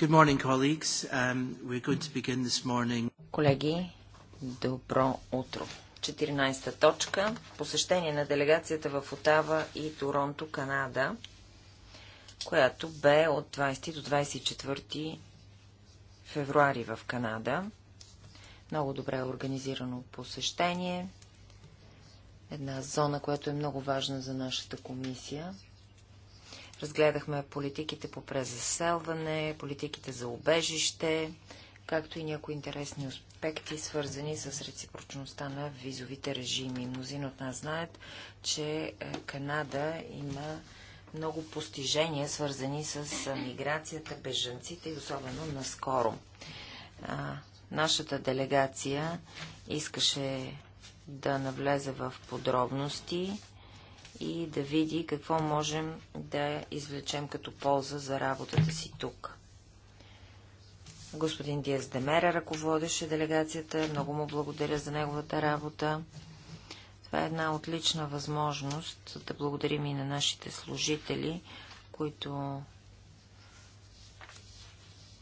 Good morning, colleagues. Um, we're going to begin this morning. Колеги, добро утро. 14-та точка. Посещение на делегацията в Отава и Торонто, Канада, която бе от 20 до 24 февруари в Канада. Много добре е организирано посещение. Една зона, която е много важна за нашата комисия. Разгледахме политиките по презаселване, политиките за убежище, както и някои интересни аспекти, свързани с реципрочността на визовите режими. Мнозин от нас знаят, че е, Канада има много постижения, свързани с е, миграцията, бежанците и особено наскоро. А, нашата делегация искаше да навлезе в подробности и да види какво можем да извлечем като полза за работата си тук. Господин Диас Демера ръководеше делегацията. Много му благодаря за неговата работа. Това е една отлична възможност да благодарим и на нашите служители, които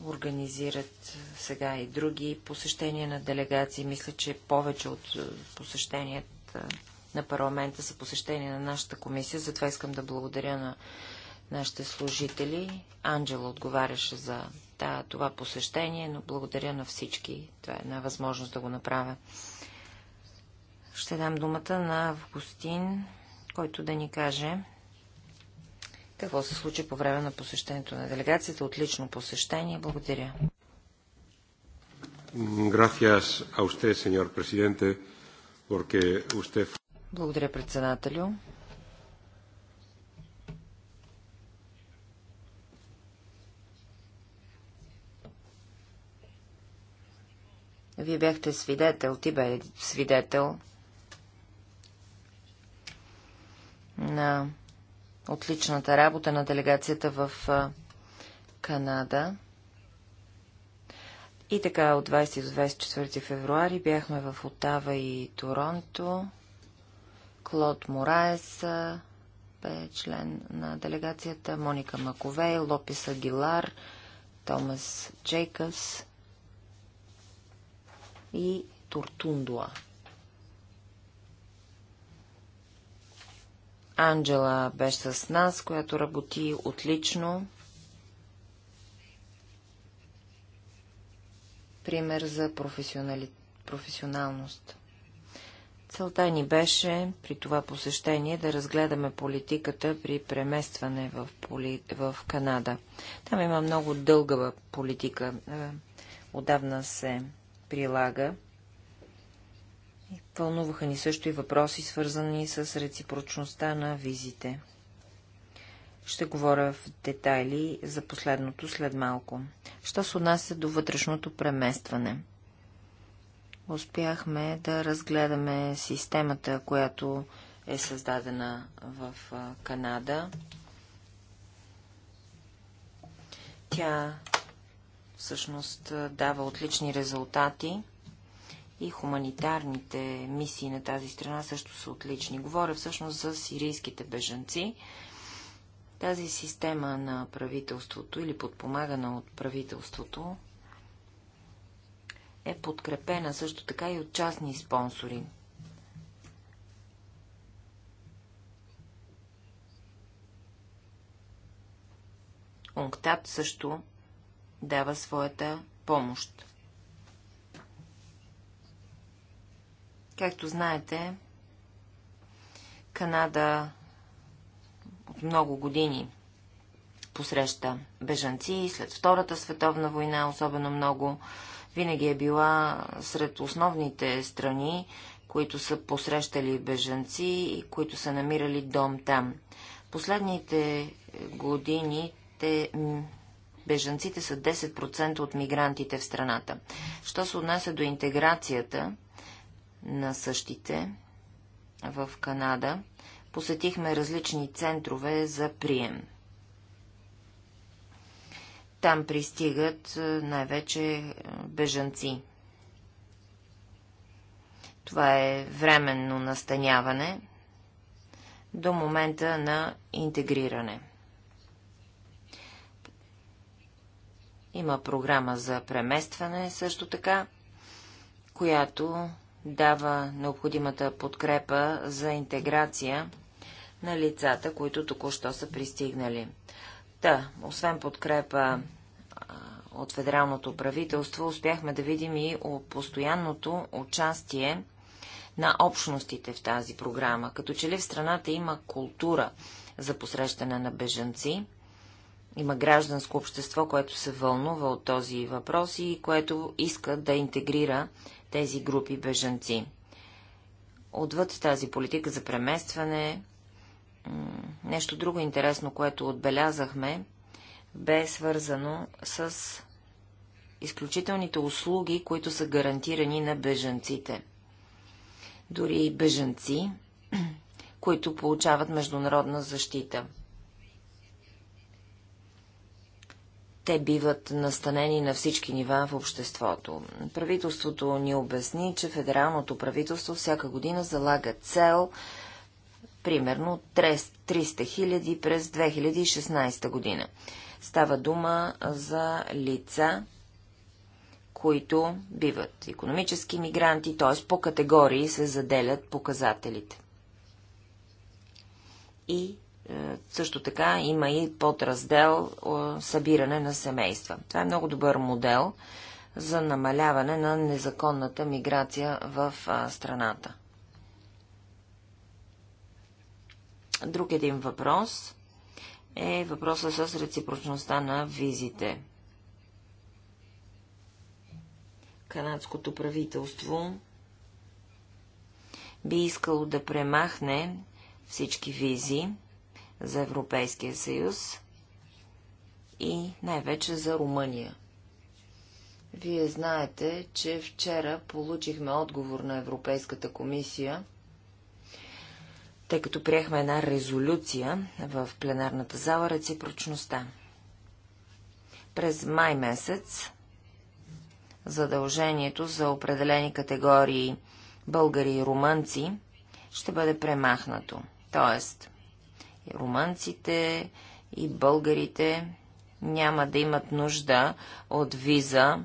организират сега и други посещения на делегации. Мисля, че повече от посещенията на парламента са посещение на нашата комисия, затова искам да благодаря на нашите служители. Анджела отговаряше за да, това посещение, но благодаря на всички. Това е една възможност да го направя. Ще дам думата на Августин, който да ни каже какво се случи по време на посещението на делегацията. Отлично посещение. Благодаря. Gracias a usted, señor presidente, porque usted... Благодаря, председателю. Вие бяхте свидетел, ти бе свидетел на отличната работа на делегацията в Канада. И така, от 20 до 24 февруари бяхме в Отава и Торонто. Клод Мораес бе член на делегацията, Моника Маковей, Лопис Агилар, Томас Джейкъс и Тортундуа. Анджела беше с нас, която работи отлично. Пример за професионали... професионалност. Целта ни беше при това посещение да разгледаме политиката при преместване в, поли... в Канада. Там има много дългава политика. Е, отдавна се прилага. вълнуваха ни също и въпроси, свързани с реципрочността на визите. Ще говоря в детайли за последното след малко. Що се отнася до вътрешното преместване? успяхме да разгледаме системата, която е създадена в Канада. Тя всъщност дава отлични резултати и хуманитарните мисии на тази страна също са отлични. Говоря всъщност за сирийските бежанци. Тази система на правителството или подпомагана от правителството е подкрепена също така и от частни спонсори. Унктат също дава своята помощ. Както знаете, Канада от много години посреща бежанци след Втората световна война, особено много винаги е била сред основните страни, които са посрещали бежанци и които са намирали дом там. Последните години те, бежанците са 10% от мигрантите в страната. Що се отнася до интеграцията на същите в Канада, посетихме различни центрове за прием. Там пристигат е, най-вече е, бежанци. Това е временно настаняване до момента на интегриране. Има програма за преместване също така, която дава необходимата подкрепа за интеграция на лицата, които току-що са пристигнали. Та, освен подкрепа от федералното правителство, успяхме да видим и постоянното участие на общностите в тази програма. Като че ли в страната има култура за посрещане на бежанци, има гражданско общество, което се вълнува от този въпрос и което иска да интегрира тези групи бежанци. Отвъд тази политика за преместване, нещо друго интересно, което отбелязахме, бе свързано с изключителните услуги, които са гарантирани на бежанците. Дори и бежанци, които получават международна защита. Те биват настанени на всички нива в обществото. Правителството ни обясни, че федералното правителство всяка година залага цел примерно 300 000 през 2016 година. Става дума за лица, които биват економически мигранти, т.е. по категории се заделят показателите. И е, също така има и подраздел е, събиране на семейства. Това е много добър модел за намаляване на незаконната миграция в страната. Друг един въпрос е въпроса с реципрочността на визите. Канадското правителство би искало да премахне всички визи за Европейския съюз и най-вече за Румъния. Вие знаете, че вчера получихме отговор на Европейската комисия – тъй като приехме една резолюция в пленарната зала реципрочността. През май месец задължението за определени категории българи и румънци ще бъде премахнато. Тоест, и румънците и българите няма да имат нужда от виза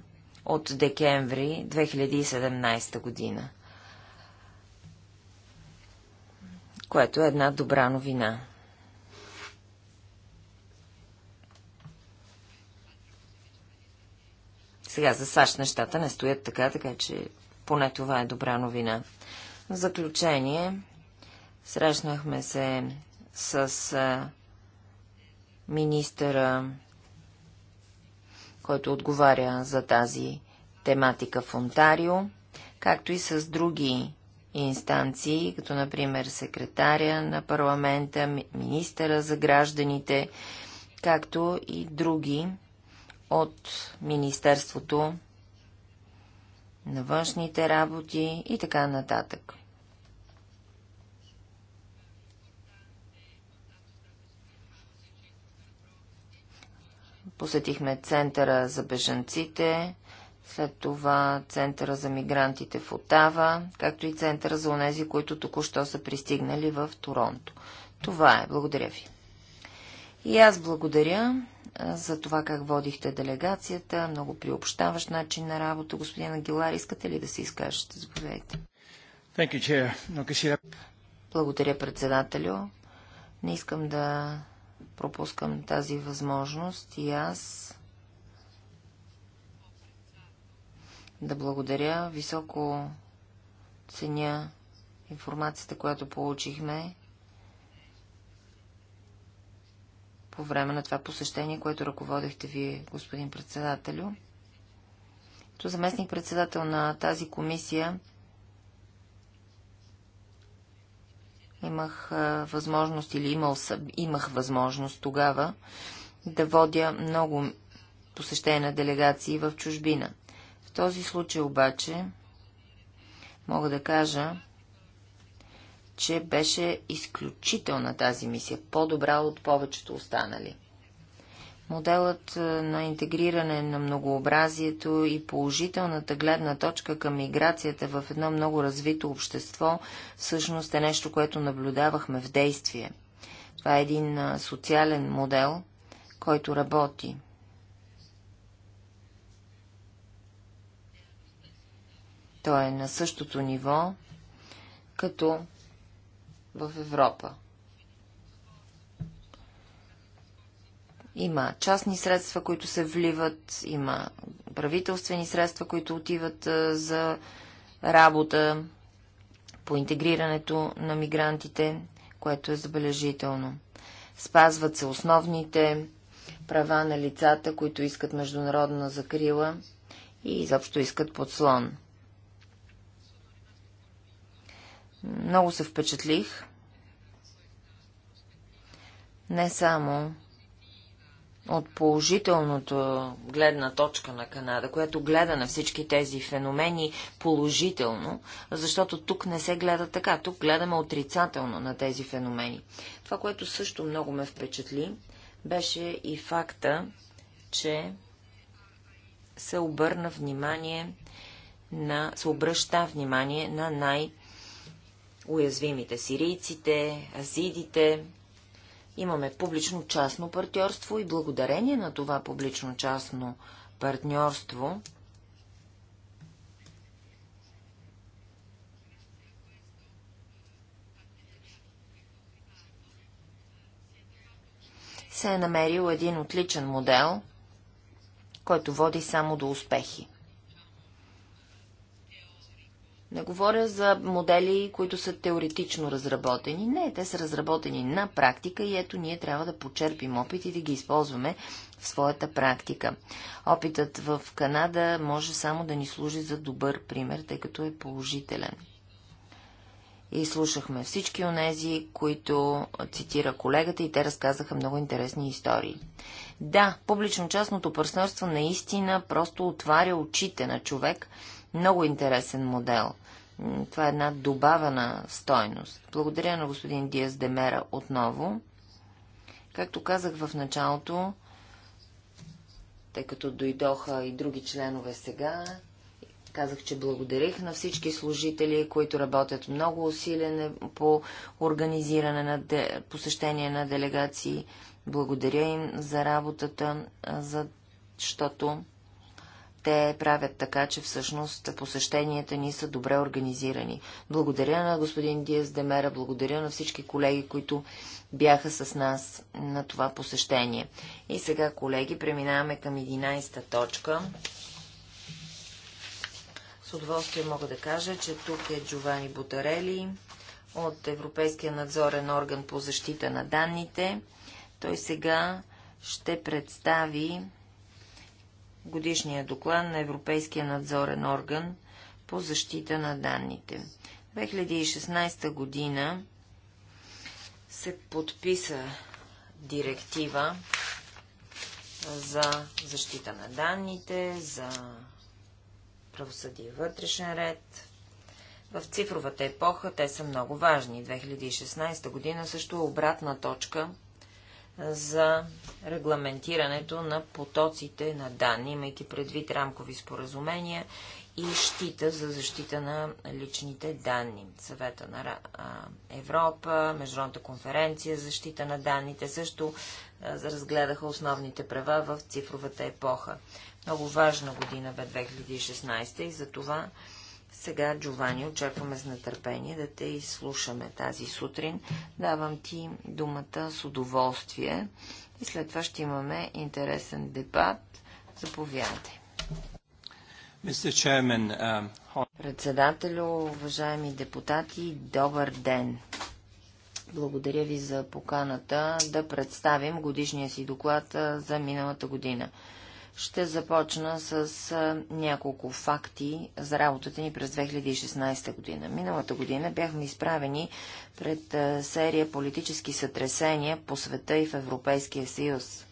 от декември 2017 година. което е една добра новина. Сега за САЩ нещата не стоят така, така че поне това е добра новина. В заключение, срещнахме се с министъра, който отговаря за тази тематика в Онтарио, както и с други инстанции, като например секретаря на парламента, министъра за гражданите, както и други от Министерството на външните работи и така нататък. Посетихме центъра за бежанците, след това Центъра за мигрантите в Отава, както и Центъра за онези, които току-що са пристигнали в Торонто. Това е. Благодаря ви. И аз благодаря за това как водихте делегацията. Много приобщаващ начин на работа. Господин Агилар, искате ли да се изкажете? Заповядайте. Благодаря, председателю. Не искам да пропускам тази възможност и аз да благодаря. Високо ценя информацията, която получихме по време на това посещение, което ръководехте вие, господин председателю. Като заместник председател на тази комисия имах възможност или имал, имах възможност тогава да водя много посещение на делегации в чужбина. В този случай обаче мога да кажа, че беше изключителна тази мисия, по-добра от повечето останали. Моделът е, на интегриране на многообразието и положителната гледна точка към миграцията в едно много развито общество всъщност е нещо, което наблюдавахме в действие. Това е един е, социален модел, който работи. Той е на същото ниво, като в Европа. Има частни средства, които се вливат, има правителствени средства, които отиват а, за работа по интегрирането на мигрантите, което е забележително. Спазват се основните права на лицата, които искат международна закрила и изобщо искат подслон. Много се впечатлих. Не само от положителното гледна точка на Канада, която гледа на всички тези феномени положително, защото тук не се гледа така. Тук гледаме отрицателно на тези феномени. Това, което също много ме впечатли, беше и факта, че се обърна внимание на, се обръща внимание на най- уязвимите сирийците, азидите. Имаме публично-частно партньорство и благодарение на това публично-частно партньорство се е намерил един отличен модел, който води само до успехи. Не говоря за модели, които са теоретично разработени. Не, те са разработени на практика и ето ние трябва да почерпим опит и да ги използваме в своята практика. Опитът в Канада може само да ни служи за добър пример, тъй като е положителен. И слушахме всички онези, които цитира колегата и те разказаха много интересни истории. Да, публично-частното партньорство наистина просто отваря очите на човек, много интересен модел. Това е една добавена стойност. Благодаря на господин Диас Демера отново. Както казах в началото, тъй като дойдоха и други членове сега, казах, че благодарих на всички служители, които работят много усилено е по организиране на де... посещение на делегации. Благодаря им за работата, защото те правят така, че всъщност посещенията ни са добре организирани. Благодаря на господин Диас Демера, благодаря на всички колеги, които бяха с нас на това посещение. И сега, колеги, преминаваме към 11-та точка. С удоволствие мога да кажа, че тук е Джовани Бутарели от Европейския надзорен орган по защита на данните. Той сега ще представи годишния доклад на Европейския надзорен орган по защита на данните. 2016 година се подписа директива за защита на данните, за правосъдие и вътрешен ред. В цифровата епоха те са много важни. 2016 година също е обратна точка – за регламентирането на потоците на данни, имайки предвид рамкови споразумения и щита за защита на личните данни. Съвета на Европа, Международната конференция за защита на данните също разгледаха основните права в цифровата епоха. Много важна година бе 2016 и за това сега, Джовани, очакваме с нетърпение да те изслушаме тази сутрин. Давам ти думата с удоволствие и след това ще имаме интересен дебат. Заповядай. Председателю, уважаеми депутати, добър ден! Благодаря ви за поканата да представим годишния си доклад за миналата година. Ще започна с няколко факти за работата ни през 2016 година. Миналата година бяхме изправени пред серия политически сътресения по света и в Европейския съюз.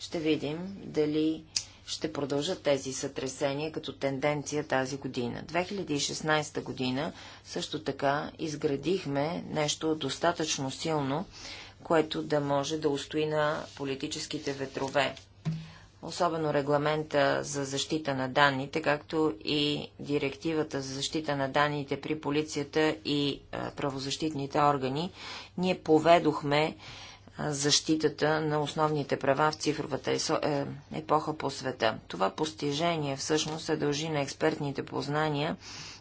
Ще видим дали ще продължат тези сътресения като тенденция тази година. 2016 година също така изградихме нещо достатъчно силно, което да може да устои на политическите ветрове особено регламента за защита на данните, както и директивата за защита на данните при полицията и е, правозащитните органи, ние поведохме е, защитата на основните права в цифровата е, епоха по света. Това постижение всъщност се дължи на експертните познания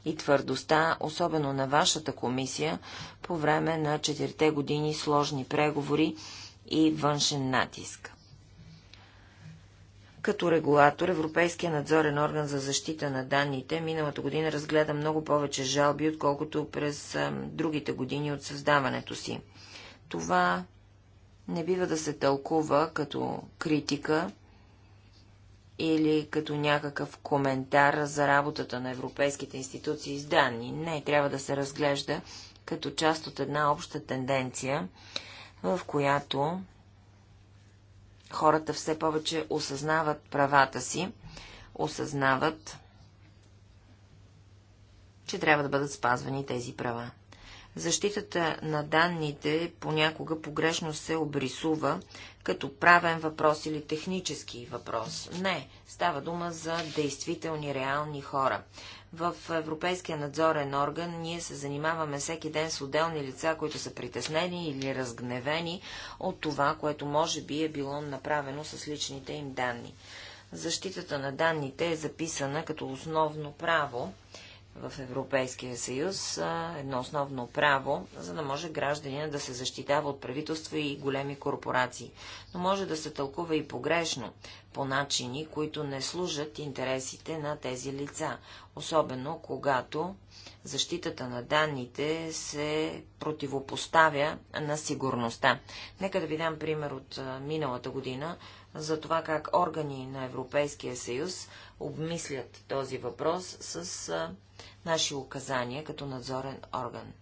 и твърдостта, особено на вашата комисия, по време на четирите години сложни преговори и външен натиск. Като регулатор, Европейския надзорен орган за защита на данните миналата година разгледа много повече жалби, отколкото през а, другите години от създаването си. Това не бива да се тълкува като критика или като някакъв коментар за работата на европейските институции с данни. Не, трябва да се разглежда като част от една обща тенденция, в която хората все повече осъзнават правата си, осъзнават, че трябва да бъдат спазвани тези права. Защитата на данните понякога погрешно се обрисува като правен въпрос или технически въпрос. Не, става дума за действителни реални хора. В Европейския надзорен орган ние се занимаваме всеки ден с отделни лица, които са притеснени или разгневени от това, което може би е било направено с личните им данни. Защитата на данните е записана като основно право в Европейския съюз едно основно право, за да може гражданина да се защитава от правителства и големи корпорации. Но може да се тълкува и погрешно, по начини, които не служат интересите на тези лица, особено когато защитата на данните се противопоставя на сигурността. Нека да ви дам пример от миналата година, за това как органи на Европейския съюз обмислят този въпрос с а, наши указания като надзорен орган.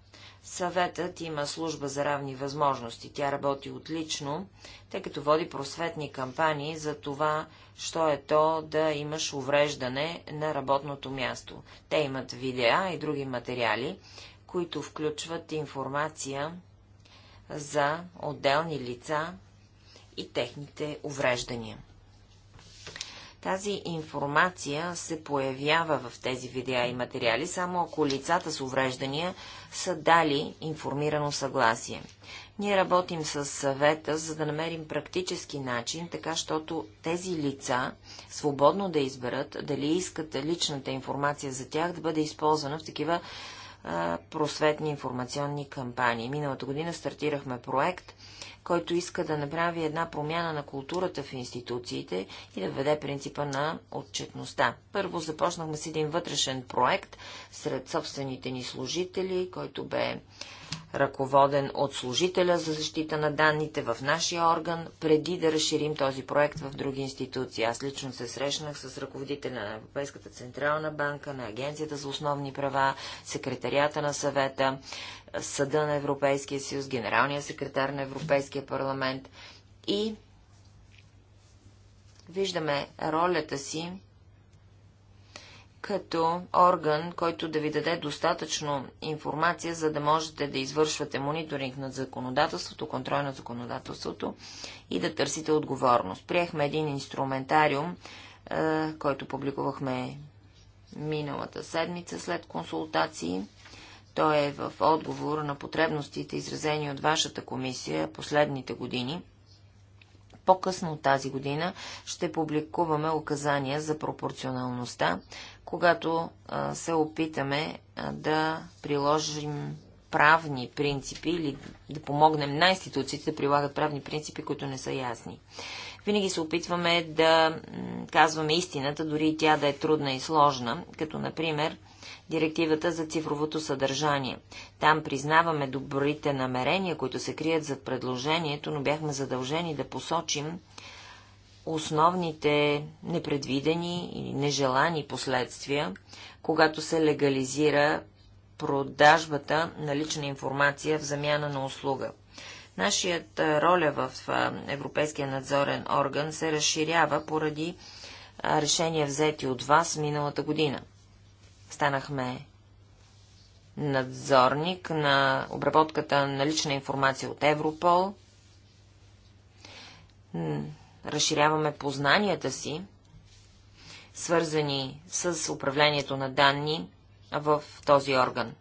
Съветът има служба за равни възможности. Тя работи отлично, тъй като води просветни кампании за това, що е то да имаш увреждане на работното място. Те имат видеа и други материали, които включват информация за отделни лица, и техните увреждания. Тази информация се появява в тези видеа и материали, само ако лицата с увреждания са дали информирано съгласие. Ние работим с съвета, за да намерим практически начин, така, щото тези лица свободно да изберат дали искат личната информация за тях да бъде използвана в такива а, просветни информационни кампании. Миналата година стартирахме проект – който иска да направи една промяна на културата в институциите и да введе принципа на отчетността. Първо започнахме с един вътрешен проект сред собствените ни служители, който бе ръководен от служителя за защита на данните в нашия орган, преди да разширим този проект в други институции. Аз лично се срещнах с ръководителя на Европейската централна банка, на Агенцията за основни права, секретарията на съвета, Съда на Европейския съюз, Генералния секретар на Европейския парламент и виждаме ролята си като орган, който да ви даде достатъчно информация, за да можете да извършвате мониторинг над законодателството, контрол на законодателството и да търсите отговорност. Приехме един инструментариум, е, който публикувахме миналата седмица след консултации. Той е в отговор на потребностите, изразени от вашата комисия последните години. По-късно тази година ще публикуваме указания за пропорционалността, когато а, се опитаме а, да приложим правни принципи или да помогнем на институциите да прилагат правни принципи, които не са ясни. Винаги се опитваме да казваме истината, дори и тя да е трудна и сложна, като например – директивата за цифровото съдържание. Там признаваме добрите намерения, които се крият зад предложението, но бяхме задължени да посочим основните непредвидени и нежелани последствия, когато се легализира продажбата на лична информация в замяна на услуга. Нашият роля в Европейския надзорен орган се разширява поради решения взети от вас миналата година. Станахме надзорник на обработката на лична информация от Европол. Разширяваме познанията си, свързани с управлението на данни в този орган.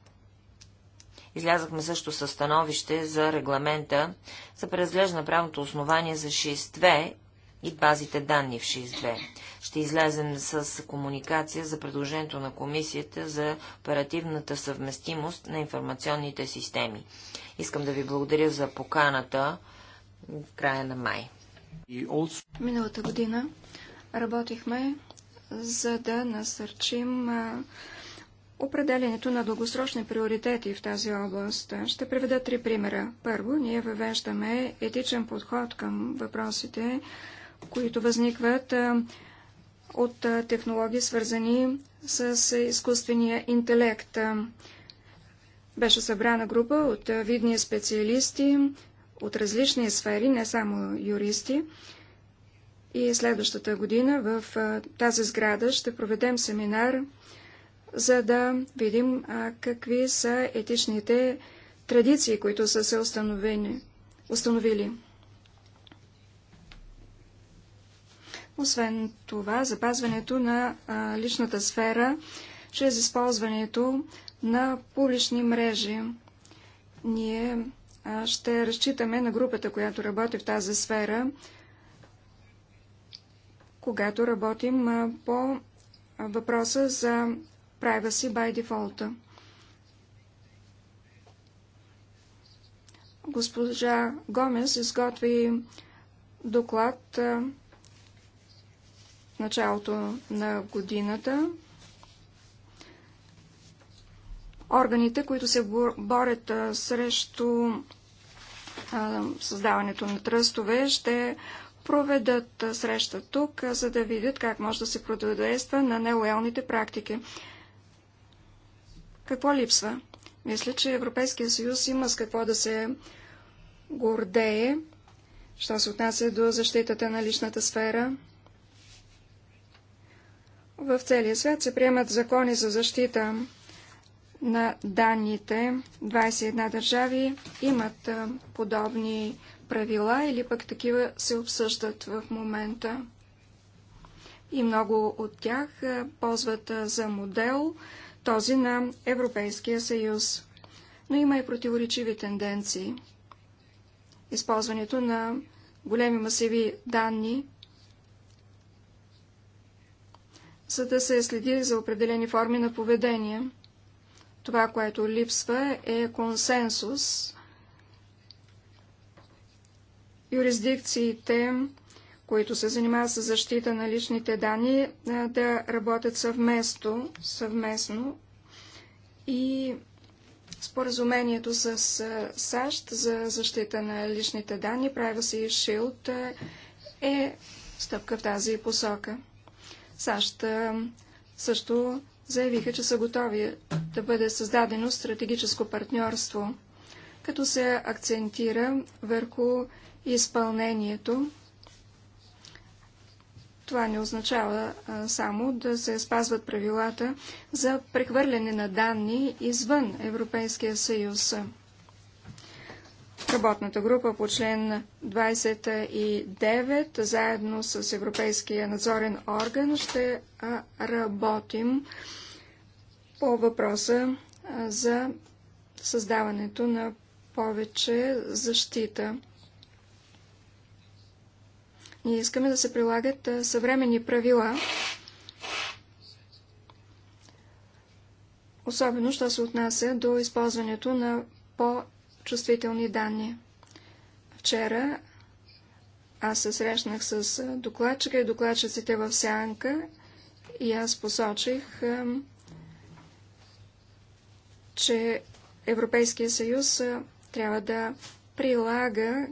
Излязахме също със становище за регламента за преразглеждане на правното основание за 6.2 и базите данни в 6.2 ще излезем с комуникация за предложението на комисията за оперативната съвместимост на информационните системи. Искам да ви благодаря за поканата в края на май. Миналата година работихме за да насърчим определенето на дългосрочни приоритети в тази област. Ще приведа три примера. Първо, ние въвеждаме етичен подход към въпросите, които възникват от технологии, свързани с изкуствения интелект. Беше събрана група от видни специалисти от различни сфери, не само юристи. И следващата година в тази сграда ще проведем семинар, за да видим какви са етичните традиции, които са се установени, установили. Освен това, запазването на личната сфера чрез използването на публични мрежи. Ние ще разчитаме на групата, която работи в тази сфера, когато работим по въпроса за privacy by default. Госпожа Гомес изготви доклад а, началото на годината. Органите, които се борят срещу създаването на тръстове, ще проведат среща тук, за да видят как може да се противодейства на нелоялните практики. Какво липсва? Мисля, че Европейския съюз има с какво да се гордее, що се отнася до защитата на личната сфера. В целия свят се приемат закони за защита на данните. 21 държави имат подобни правила или пък такива се обсъждат в момента. И много от тях ползват за модел този на Европейския съюз. Но има и противоречиви тенденции. Използването на големи масиви данни за да се следи за определени форми на поведение. Това, което липсва, е консенсус. Юрисдикциите, които се занимават с защита на личните данни, да работят съвместно, съвместно и споразумението с САЩ за защита на личните данни, Privacy Shield, е стъпка в тази посока. САЩ също заявиха, че са готови да бъде създадено стратегическо партньорство, като се акцентира върху изпълнението. Това не означава само да се спазват правилата за прехвърляне на данни извън Европейския съюз. Работната група по член 29, заедно с Европейския надзорен орган, ще работим по въпроса за създаването на повече защита. Ние искаме да се прилагат съвременни правила, особено що се отнася до използването на по чувствителни данни. Вчера аз се срещнах с докладчика и докладчиците в сянка и аз посочих, че Европейския съюз трябва да прилага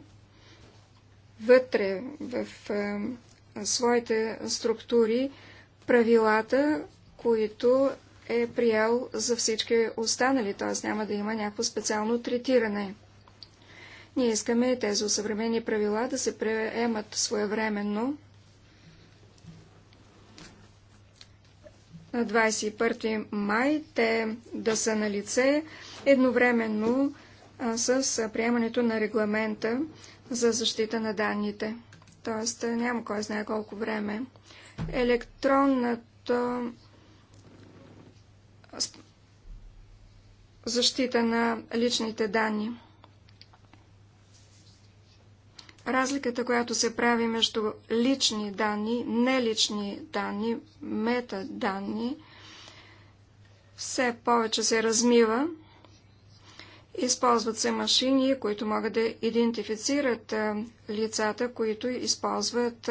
вътре в своите структури правилата, които е приел за всички останали, т.е. няма да има някакво специално третиране. Ние искаме тези съвремени правила да се приемат своевременно. На 21 май те да са на лице едновременно с приемането на регламента за защита на данните. Тоест няма кой знае колко време. Електронната защита на личните данни. Разликата, която се прави между лични данни, нелични данни, метаданни, все повече се размива. Използват се машини, които могат да идентифицират лицата, които използват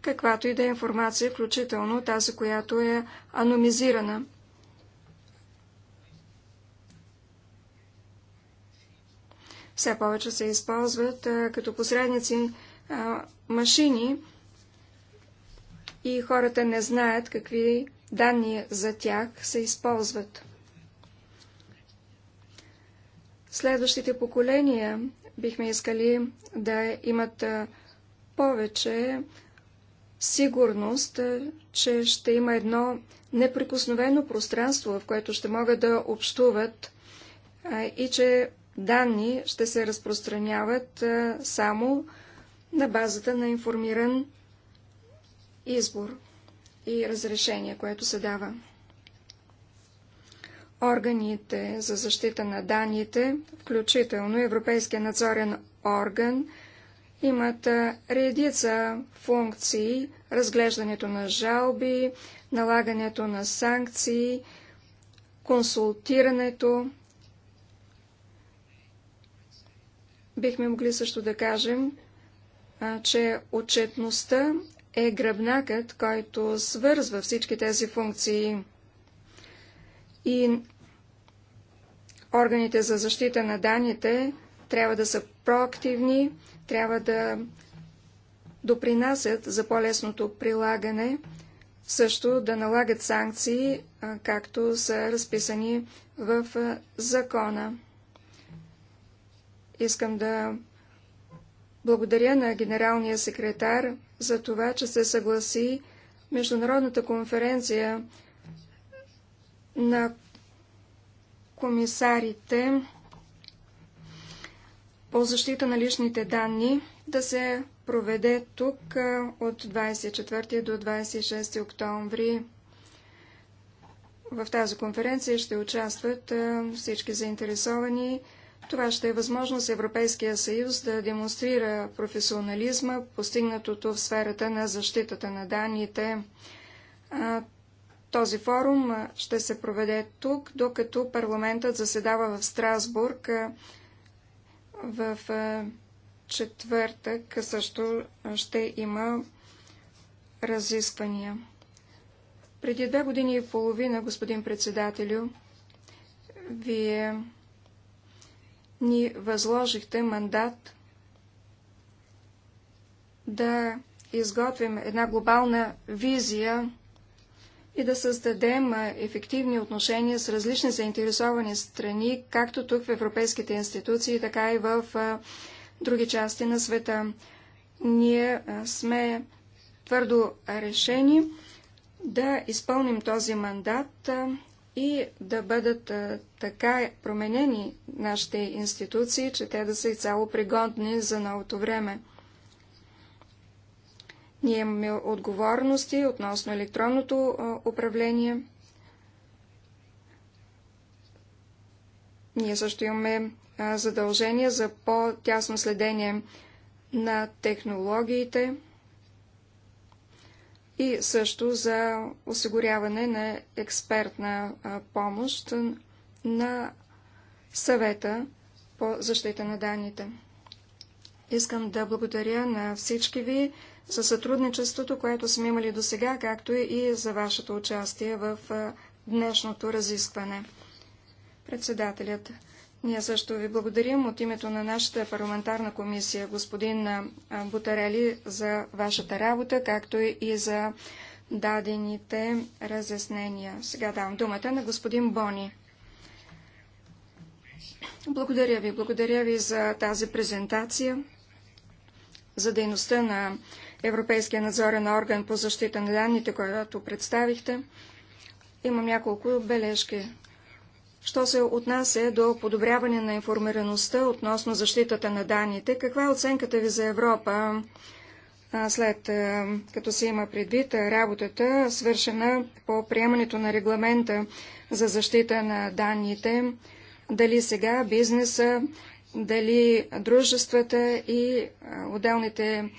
каквато и да е информация, включително тази, която е аномизирана. все повече се използват а, като посредници а, машини и хората не знаят какви данни за тях се използват. Следващите поколения бихме искали да имат повече сигурност, че ще има едно неприкосновено пространство, в което ще могат да общуват и че данни ще се разпространяват само на базата на информиран избор и разрешение, което се дава. Органите за защита на данните, включително Европейския надзорен орган, имат редица функции, разглеждането на жалби, налагането на санкции, консултирането Бихме могли също да кажем, а, че отчетността е гръбнакът, който свързва всички тези функции и органите за защита на данните трябва да са проактивни, трябва да допринасят за по-лесното прилагане, също да налагат санкции, както са разписани в закона. Искам да благодаря на генералния секретар за това, че се съгласи Международната конференция на комисарите по защита на личните данни да се проведе тук от 24 до 26 октомври. В тази конференция ще участват всички заинтересовани това ще е възможност Европейския съюз да демонстрира професионализма, постигнатото в сферата на защитата на данните. Този форум ще се проведе тук, докато парламентът заседава в Страсбург в четвъртък също ще има разисквания. Преди две години и половина, господин председателю, вие ни възложихте мандат да изготвим една глобална визия и да създадем ефективни отношения с различни заинтересовани страни, както тук в европейските институции, така и в други части на света. Ние сме твърдо решени да изпълним този мандат и да бъдат а, така променени нашите институции, че те да са изцяло пригодни за новото време. Ние имаме отговорности относно електронното а, управление. Ние също имаме а, задължения за по-тясно следение на технологиите и също за осигуряване на експертна помощ на съвета по защита на данните. Искам да благодаря на всички ви за сътрудничеството, което сме имали до сега, както и за вашето участие в днешното разискване. Председателят ние също ви благодарим от името на нашата парламентарна комисия, господин Бутарели, за вашата работа, както и за дадените разяснения. Сега давам думата на господин Бони. Благодаря ви. Благодаря ви за тази презентация, за дейността на Европейския надзорен орган по защита на данните, която представихте. Имам няколко бележки. Що се отнася до подобряване на информираността относно защитата на данните, каква е оценката ви за Европа, след като се има предвид работата, свършена по приемането на регламента за защита на данните, дали сега бизнеса, дали дружествата и отделните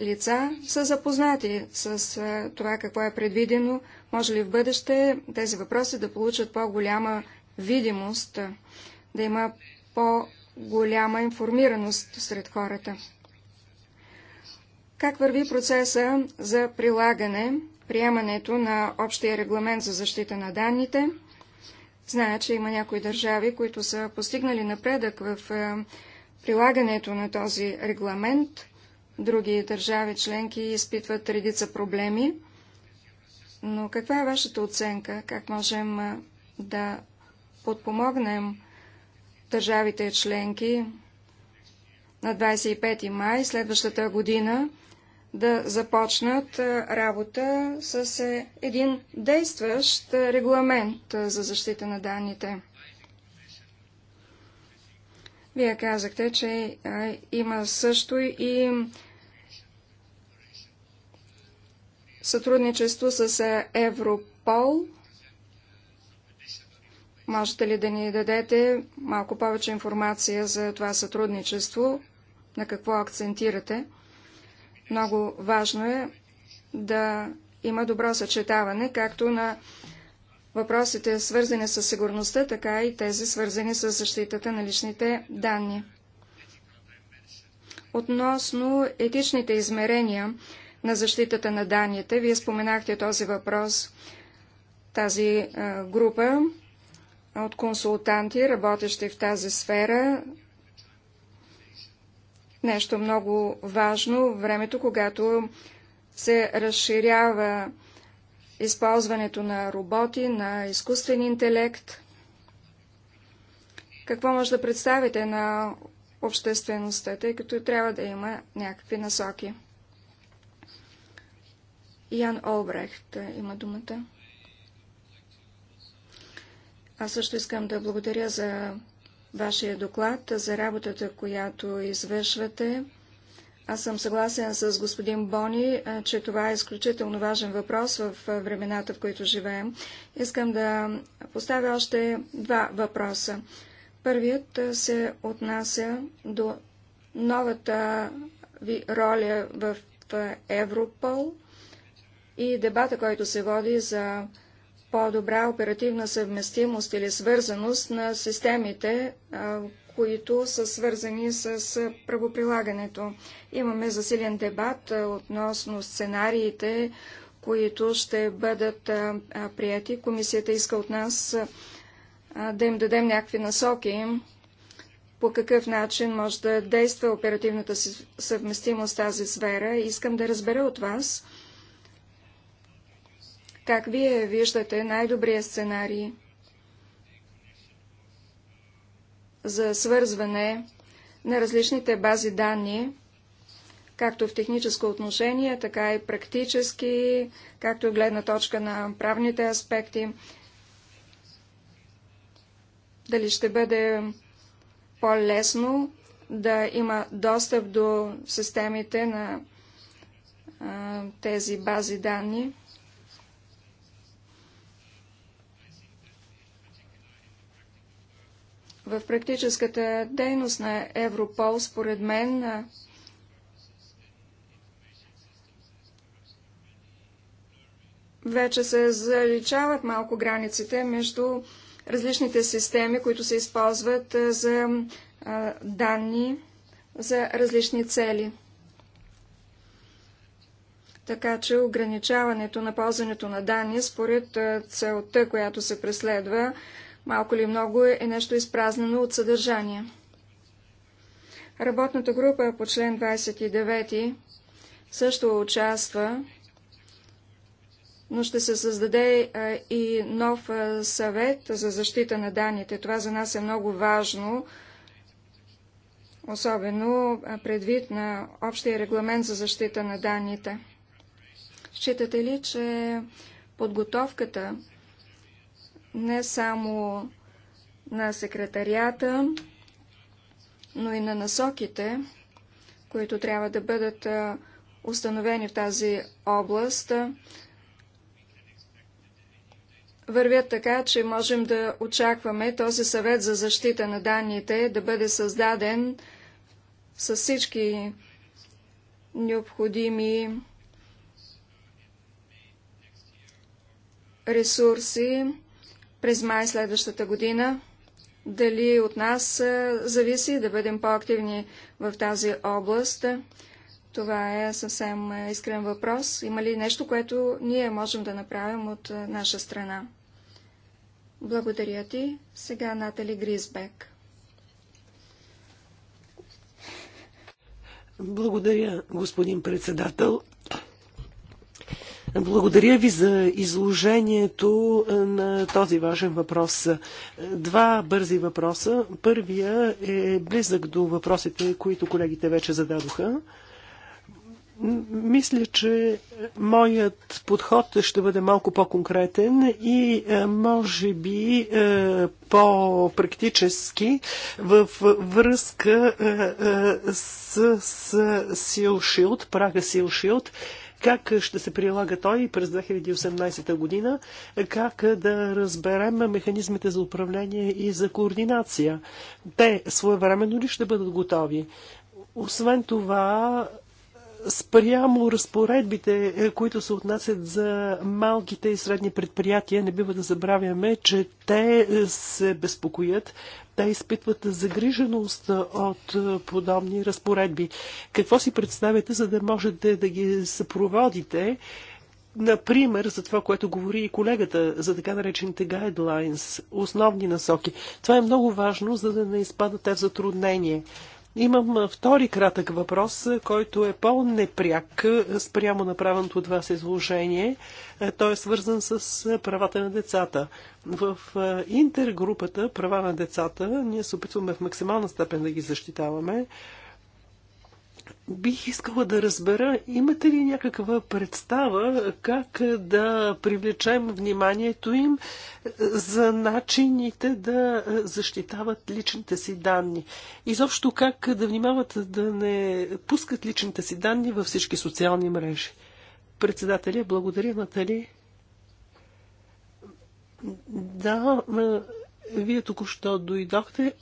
лица са запознати с това какво е предвидено, може ли в бъдеще тези въпроси да получат по-голяма видимост, да има по-голяма информираност сред хората. Как върви процеса за прилагане, приемането на общия регламент за защита на данните? Зная, че има някои държави, които са постигнали напредък в прилагането на този регламент. Други държави членки изпитват редица проблеми. Но каква е вашата оценка? Как можем да подпомогнем държавите членки на 25 май следващата година да започнат работа с един действащ регламент за защита на данните. Вие казахте, че има също и сътрудничество с Европол – Можете ли да ни дадете малко повече информация за това сътрудничество? На какво акцентирате? Много важно е да има добро съчетаване, както на въпросите свързани с сигурността, така и тези свързани с защитата на личните данни. Относно етичните измерения на защитата на данните, вие споменахте този въпрос. Тази група от консултанти, работещи в тази сфера. Нещо много важно, времето, когато се разширява използването на роботи, на изкуствен интелект. Какво може да представите на обществеността, тъй като трябва да има някакви насоки? Ян Олбрехт има думата. Аз също искам да благодаря за вашия доклад, за работата, която извършвате. Аз съм съгласен с господин Бони, че това е изключително важен въпрос в времената, в които живеем. Искам да поставя още два въпроса. Първият се отнася до новата ви роля в Европол и дебата, който се води за по-добра оперативна съвместимост или свързаност на системите, които са свързани с правоприлагането. Имаме засилен дебат относно сценариите, които ще бъдат прияти. Комисията иска от нас да им дадем някакви насоки, по какъв начин може да действа оперативната съвместимост в тази сфера. Искам да разбера от вас – как вие виждате най-добрия сценарий за свързване на различните бази данни, както в техническо отношение, така и практически, както и гледна точка на правните аспекти. Дали ще бъде по-лесно да има достъп до системите на а, тези бази данни? В практическата дейност на Европол, според мен, вече се заличават малко границите между различните системи, които се използват за данни за различни цели. Така че ограничаването на ползването на данни според целта, която се преследва, малко ли много е, е нещо изпразнено от съдържание. Работната група по член 29 също участва, но ще се създаде и нов съвет за защита на данните. Това за нас е много важно, особено предвид на общия регламент за защита на данните. Считате ли, че подготовката не само на секретарията, но и на насоките, които трябва да бъдат установени в тази област, вървят така, че можем да очакваме този съвет за защита на данните да бъде създаден с всички необходими ресурси през май следващата година. Дали от нас зависи да бъдем по-активни в тази област? Това е съвсем искрен въпрос. Има ли нещо, което ние можем да направим от наша страна? Благодаря ти. Сега Натали Гризбек. Благодаря, господин председател. Благодаря ви за изложението е, на този важен въпрос. Два бързи въпроса. Първия е близък до въпросите, които колегите вече зададоха. Мисля, че моят подход ще бъде малко по-конкретен и е, може би е, по-практически в връзка с Силшилд, прага Силшилд, как ще се прилага той през 2018 година, как да разберем механизмите за управление и за координация. Те своевременно ли ще бъдат готови? Освен това, спрямо разпоредбите, е, които се отнасят за малките и средни предприятия, не бива да забравяме, че те е, се безпокоят, те изпитват загриженост е, от подобни разпоредби. Какво си представяте, за да можете да ги съпроводите? Например, за това, което говори и колегата, за така наречените гайдлайнс, основни насоки. Това е много важно, за да не изпадат те в затруднение. Имам втори кратък въпрос, който е по-непряк спрямо направеното от вас изложение. Той е свързан с правата на децата. В интергрупата права на децата ние се опитваме в максимална степен да ги защитаваме. Бих искала да разбера, имате ли някаква представа как да привлечем вниманието им за начините да защитават личните си данни? Изобщо как да внимават да не пускат личните си данни във всички социални мрежи? Председателя, благодаря, Натали. Да, вие току-що дойдохте.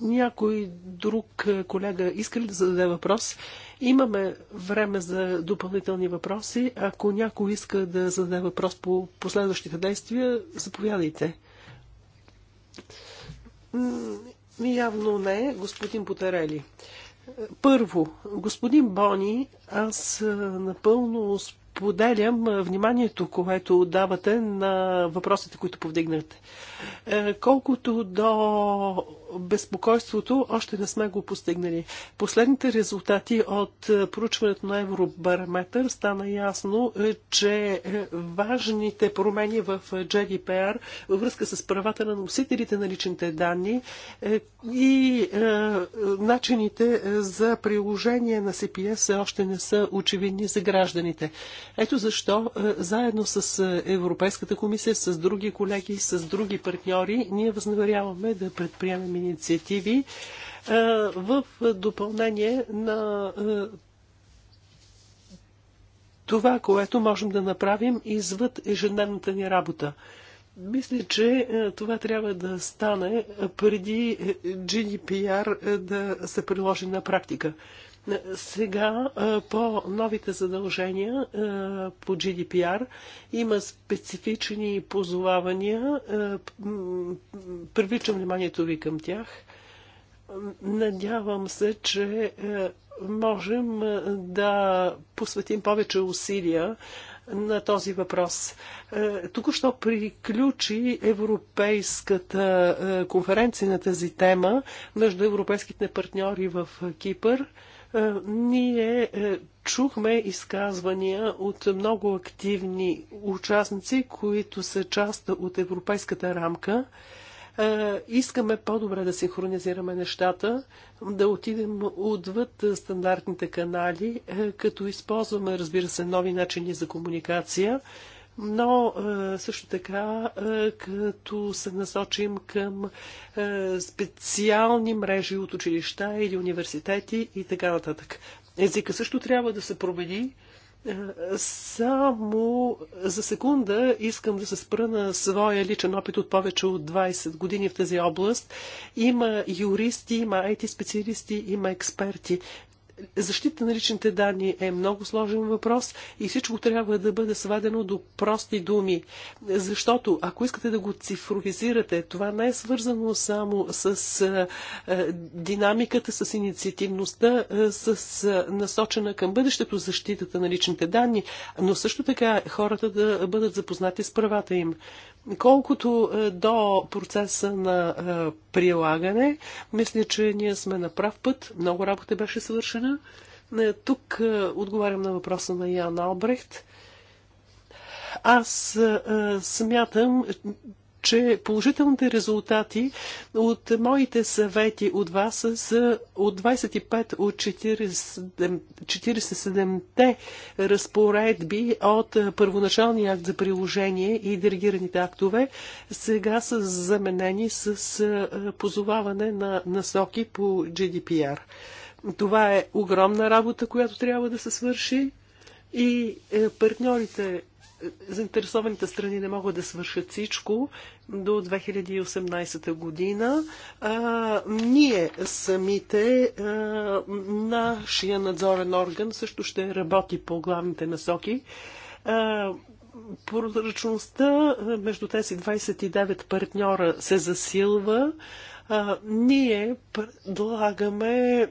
Някой друг е, колега иска ли да зададе въпрос? Имаме време за допълнителни въпроси. Ако някой иска да зададе въпрос по последващите действия, заповядайте. Явно не, господин Потарели. Първо, господин Бони, аз е, напълно споделям е, вниманието, което давате на въпросите, които повдигнахте. Колкото до безпокойството още не сме го постигнали. Последните резултати от е, проучването на Евробараметър стана ясно, е, че е, важните промени в GDPR във връзка с правата на носителите на личните данни и начините за приложение на CPS още не са очевидни за гражданите. Ето защо заедно с Европейската комисия, с други колеги, с други партньори, ние възнаверяваме да предприемем инициативи е, в допълнение на е, това, което можем да направим извъд ежедневната ни работа. Мисля, че е, това трябва да стане преди GDPR да се приложи на практика. Сега по новите задължения по GDPR има специфични позовавания. Привличам вниманието ви към тях. Надявам се, че можем да посветим повече усилия на този въпрос. Току-що приключи Европейската конференция на тази тема между европейските партньори в Кипър – е, ние е, чухме изказвания от много активни участници, които са част от европейската рамка. Е, искаме по-добре да синхронизираме нещата, да отидем отвъд стандартните канали, като използваме, разбира се, нови начини за комуникация но е, също така е, като се насочим към е, специални мрежи от училища или университети и така нататък. Езика също трябва да се промени. Само за секунда искам да се спра на своя личен опит от повече от 20 години в тази област. Има юристи, има IT специалисти, има експерти защита на личните данни е много сложен въпрос и всичко трябва да бъде сведено до прости думи. Защото ако искате да го цифровизирате, това не е свързано само с динамиката, с инициативността, с насочена към бъдещето защитата на личните данни, но също така хората да бъдат запознати с правата им. Колкото до процеса на прилагане, мисля, че ние сме на прав път. Много работа беше свършена година. Е, тук е, отговарям на въпроса на Ян Албрехт. Аз е, смятам, че положителните резултати от моите съвети от вас са от 25 от 47, те разпоредби от първоначалния акт за приложение и диригираните актове сега са заменени с позоваване на насоки по GDPR. Това е огромна работа, която трябва да се свърши и е, партньорите, е, заинтересованите страни не могат да свършат всичко до 2018 година. А, ние самите, а, е, нашия надзорен орган също ще работи по главните насоки. А, прозрачността между тези 29 партньора се засилва ние предлагаме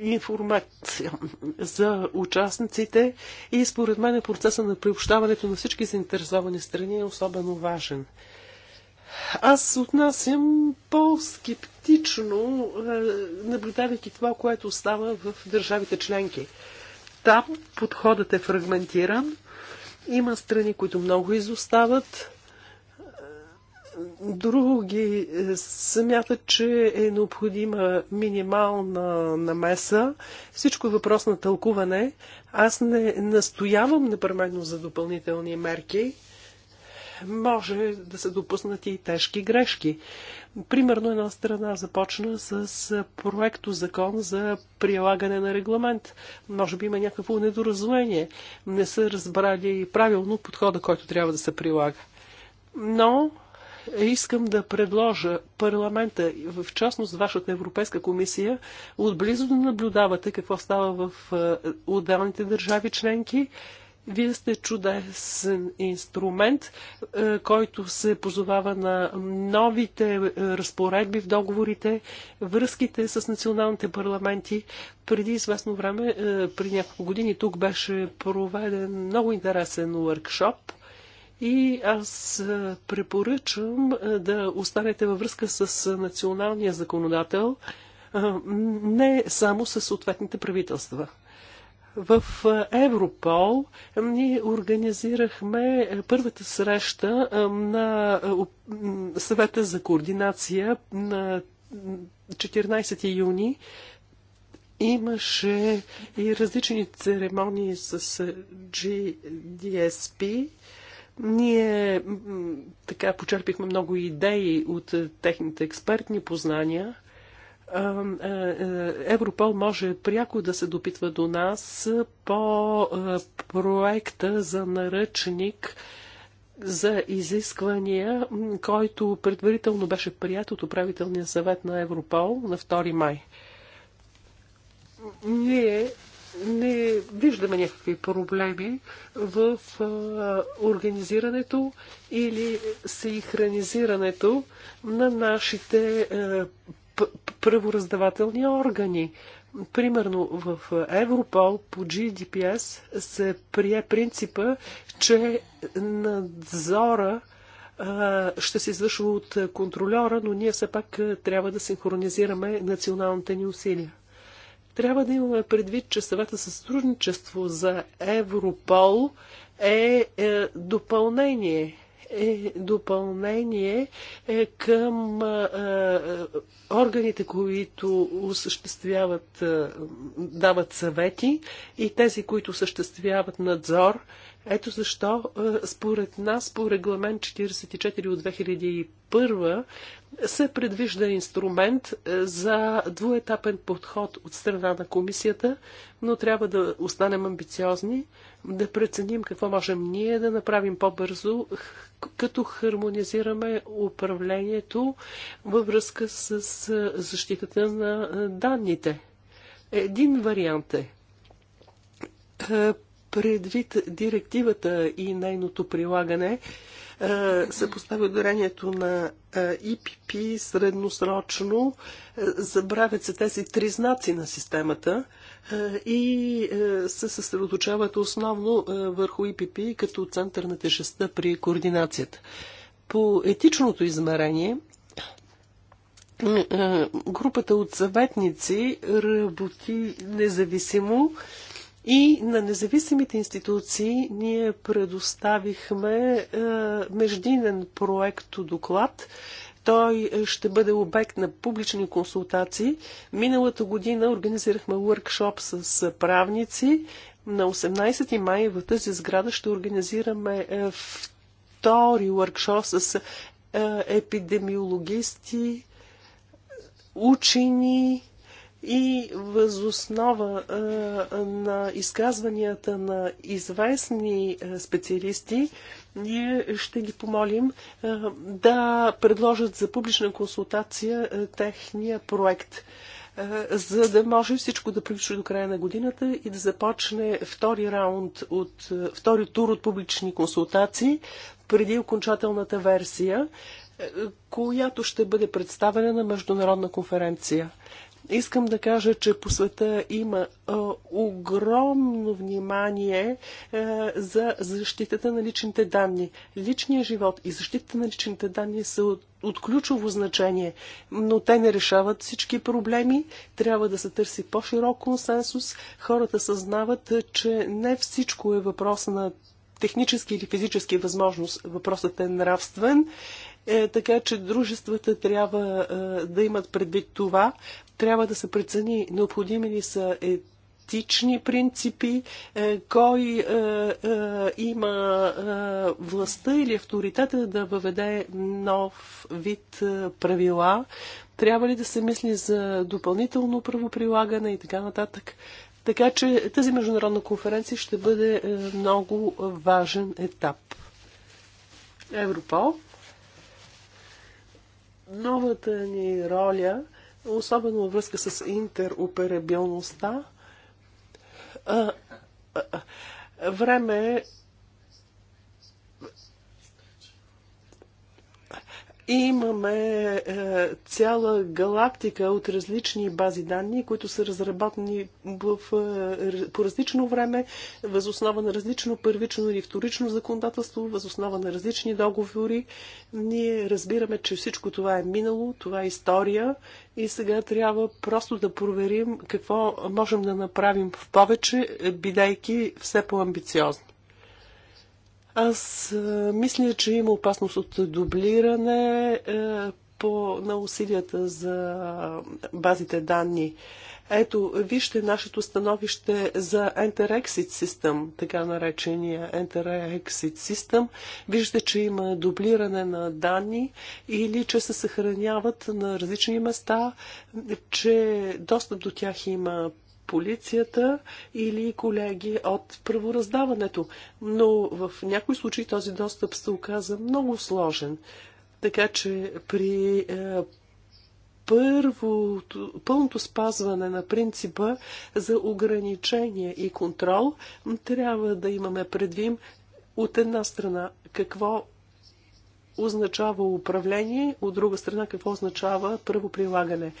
информация за участниците и според мен процеса на приобщаването на всички заинтересовани страни е особено важен. Аз отнасям по-скептично, е, наблюдавайки това, което става в държавите членки. Там подходът е фрагментиран. Има страни, които много изостават Други е, смятат, че е необходима минимална намеса. Всичко е въпрос на тълкуване. Аз не настоявам непременно за допълнителни мерки. Може да се допуснат и тежки грешки. Примерно една страна започна с е, проекто закон за прилагане на регламент. Може би има някакво недоразумение. Не са разбрали правилно подхода, който трябва да се прилага. Но искам да предложа парламента, в частност вашата Европейска комисия, отблизо да наблюдавате какво става в е, отделните държави членки. Вие сте чудесен инструмент, е, който се позовава на новите е, разпоредби в договорите, връзките с националните парламенти. Преди известно време, при няколко години, тук беше проведен много интересен workshop и аз е, препоръчвам е, да останете във връзка с е, националния законодател, не само с съответните правителства. В Европол ние организирахме първата среща на съвета за координация на 14 юни имаше и различни церемонии с GDSP. Ние така почерпихме много идеи от е, техните експертни познания. Е, Европол може пряко да се допитва до нас по е, проекта за наръчник за изисквания, който предварително беше прият от управителния съвет на Европол на 2 май. Ние не виждаме някакви проблеми в организирането или синхронизирането на нашите правораздавателни органи. Примерно в Европол по GDPS се прие принципа, че надзора ще се извършва от контролера, но ние все пак трябва да синхронизираме националните ни усилия. Трябва да имаме предвид, че съвета със сътрудничество за Европол е, е допълнение е допълнение е, към е, е, органите, които осъществяват, е, дават съвети и тези, които осъществяват надзор. Е, ето защо, е, според нас, по регламент 44 от 2001, се предвижда инструмент е, за двуетапен подход от страна на комисията, но трябва да останем амбициозни, да преценим какво можем ние да направим по-бързо, като хармонизираме управлението във връзка с е, защитата на данните. Един вариант е предвид директивата и нейното прилагане, е, се поставя ударението на е, ИПП средносрочно. Е, забравят се тези три знаци на системата и се съсредоточават основно върху ИПП като център на тежестта при координацията. По етичното измерение групата от съветници работи независимо и на независимите институции ние предоставихме е, междинен проект доклад. Той е, ще бъде обект на публични консултации. Миналата година организирахме въркшоп с правници. На 18 май в тази сграда ще организираме е, втори workshop с е, епидемиологисти, учени, и възоснова а, на изказванията на известни специалисти, ние ще ги помолим а, да предложат за публична консултация а, техния проект за да може всичко да приключи до края на годината и да започне втори раунд от втори тур от публични консултации преди окончателната версия, която ще бъде представена на международна конференция. Искам да кажа, че по света има а, огромно внимание а, за защитата на личните данни. Личният живот и защитата на личните данни са от, от ключово значение, но те не решават всички проблеми. Трябва да се търси по-широк консенсус. Хората съзнават, че не всичко е въпрос на технически или физически възможност. Въпросът е нравствен. Е, така че дружествата трябва е, да имат предвид това трябва да се прецени необходими ли са е, етични принципи, е, кой е, е, има е, властта или авторитета да въведе нов вид е, правила, трябва ли да се мисли за допълнително правоприлагане и така нататък. Така че тази международна конференция ще бъде е, много важен етап. Европол. Новата ни роля – особено във връзка с интероперабилността. Време е Имаме е, цяла галактика от различни бази данни, които са разработени в, е, по различно време, възоснова на различно първично или вторично законодателство, възоснова на различни договори. Ние разбираме, че всичко това е минало, това е история и сега трябва просто да проверим какво можем да направим в повече, бидейки все по амбициозно аз е, мисля, че има опасност от дублиране е, по, на усилията за базите данни. Ето, вижте нашето становище за Enter Exit System, така наречения Enter Exit System. Виждате, че има дублиране на данни или че се съхраняват на различни места, че достъп до тях има полицията или колеги от правораздаването. Но в някои случаи този достъп се оказа много сложен. Така че при е, първо, пълното спазване на принципа за ограничение и контрол трябва да имаме предвид от една страна какво означава управление, от друга страна какво означава първо прилагане.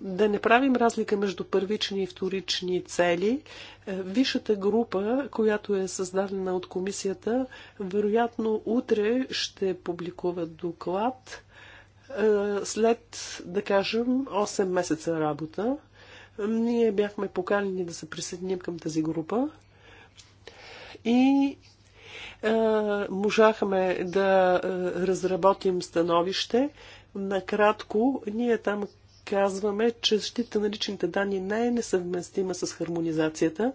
Да не правим разлика между първични и вторични цели. Е, Висшата група, която е създадена от комисията, вероятно утре ще публикува доклад е, след, да кажем, 8 месеца работа. Ние бяхме поканени да се присъединим към тази група и е, можахме да е, разработим становище. Накратко, ние там казваме, че защита на личните данни не е несъвместима с хармонизацията.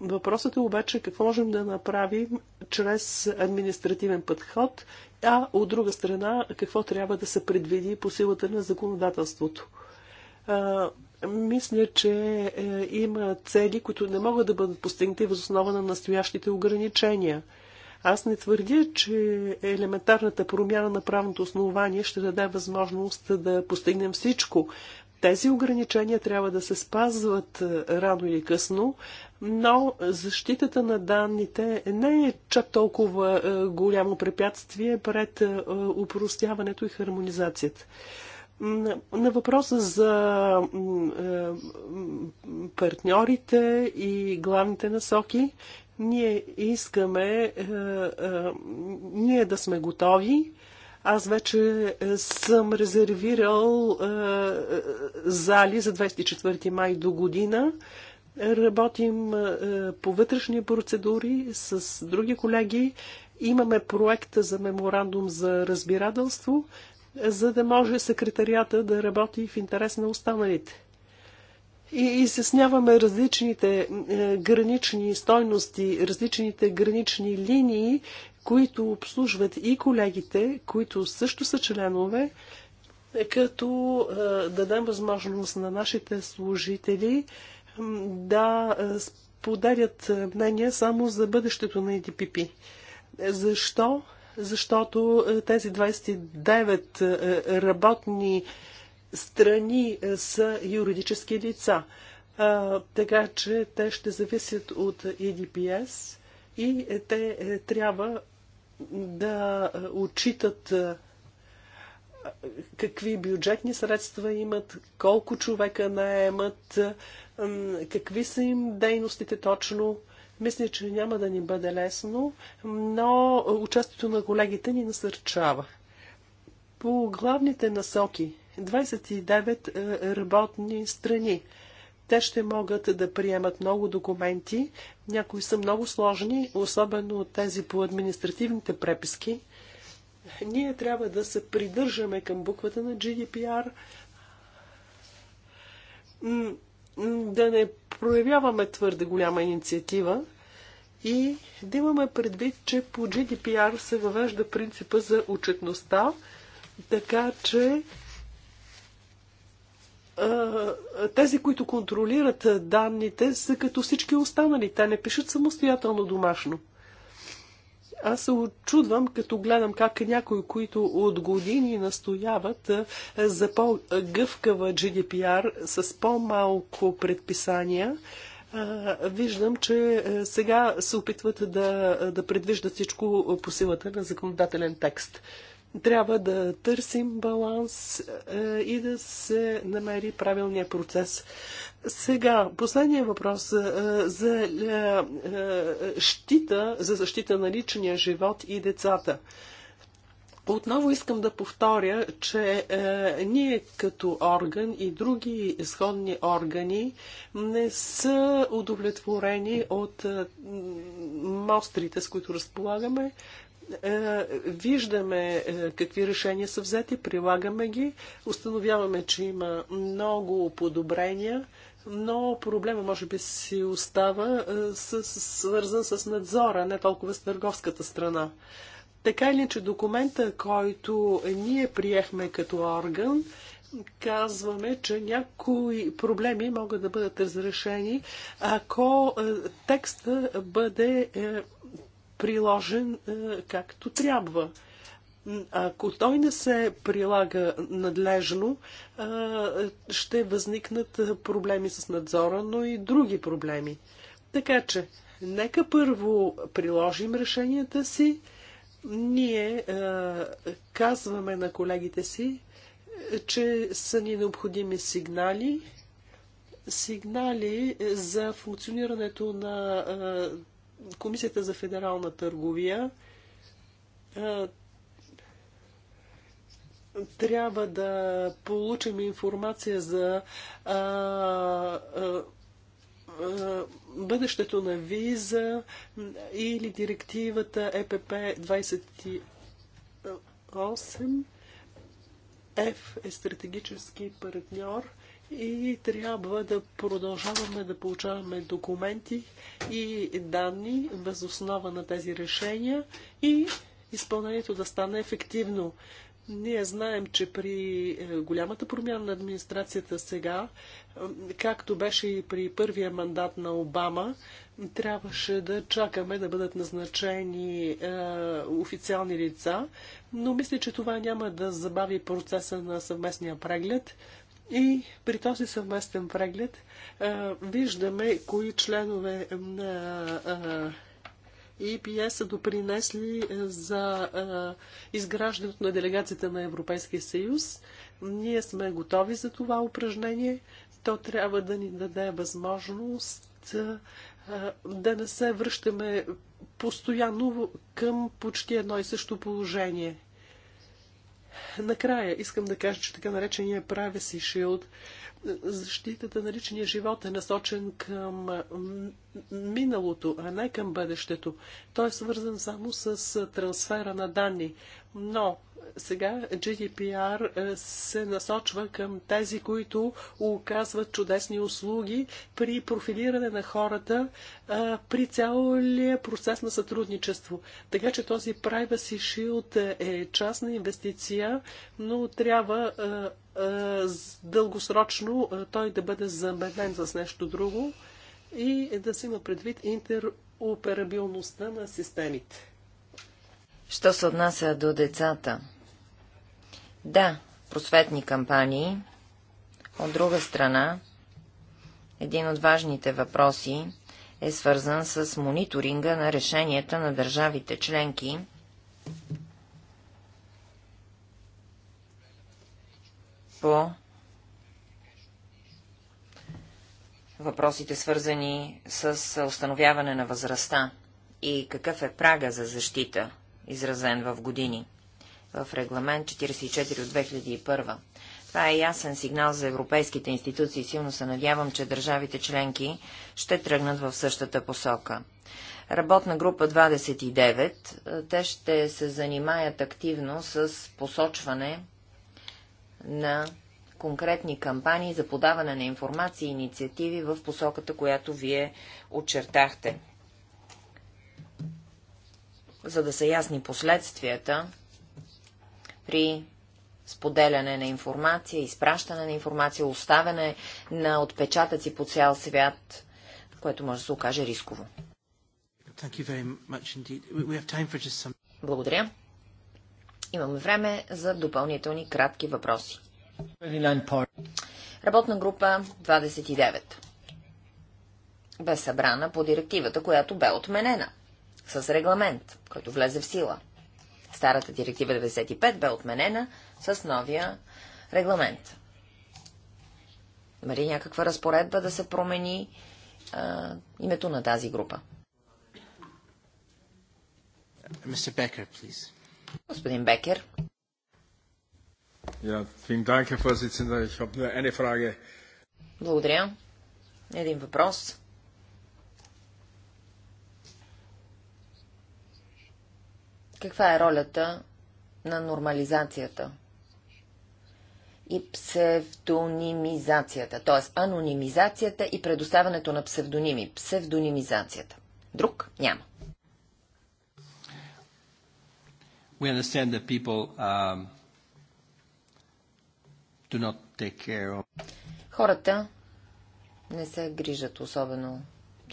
Въпросът е обаче какво можем да направим чрез административен подход, а от друга страна какво трябва да се предвиди по силата на законодателството. Е, мисля, че има цели, които не могат да бъдат постигнати въз основа на настоящите ограничения – аз не твърдя, че елементарната промяна на правното основание ще даде възможност да постигнем всичко. Тези ограничения трябва да се спазват е, рано или късно, но защитата на данните не е чак толкова е, голямо препятствие пред е, упростяването и хармонизацията. На въпроса за партньорите и главните насоки, ние искаме е, е, ние да сме готови. Аз вече съм резервирал е, зали за 24 май до година. Работим по вътрешни процедури с други колеги. Имаме проекта за меморандум за разбирателство, за да може секретарията да работи в интерес на останалите и изясняваме различните е, гранични стойности, различните гранични линии, които обслужват и колегите, които също са членове, като е, дадем възможност на нашите служители да е, споделят мнение само за бъдещето на ЕДПП. Защо? Защото тези 29 работни страни е, са юридически лица. А, така че те ще зависят от EDPS е и е, те трябва да отчитат какви бюджетни средства имат, колко човека наемат, какви са им дейностите точно. Мисля, че няма да ни бъде лесно, но участието на колегите ни насърчава. По главните насоки – 29 е, работни страни. Те ще могат да приемат много документи. Някои са много сложни, особено тези по административните преписки. Ние трябва да се придържаме към буквата на GDPR, да не проявяваме твърде голяма инициатива и да имаме предвид, че по GDPR се въвежда принципа за отчетността, така че тези, които контролират данните, са като всички останали. Те не пишат самостоятелно домашно. Аз се очудвам, като гледам как някои, които от години настояват за по-гъвкава GDPR с по-малко предписания, виждам, че сега се опитват да, да предвиждат всичко по силата на законодателен текст. Трябва да търсим баланс е, и да се намери правилния процес. Сега, последния въпрос е, за е, щита, за защита на личния живот и децата. Отново искам да повторя, че е, ние като орган и други изходни органи не са удовлетворени от е, мострите, с които разполагаме, е, виждаме е, какви решения са взети, прилагаме ги, установяваме, че има много подобрения, но проблема може би си остава е, свързан с надзора, не толкова с търговската страна. Така или че документа, който ние приехме като орган, казваме, че някои проблеми могат да бъдат разрешени, ако текста бъде приложен е, както трябва. Ако той не се прилага надлежно, е, ще възникнат проблеми с надзора, но и други проблеми. Така че, нека първо приложим решенията си. Ние е, казваме на колегите си, че са ни необходими сигнали, сигнали за функционирането на Комисията за федерална търговия трябва да получим информация за а, а, а, бъдещето на виза или директивата ЕПП 28. F е, е стратегически партньор и трябва да продължаваме да получаваме документи и данни въз основа на тези решения и изпълнението да стане ефективно. Ние знаем, че при е, голямата промяна на администрацията сега, е, както беше и при първия мандат на Обама, трябваше да чакаме да бъдат назначени е, официални лица, но мисля, че това няма да забави процеса на съвместния преглед. И при този съвместен преглед а, виждаме кои членове на EPS са допринесли за а, изграждането на делегацията на Европейския съюз. Ние сме готови за това упражнение. То трябва да ни даде възможност а, да не се връщаме постоянно към почти едно и също положение. Накрая искам да кажа, че така наречения privacy shield, защитата на личния живот е насочен към миналото, а не към бъдещето. Той е свързан само с трансфера на данни. Но сега GDPR е, се насочва към тези, които оказват чудесни услуги при профилиране на хората е, при цялия процес на сътрудничество. Така че този Privacy Shield е частна инвестиция, но трябва е, дългосрочно той да бъде заменен с нещо друго и да се има предвид интероперабилността на системите. Що се отнася до децата? Да, просветни кампании. От друга страна, един от важните въпроси е свързан с мониторинга на решенията на държавите членки по въпросите свързани с установяване на възрастта и какъв е прага за защита, изразен в години в регламент 44 от 2001. Това е ясен сигнал за европейските институции. Силно се надявам, че държавите членки ще тръгнат в същата посока. Работна група 29. Е, те ще се занимаят активно с посочване на конкретни кампании за подаване на информация и инициативи в посоката, която вие очертахте. За да са ясни последствията при споделяне на информация, изпращане на информация, оставяне на отпечатъци по цял свят, което може да се окаже рисково. Благодаря. Имаме време за допълнителни кратки въпроси. Работна група 29 бе събрана по директивата, която бе отменена с регламент, който влезе в сила – Старата директива 95 бе отменена с новия регламент. Има ли някаква разпоредба да се промени а, името на тази група? Господин Бекер. Благодаря. Един въпрос. Каква е ролята на нормализацията и псевдонимизацията, т.е. анонимизацията и предоставянето на псевдоними, псевдонимизацията? Друг няма. We understand that people um, do not take care of... Хората не се грижат особено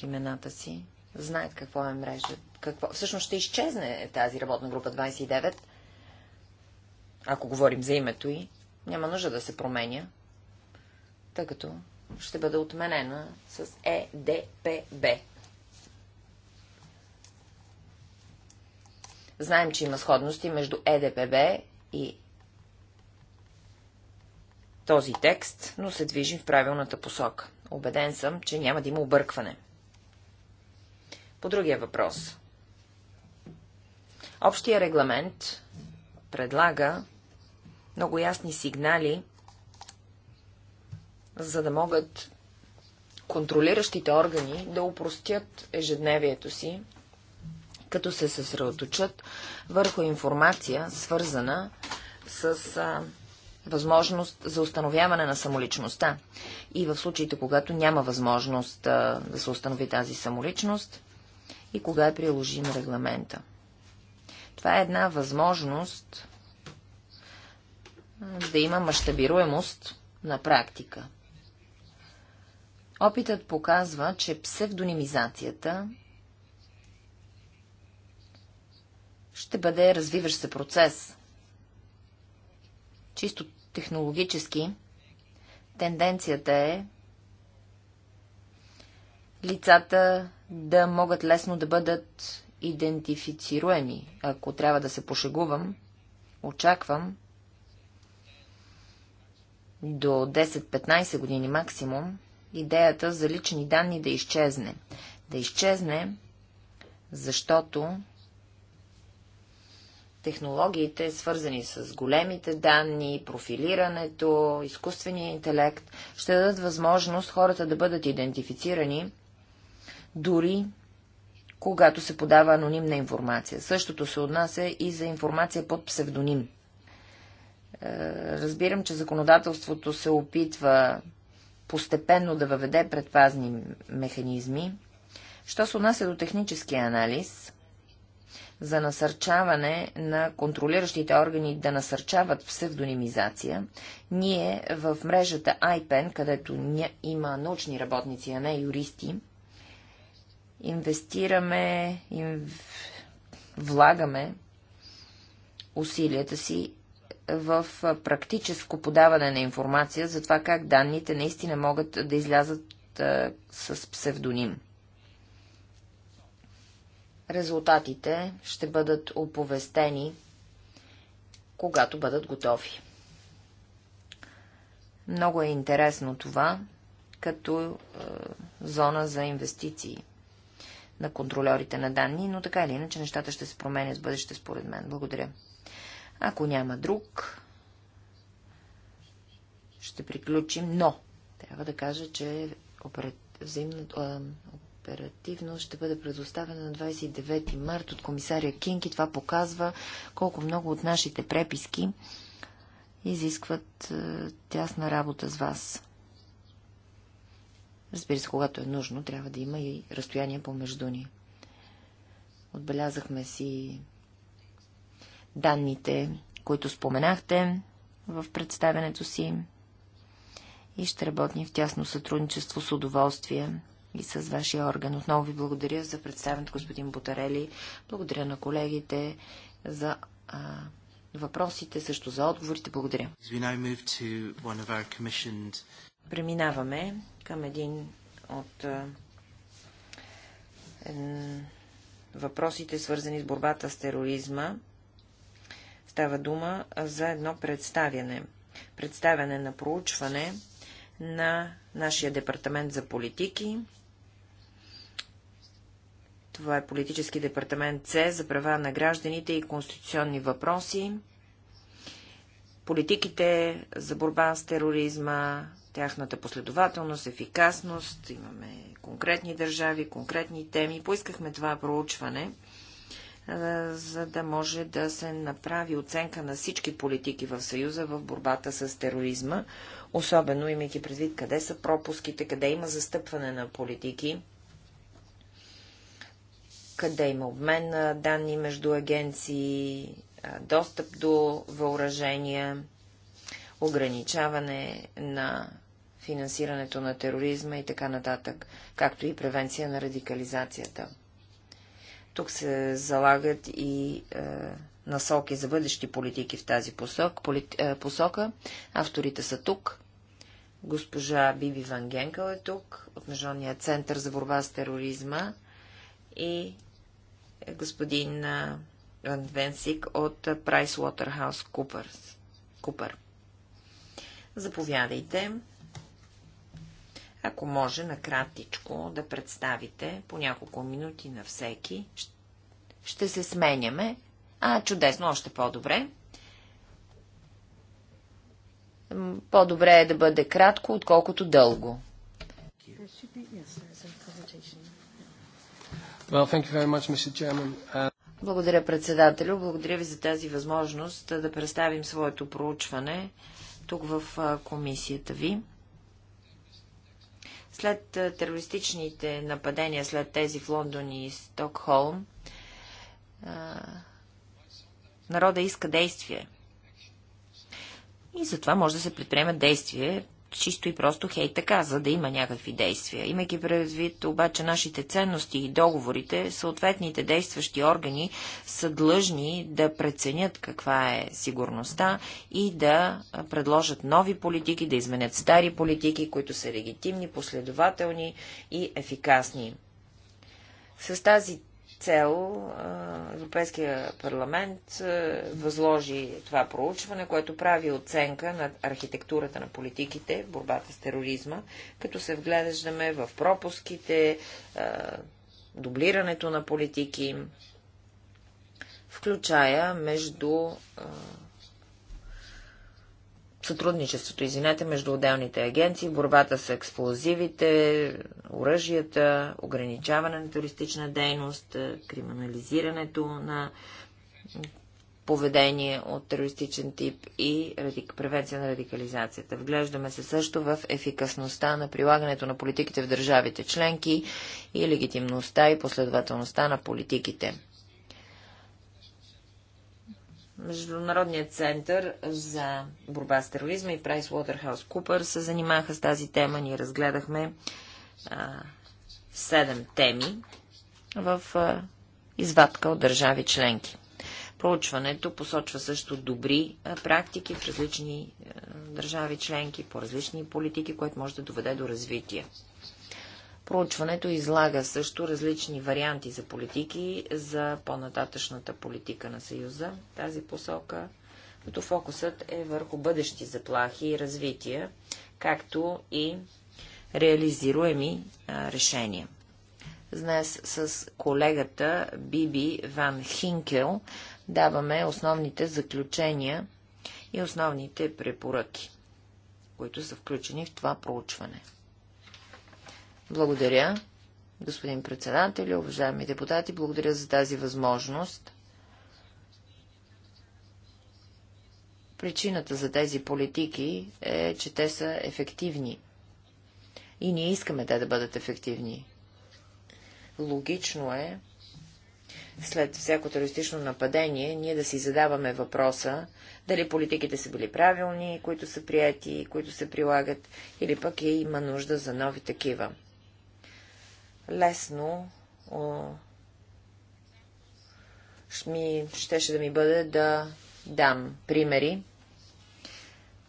имената си, знаят какво е мрежата какво... Всъщност ще изчезне тази работна група 29, ако говорим за името й. Няма нужда да се променя, тъй като ще бъде отменена с ЕДПБ. Знаем, че има сходности между ЕДПБ и този текст, но се движим в правилната посока. Обеден съм, че няма да има объркване. По другия въпрос. Общия регламент предлага много ясни сигнали, за да могат контролиращите органи да упростят ежедневието си, като се съсредоточат върху информация, свързана с а, възможност за установяване на самоличността. И в случаите, когато няма възможност а, да се установи тази самоличност и кога е приложим регламента. Това е една възможност да има мащабируемост на практика. Опитът показва, че псевдонимизацията ще бъде развиващ се процес. Чисто технологически тенденцията е лицата да могат лесно да бъдат идентифицируеми. Ако трябва да се пошегувам, очаквам до 10-15 години максимум идеята за лични данни да изчезне. Да изчезне, защото технологиите, свързани с големите данни, профилирането, изкуствения интелект, ще дадат възможност хората да бъдат идентифицирани дори когато се подава анонимна информация. Същото се отнася и за информация под псевдоним. Е, разбирам, че законодателството се опитва постепенно да въведе предпазни механизми. Що се отнася до техническия анализ за насърчаване на контролиращите органи да насърчават псевдонимизация, ние в мрежата IPEN, където има научни работници, а не юристи, инвестираме, им... влагаме усилията си в практическо подаване на информация за това как данните наистина могат да излязат а, с псевдоним. Резултатите ще бъдат оповестени, когато бъдат готови. Много е интересно това като е, зона за инвестиции на контролерите на данни, но така или иначе нещата ще се променят с бъдеще, според мен. Благодаря. Ако няма друг, ще приключим, но трябва да кажа, че оперативно ще бъде предоставена на 29 март от комисаря Кинки. Това показва колко много от нашите преписки изискват тясна работа с вас. Разбира се, когато е нужно, трябва да има и разстояние помежду ни. Отбелязахме си данните, които споменахте в представенето си и ще работим в тясно сътрудничество с удоволствие и с вашия орган. Отново ви благодаря за представенето, господин Бутарели. Благодаря на колегите за а, въпросите, също за отговорите. Благодаря. Преминаваме към един от въпросите, свързани с борбата с тероризма. Става дума за едно представяне. Представяне на проучване на нашия департамент за политики. Това е политически департамент С за права на гражданите и конституционни въпроси. Политиките за борба с тероризма, тяхната последователност, ефикасност. Имаме конкретни държави, конкретни теми. Поискахме това проучване, за да може да се направи оценка на всички политики в Съюза в борбата с тероризма, особено имайки предвид къде са пропуските, къде има застъпване на политики, къде има обмен на данни между агенции, достъп до въоръжения ограничаване на финансирането на тероризма и така нататък, както и превенция на радикализацията. Тук се залагат и е, насоки за бъдещи политики в тази посок, поли, е, посока. Авторите са тук. Госпожа Биби Ван Генкъл е тук от Международния център за борба с тероризма и е, господин Ван е, Венсик от Pricewaterhouse Купър. Заповядайте. Ако може, накратичко да представите по няколко минути на всеки. Ще се сменяме. А, чудесно, още по-добре. По-добре е да бъде кратко, отколкото дълго. Uh, Благодаря, председателю. Благодаря ви за тази възможност да представим своето проучване тук в комисията ви. След терористичните нападения, след тези в Лондон и Стокхолм, народа иска действие. И затова може да се предприемат действие чисто и просто хей така, за да има някакви действия. Имайки предвид обаче нашите ценности и договорите, съответните действащи органи са длъжни да преценят каква е сигурността и да предложат нови политики, да изменят стари политики, които са легитимни, последователни и ефикасни. С тази цел Европейския парламент възложи това проучване, което прави оценка на архитектурата на политиките в борбата с тероризма, като се вглеждаме в пропуските, дублирането на политики, включая между сътрудничеството, извинете, между отделните агенции, борбата с експлозивите, оръжията, ограничаване на туристична дейност, е, криминализирането на поведение от терористичен тип и радик... превенция на радикализацията. Вглеждаме се също в ефикасността на прилагането на политиките в държавите членки и легитимността и последователността на политиките. Международният център за борба с тероризма и PricewaterhouseCoopers се занимаха с тази тема. Ние разгледахме седем теми в а, извадка от държави членки. Проучването посочва също добри а, практики в различни а, държави членки, по различни политики, което може да доведе до развитие. Проучването излага също различни варианти за политики за по-нататъчната политика на Съюза тази посока, като фокусът е върху бъдещи заплахи и развития, както и реализируеми а, решения. Днес с колегата Биби Ван Хинкел даваме основните заключения и основните препоръки, които са включени в това проучване. Благодаря, господин председател, уважаеми депутати, благодаря за тази възможност. Причината за тези политики е, че те са ефективни. И ние искаме те да бъдат ефективни. Логично е, след всяко терористично нападение, ние да си задаваме въпроса, дали политиките са били правилни, които са прияти, които се прилагат, или пък е има нужда за нови такива лесно ми, щеше да ми бъде да дам примери.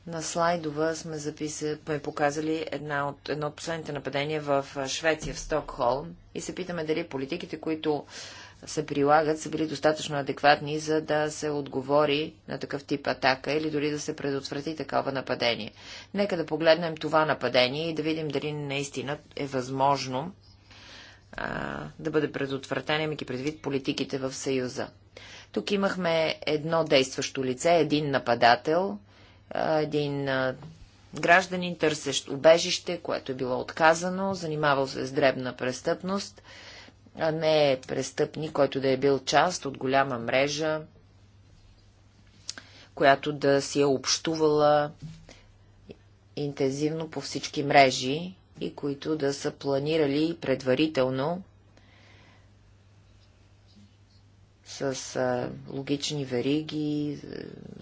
На слайдова сме, записали сме показали една от, едно от последните нападения в Швеция, в Стокхолм, и се питаме дали политиките, които се прилагат, са били достатъчно адекватни, за да се отговори на такъв тип атака или дори да се предотврати такова нападение. Нека да погледнем това нападение и да видим дали наистина е възможно да бъде предотвратен, имайки предвид политиките в Съюза. Тук имахме едно действащо лице, един нападател, един гражданин, търсещ убежище, което е било отказано, занимавал се с дребна престъпност, а не е престъпник, който да е бил част от голяма мрежа, която да си е общувала интензивно по всички мрежи и които да са планирали предварително с а, логични вериги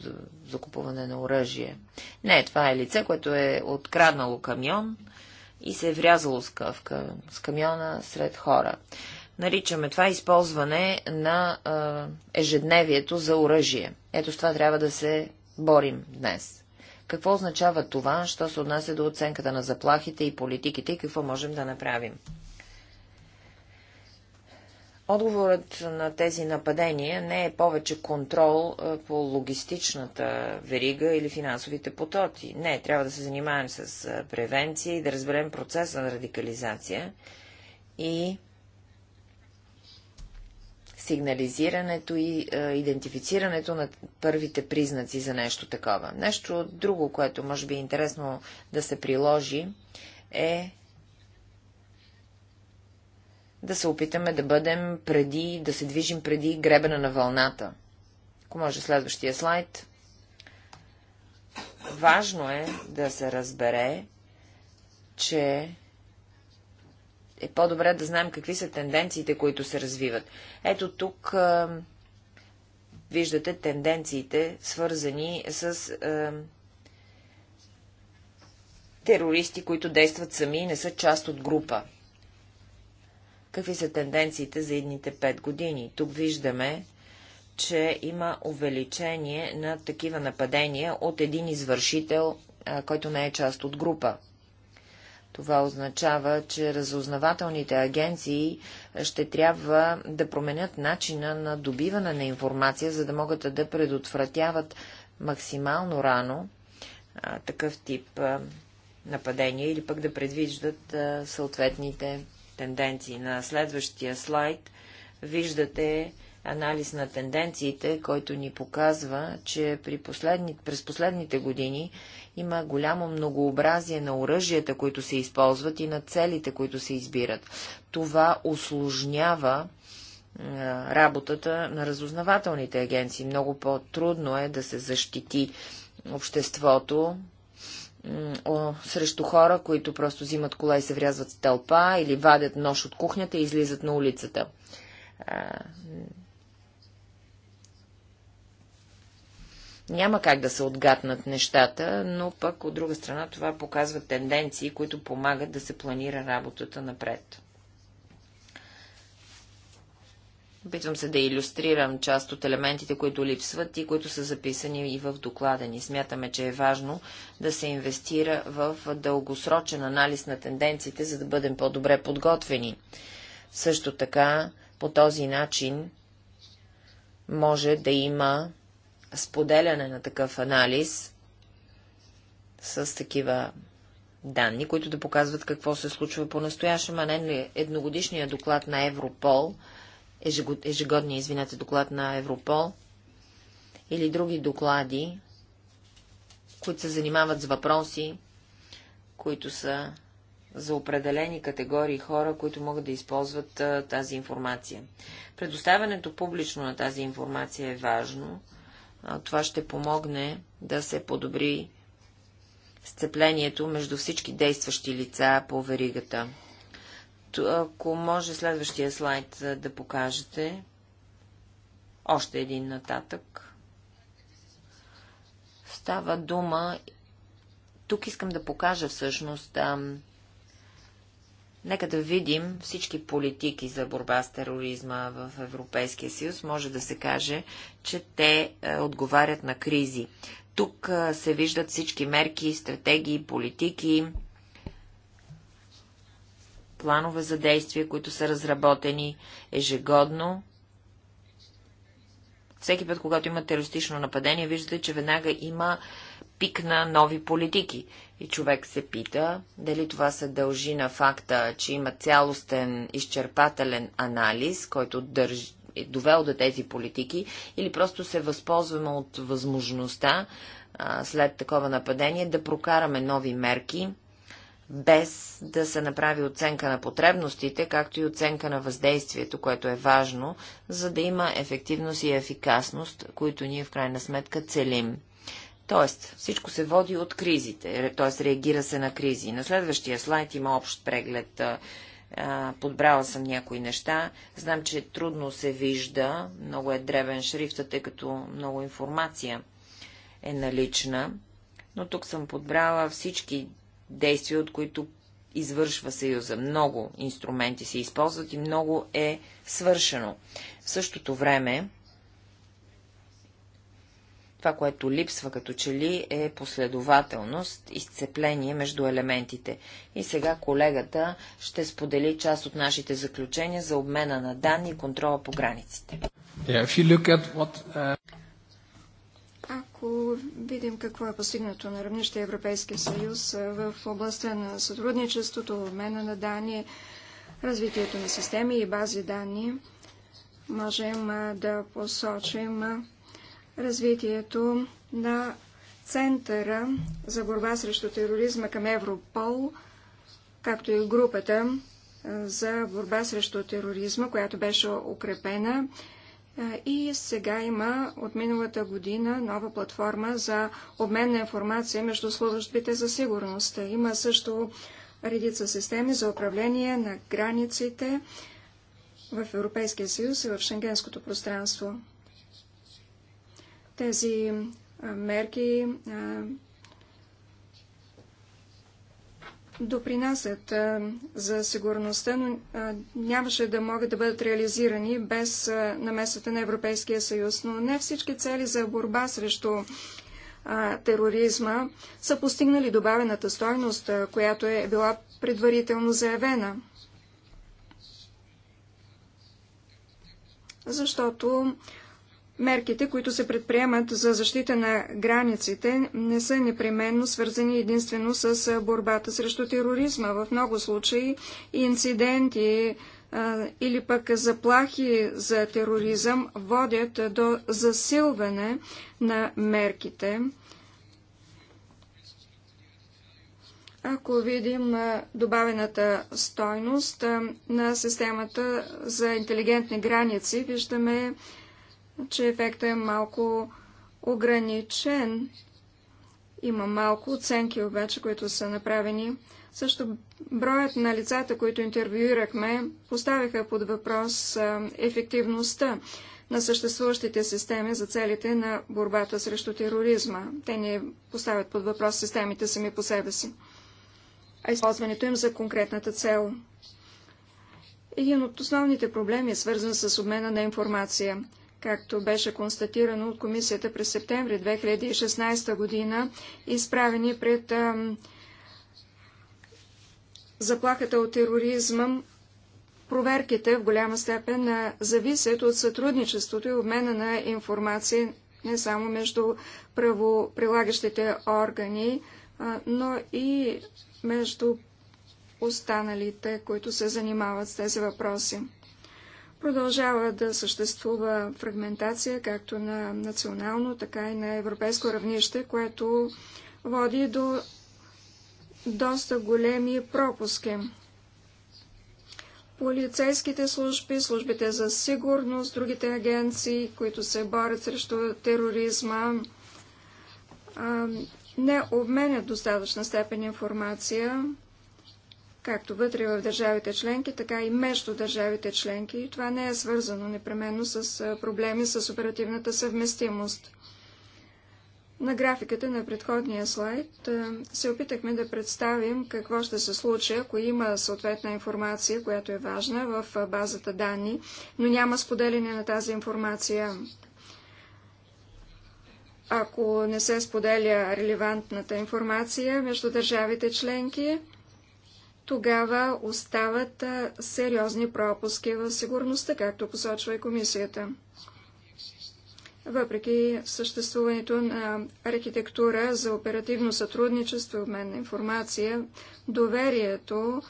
за закупуване на оръжие. Не, това е лице, което е откраднало камион и се е врязало с, къв, с камиона сред хора. Наричаме това използване на а, ежедневието за оръжие. Ето с това трябва да се борим днес. Какво означава това, що се отнася до оценката на заплахите и политиките и какво можем да направим? Отговорът на тези нападения не е повече контрол по логистичната верига или финансовите потоки. Не, трябва да се занимаем с превенция и да разберем процеса на радикализация и сигнализирането и а, е, идентифицирането на първите признаци за нещо такова. Нещо друго, което може би е интересно да се приложи, е да се опитаме да бъдем преди, да се движим преди гребена на вълната. Ако може следващия слайд. Важно е да се разбере, че е по-добре да знаем какви са тенденциите, които се развиват. Ето тук а, виждате тенденциите, свързани с а, терористи, които действат сами и не са част от група. Какви са тенденциите за едните 5 години? Тук виждаме, че има увеличение на такива нападения от един извършител, който не е част от група. Това означава, че разузнавателните агенции ще трябва да променят начина на добиване на информация, за да могат да предотвратяват максимално рано а, такъв тип а, нападения или пък да предвиждат а, съответните тенденции. На следващия слайд виждате анализ на тенденциите, който ни показва, че при последни, през последните години има голямо многообразие на оръжията, които се използват и на целите, които се избират. Това осложнява работата на разузнавателните агенции. Много по-трудно е да се защити обществото срещу хора, които просто взимат кола и се врязват с тълпа или вадят нож от кухнята и излизат на улицата. Няма как да се отгатнат нещата, но пък от друга страна това показва тенденции, които помагат да се планира работата напред. Опитвам се да иллюстрирам част от елементите, които липсват и които са записани и в доклада ни. Смятаме, че е важно да се инвестира в дългосрочен анализ на тенденциите, за да бъдем по-добре подготвени. Също така, по този начин може да има споделяне на такъв анализ с такива данни, които да показват какво се случва по-настоящем, а не едногодишния доклад на Европол, ежегодния, извинете, доклад на Европол или други доклади, които се занимават с въпроси, които са за определени категории хора, които могат да използват а, тази информация. Предоставянето публично на тази информация е важно, това ще помогне да се подобри сцеплението между всички действащи лица по веригата. Ако може следващия слайд да покажете, още един нататък. Става дума, тук искам да покажа всъщност Нека да видим всички политики за борба с тероризма в Европейския съюз. Може да се каже, че те е, отговарят на кризи. Тук е, се виждат всички мерки, стратегии, политики, планове за действие, които са разработени ежегодно. Всеки път, когато има терористично нападение, виждате, че веднага има пик на нови политики. И човек се пита дали това се дължи на факта, че има цялостен изчерпателен анализ, който държ... е довел до тези политики, или просто се възползваме от възможността а, след такова нападение да прокараме нови мерки, без да се направи оценка на потребностите, както и оценка на въздействието, което е важно, за да има ефективност и ефикасност, които ние в крайна сметка целим. Тоест, всичко се води от кризите, т.е. реагира се на кризи. На следващия слайд има общ преглед. Подбрала съм някои неща. Знам, че трудно се вижда, много е дребен шрифтът, тъй като много информация е налична. Но тук съм подбрала всички действия, от които извършва Съюза. Много инструменти се използват и много е свършено. В същото време това, което липсва като че ли е последователност, изцепление между елементите. И сега колегата ще сподели част от нашите заключения за обмена на данни и контрола по границите. Uh, Ако видим какво е постигнато на равнище Европейския съюз е, в областта на сътрудничеството, обмена на данни, развитието на системи и бази данни, можем е, да посочим е, развитието на Центъра за борба срещу тероризма към Европол, както и групата за борба срещу тероризма, която беше укрепена. И сега има от миналата година нова платформа за обмен на информация между службите за сигурност. Има също редица системи за управление на границите в Европейския съюз и в Шенгенското пространство. Тези мерки допринасят за сигурността, но нямаше да могат да бъдат реализирани без намесата на Европейския съюз. Но не всички цели за борба срещу тероризма са постигнали добавената стойност, която е била предварително заявена. Защото мерките, които се предприемат за защита на границите, не са непременно свързани единствено с борбата срещу тероризма. В много случаи инциденти или пък заплахи за тероризъм водят до засилване на мерките. Ако видим добавената стойност на системата за интелигентни граници, виждаме, че ефектът е малко ограничен. Има малко оценки обаче, които са направени. Също броят на лицата, които интервюирахме, поставиха под въпрос ефективността на съществуващите системи за целите на борбата срещу тероризма. Те не поставят под въпрос системите сами по себе си, а използването им за конкретната цел. Един от основните проблеми е свързан с обмена на информация както беше констатирано от комисията през септември 2016 година, изправени пред заплахата от тероризма, проверките в голяма степен а, зависят от сътрудничеството и обмена на информация не само между правоприлагащите органи, а, но и между останалите, които се занимават с тези въпроси. Продължава да съществува фрагментация както на национално, така и на европейско равнище, което води до доста големи пропуски. Полицейските служби, службите за сигурност, другите агенции, които се борят срещу тероризма, не обменят достатъчна степен информация както вътре в държавите членки, така и между държавите членки. И това не е свързано непременно с проблеми с оперативната съвместимост. На графиката на предходния слайд се опитахме да представим какво ще се случи, ако има съответна информация, която е важна в базата данни, но няма споделяне на тази информация. Ако не се споделя релевантната информация между държавите членки, тогава остават сериозни пропуски в сигурността, както посочва и комисията. Въпреки съществуването на архитектура за оперативно сътрудничество и обмен на информация, доверието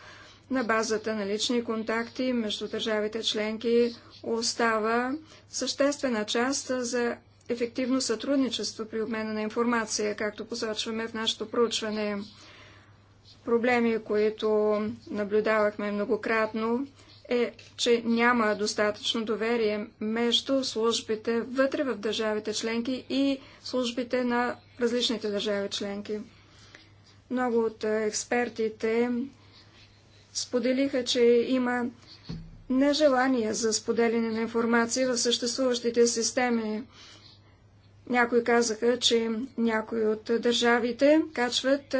на базата на лични контакти между държавите членки остава съществена част за ефективно сътрудничество при обмена на информация, както посочваме в нашето проучване проблеми, които наблюдавахме многократно, е, че няма достатъчно доверие между службите вътре в държавите членки и службите на различните държави членки. Много от експертите споделиха, че има нежелание за споделяне на информация в съществуващите системи някои казаха, че някои от държавите качват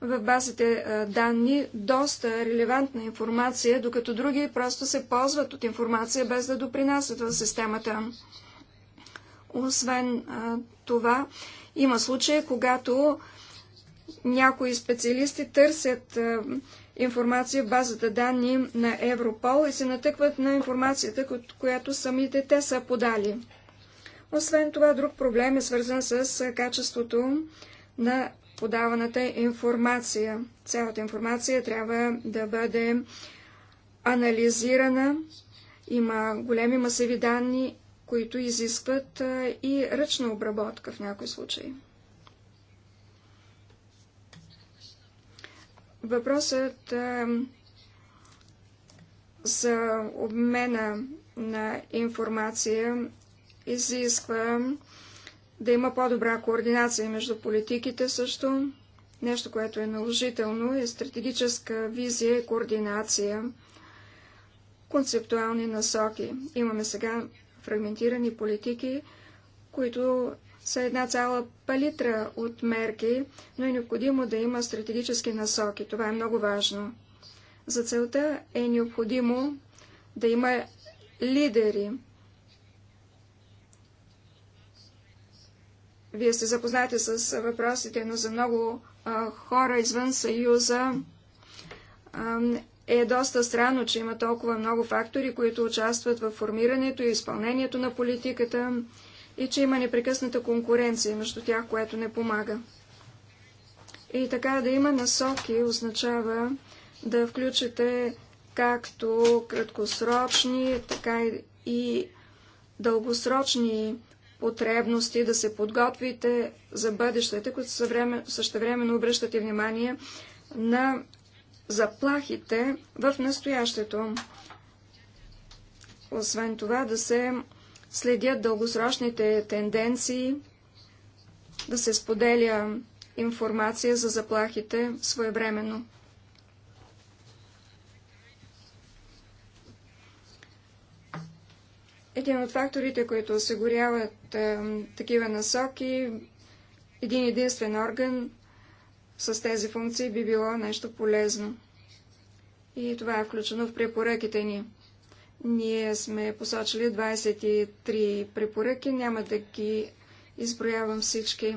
в базите данни доста релевантна информация, докато други просто се ползват от информация без да допринасят в системата. Освен това, има случаи, когато някои специалисти търсят информация в базата данни на Европол и се натъкват на информацията, която самите те са подали. Освен това, друг проблем е свързан с качеството на подаваната информация. Цялата информация трябва да бъде анализирана. Има големи масиви данни, които изискват и ръчна обработка в някои случаи. Въпросът за обмена на информация изисква да има по-добра координация между политиките също. Нещо, което е наложително, е стратегическа визия и координация, концептуални насоки. Имаме сега фрагментирани политики, които са една цяла палитра от мерки, но е необходимо да има стратегически насоки. Това е много важно. За целта е необходимо да има лидери, Вие сте запознати с въпросите, но за много а, хора извън Съюза а, е доста странно, че има толкова много фактори, които участват в формирането и изпълнението на политиката и че има непрекъсната конкуренция между тях, което не помага. И така да има насоки означава да включите както краткосрочни, така и дългосрочни потребности, да се подготвите за бъдещето, които същевременно обръщате внимание на заплахите в настоящето. Освен това да се следят дългосрочните тенденции, да се споделя информация за заплахите своевременно. Един от факторите, които осигуряват е, такива насоки, един единствен орган с тези функции би било нещо полезно. И това е включено в препоръките ни. Ние сме посочили 23 препоръки, няма да ги изброявам всички.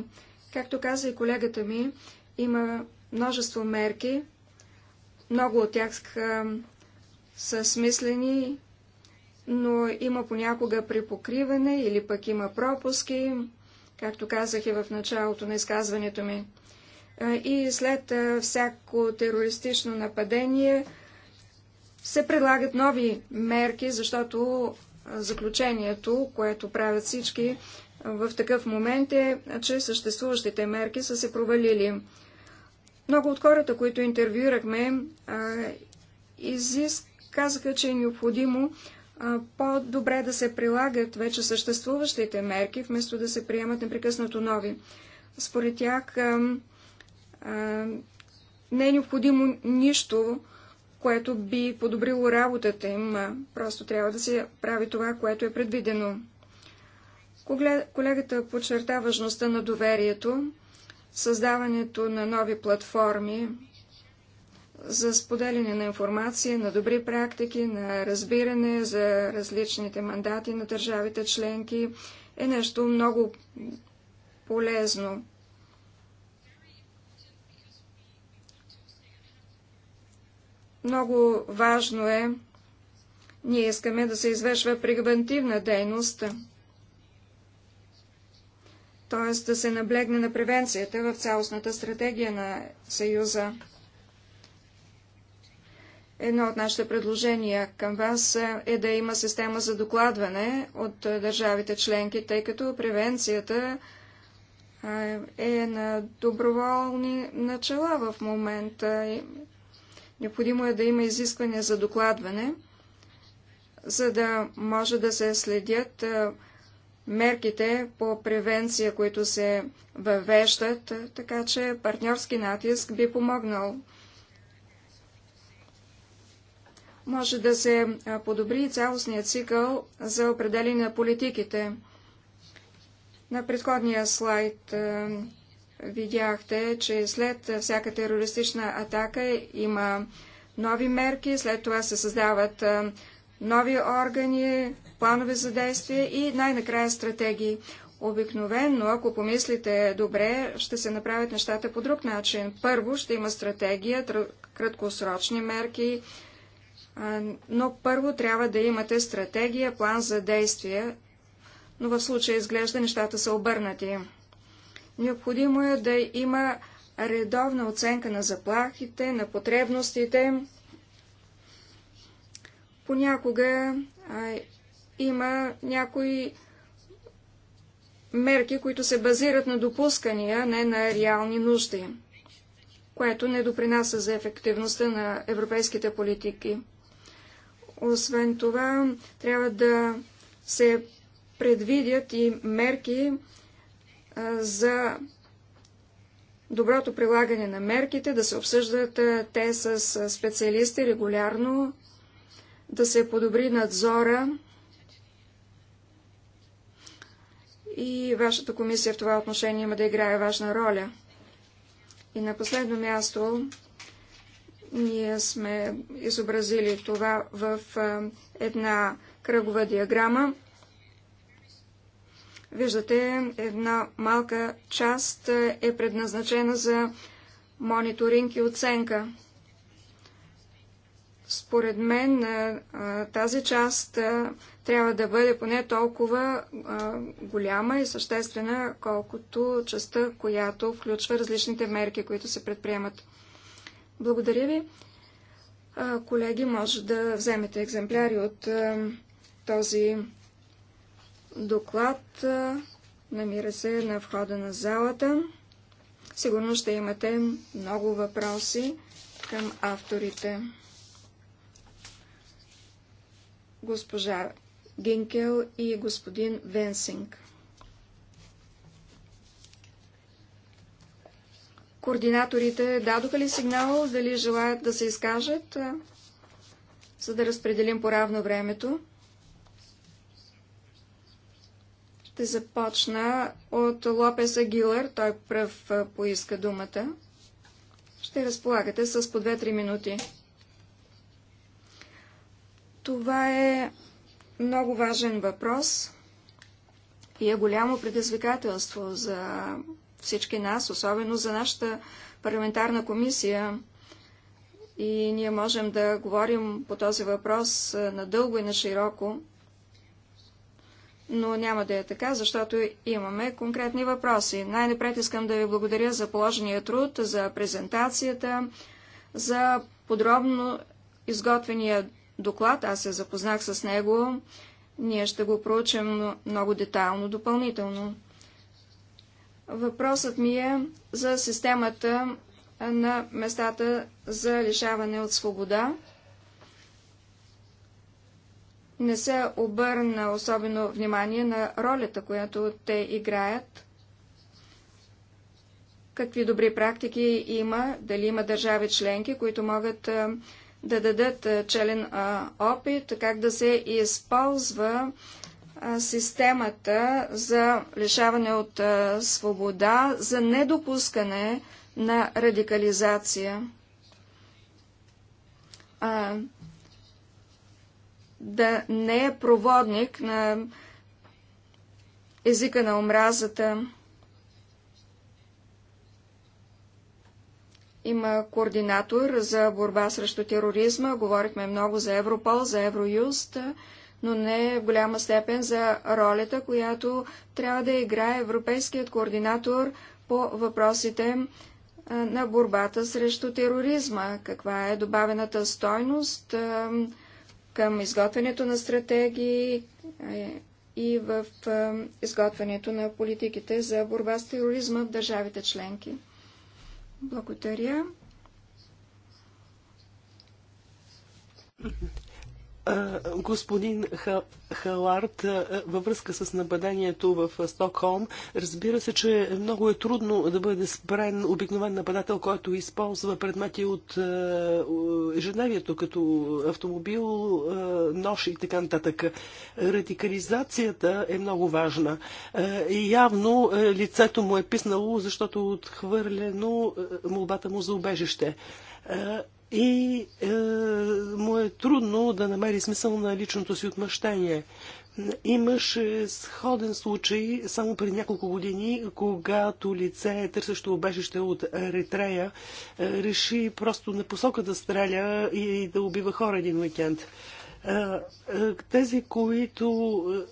Както каза и колегата ми, има множество мерки, много от тях са смислени но има понякога припокриване или пък има пропуски, както казах и в началото на изказването ми. И след всяко терористично нападение се предлагат нови мерки, защото заключението, което правят всички в такъв момент е, че съществуващите мерки са се провалили. Много от хората, които интервюирахме, изист, казаха, че е необходимо по-добре да се прилагат вече съществуващите мерки, вместо да се приемат непрекъснато нови. Според тях не е необходимо нищо, което би подобрило работата им. Просто трябва да се прави това, което е предвидено. Колегата подчерта важността на доверието, създаването на нови платформи, за споделяне на информация, на добри практики, на разбиране за различните мандати на държавите членки е нещо много полезно. Много важно е, ние искаме да се извършва превентивна дейност, т.е. да се наблегне на превенцията в цялостната стратегия на Съюза. Едно от нашите предложения към вас е да има система за докладване от държавите членки, тъй като превенцията е на доброволни начала в момента. Необходимо е да има изискване за докладване, за да може да се следят мерките по превенция, които се въвеждат, така че партньорски натиск би помогнал може да се подобри цялостният цикъл за определение на политиките. На предходния слайд видяхте, че след всяка терористична атака има нови мерки, след това се създават нови органи, планове за действие и най-накрая стратегии. Обикновено, ако помислите добре, ще се направят нещата по друг начин. Първо ще има стратегия, краткосрочни мерки, но първо трябва да имате стратегия, план за действие, но в случая изглежда нещата са обърнати. Необходимо е да има редовна оценка на заплахите, на потребностите. Понякога а, има някои мерки, които се базират на допускания, не на реални нужди, което не допринася за ефективността на европейските политики. Освен това, трябва да се предвидят и мерки за доброто прилагане на мерките, да се обсъждат те с специалисти регулярно, да се подобри надзора. И вашата комисия в това отношение има да играе важна роля. И на последно място ние сме изобразили това в една кръгова диаграма. Виждате, една малка част е предназначена за мониторинг и оценка. Според мен тази част трябва да бъде поне толкова голяма и съществена, колкото частта, която включва различните мерки, които се предприемат. Благодаря ви. Колеги, може да вземете екземпляри от този доклад. Намира се на входа на залата. Сигурно ще имате много въпроси към авторите. Госпожа Гинкел и господин Венсинг. Координаторите дадоха ли сигнал, дали желаят да се изкажат, за да разпределим по-равно времето? Ще започна от Лопес Агилър. Той пръв поиска думата. Ще разполагате с по 2-3 минути. Това е много важен въпрос и е голямо предизвикателство за всички нас, особено за нашата парламентарна комисия. И ние можем да говорим по този въпрос надълго и на широко, но няма да е така, защото имаме конкретни въпроси. Най-напред искам да ви благодаря за положения труд, за презентацията, за подробно изготвения доклад. Аз се запознах с него. Ние ще го проучим много детайлно допълнително. Въпросът ми е за системата на местата за лишаване от свобода. Не се обърна особено внимание на ролята, която те играят. Какви добри практики има, дали има държави членки, които могат да дадат челен опит, как да се използва системата за лишаване от свобода, за недопускане на радикализация. да не е проводник на езика на омразата. Има координатор за борба срещу тероризма. Говорихме много за Европол, за Евроюст но не е в голяма степен за ролята, която трябва да играе европейският координатор по въпросите на борбата срещу тероризма. Каква е добавената стойност към изготвянето на стратегии и в изготвянето на политиките за борба с тероризма в държавите членки. Благодаря. Господин Халард, във връзка с нападението в Стокхолм, разбира се, че много е трудно да бъде спрен обикновен нападател, който използва предмети от ежедневието, като автомобил, нож и така нататък. Радикализацията е много важна. Явно лицето му е писнало, защото е отхвърлено молбата му за убежище и е, му е трудно да намери смисъл на личното си отмъщение. Имаше сходен случай само преди няколко години, когато лице, търсещо обежище от Еритрея, е, реши просто на посока да стреля и да убива хора един уикенд. Е, е, тези, които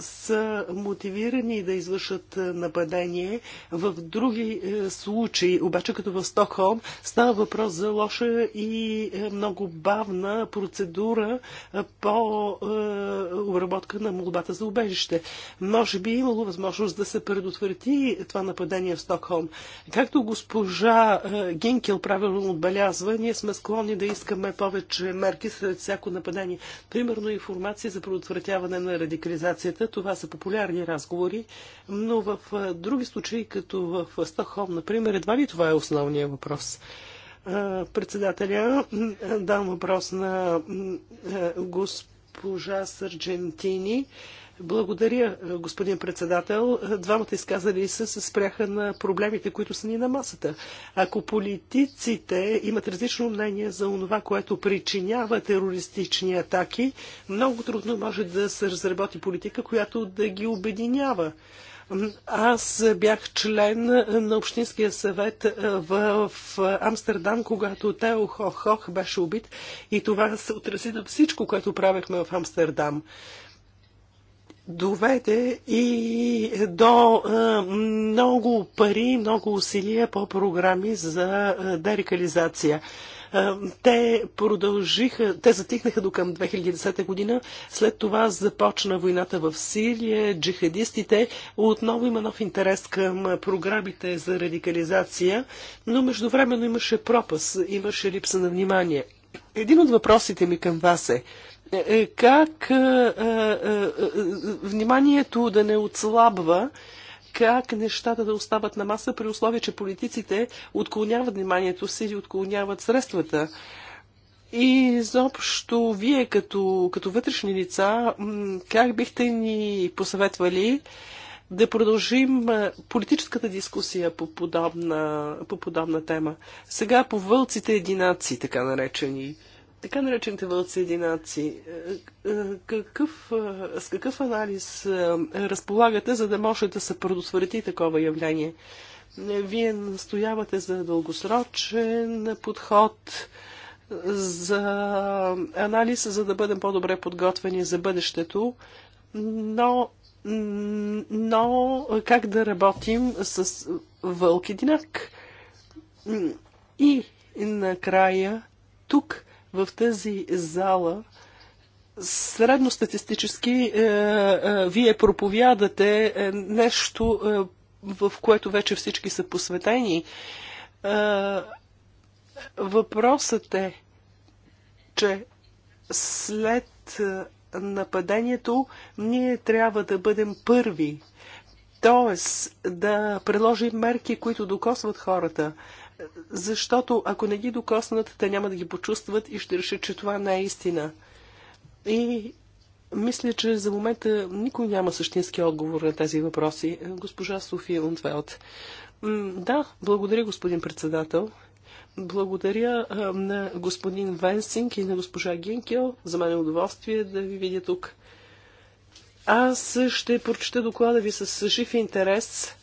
са мотивирани да извършат е, нападение в други е, случаи. Обаче, като в Стокхолм, става въпрос за лоша и е, много бавна процедура по обработка на молбата за убежище. Може би имало възможност да се предотврати това нападение в Стокхолм. Както госпожа Гинкел правилно отбелязва, ние сме склонни да искаме повече мерки след всяко нападение. Примерно информация за предотвратяване на радикализацията това са популярни разговори, но в други случаи, като в Стокхолм, например, едва ли това е основният въпрос председателя. Дам въпрос на госпожа Сърджентини. Благодаря, е, господин председател. Двамата изказали се се спряха на проблемите, които са ни на масата. Ако политиците имат различно мнение за това, което причинява терористични атаки, много трудно може да се разработи политика, която да ги обединява. Аз бях член на Общинския съвет е, в Амстердам, когато Тео Хох, Хох беше убит и това се отрази на всичко, което правехме в Амстердам доведе и до е, много пари, много усилия по програми за е, дерекализация. Е, те продължиха, те затихнаха до към 2010 година. След това започна войната в Сирия, джихадистите. Отново има нов интерес към програмите за радикализация, но междувременно имаше пропас, имаше липса на внимание. Един от въпросите ми към вас е, е, е, как е, вниманието да не отслабва, как нещата да остават на маса при условие, че политиците отклоняват вниманието си и отклоняват средствата. И изобщо вие като, като вътрешни лица, как бихте ни посъветвали да продължим политическата дискусия по подобна, по подобна тема? Сега по вълците единаци, така наречени така наречените валцидинаци, е, е, какъв, е, с какъв анализ разполагате, за да може да се предотврати такова явление? Вие настоявате за дългосрочен подход, за анализ, за да бъдем по-добре подготвени за бъдещето, но, но как да работим с вълки динак? И накрая тук в тази зала средностатистически е, е, вие проповядате е, нещо, е, в което вече всички са посветени. Е, въпросът е, че след е, нападението ние трябва да бъдем първи. Тоест да предложим мерки, които докосват хората защото ако не ги докоснат, те няма да ги почувстват и ще решат, че това не е истина. И мисля, че за момента никой няма същински отговор на тези въпроси. Госпожа София Лундвелт. Да, благодаря, господин председател. Благодаря а, на господин Венсинг и на госпожа Гинкел. За мен е удоволствие да ви видя тук. Аз ще прочета доклада ви с жив интерес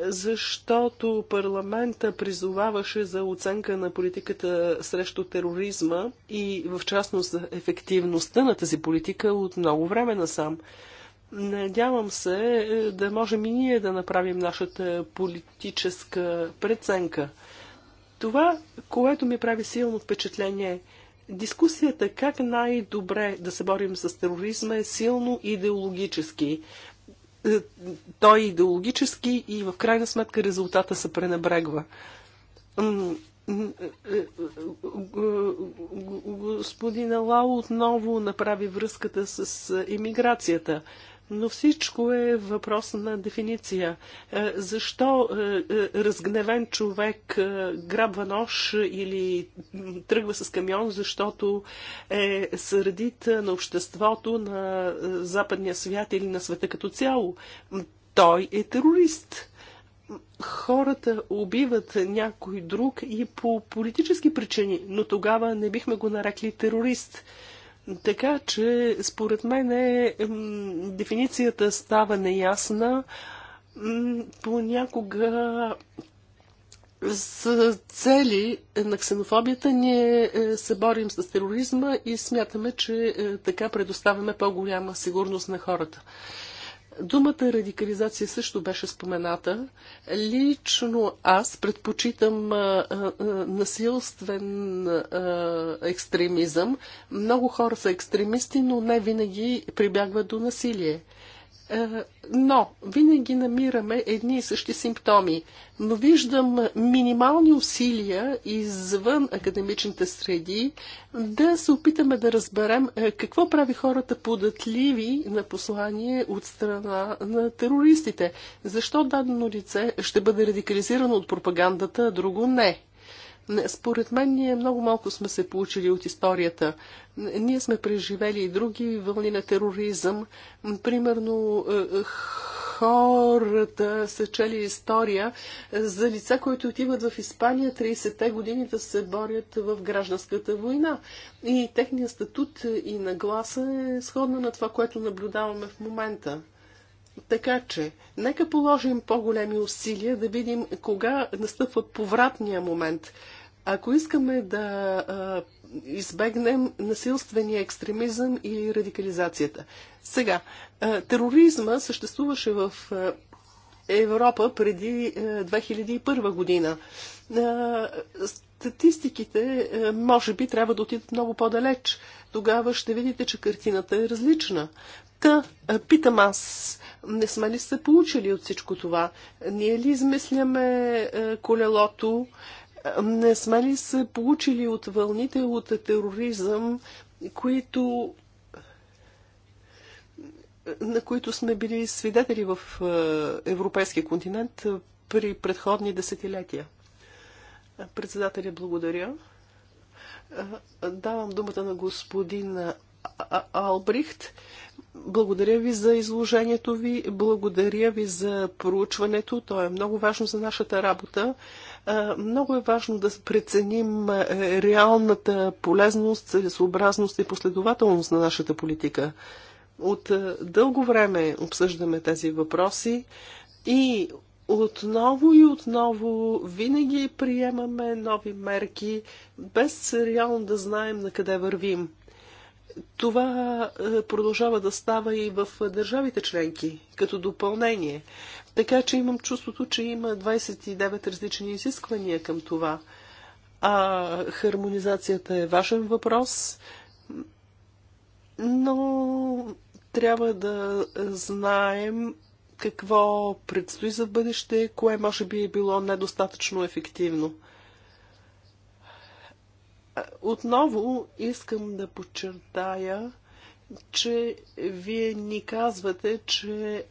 защото парламента призоваваше за оценка на политиката срещу тероризма и в частност за ефективността на тази политика от много време насам. Надявам се е, да можем и ние да направим нашата политическа преценка. Това, което ми прави силно впечатление, дискусията как най-добре да се борим с тероризма е силно идеологически той е идеологически и в крайна сметка резултата се пренебрегва. Господин Лао отново направи връзката с иммиграцията но всичко е въпрос на дефиниция. Е, защо е, е, разгневен човек грабва нож или тръгва с камион, защото е сърдит на обществото, на западния свят или на света като цяло? Той е терорист хората убиват някой друг и по политически причини, но тогава не бихме го нарекли терорист. Така че, според мен, е, дефиницията става неясна. Понякога с цели на ксенофобията ние е, се борим с тероризма и смятаме, че е, така предоставяме по-голяма сигурност на хората. Думата радикализация също беше спомената. Лично аз предпочитам а, а, насилствен а, екстремизъм. Много хора са екстремисти, но не винаги прибягват до насилие. Е, но винаги намираме едни и същи симптоми. Но виждам минимални усилия извън академичните среди да се опитаме да разберем е, какво прави хората податливи на послание от страна на терористите. Защо дадено лице ще бъде радикализирано от пропагандата, а друго не? Според мен ние много малко сме се получили от историята. Ние сме преживели и други вълни на тероризъм. Примерно е, е, хората са чели история за лица, които отиват в Испания 30-те години да се борят в гражданската война. И техният статут и нагласа е сходна на това, което наблюдаваме в момента. Така че, нека положим по-големи усилия да видим кога настъпва повратния момент. Ако искаме да а, избегнем насилствения екстремизъм и радикализацията. Сега, а, тероризма съществуваше в а, Европа преди 2001 година. Статистиките е, може би трябва да отидат много по-далеч. Тогава ще видите, че картината е различна. Та, е, питам аз, не сме ли се получили от всичко това? Ние ли измисляме е, колелото? Не сме ли се получили от вълните от тероризъм, които на които сме били свидетели в европейския континент при предходни десетилетия. Председателя, благодаря. Давам думата на господин Албрихт. Благодаря ви за изложението ви, благодаря ви за проучването. То е много важно за нашата работа. Много е важно да преценим реалната полезност, целесообразност и последователност на нашата политика. От дълго време обсъждаме тези въпроси и отново и отново винаги приемаме нови мерки, без реално да знаем на къде вървим. Това е, продължава да става и в държавите членки, като допълнение. Така че имам чувството, че има 29 различни изисквания към това. А хармонизацията е важен въпрос, но трябва да знаем какво предстои за бъдеще, кое може би е било недостатъчно ефективно. Отново искам да подчертая, че вие ни казвате, че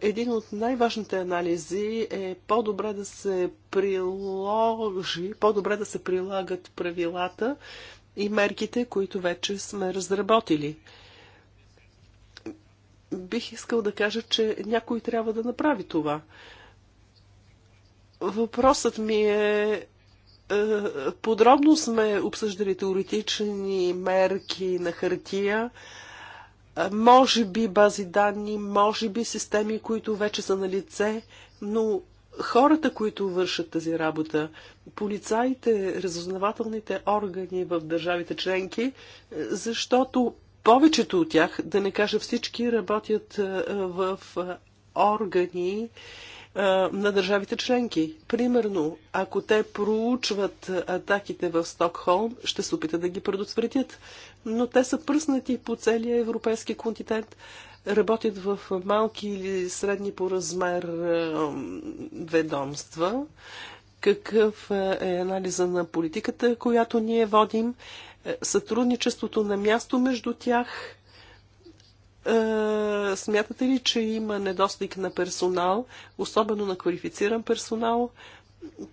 един от най-важните анализи е по-добре да се приложи, по-добре да се прилагат правилата и мерките, които вече сме разработили бих искал да кажа, че някой трябва да направи това. Въпросът ми е, е подробно сме обсъждали теоретични мерки на хартия, е, може би бази данни, може би системи, които вече са на лице, но хората, които вършат тази работа, полицаите, разузнавателните органи в държавите членки, е, защото повечето от тях, да не кажа всички, работят в органи на държавите членки. Примерно, ако те проучват атаките в Стокхолм, ще се опитат да ги предотвратят. Но те са пръснати по целия европейски континент, работят в малки или средни по размер ведомства. Какъв е анализа на политиката, която ние водим? Е, сътрудничеството на място между тях. Е, смятате ли, че има недостиг на персонал, особено на квалифициран персонал,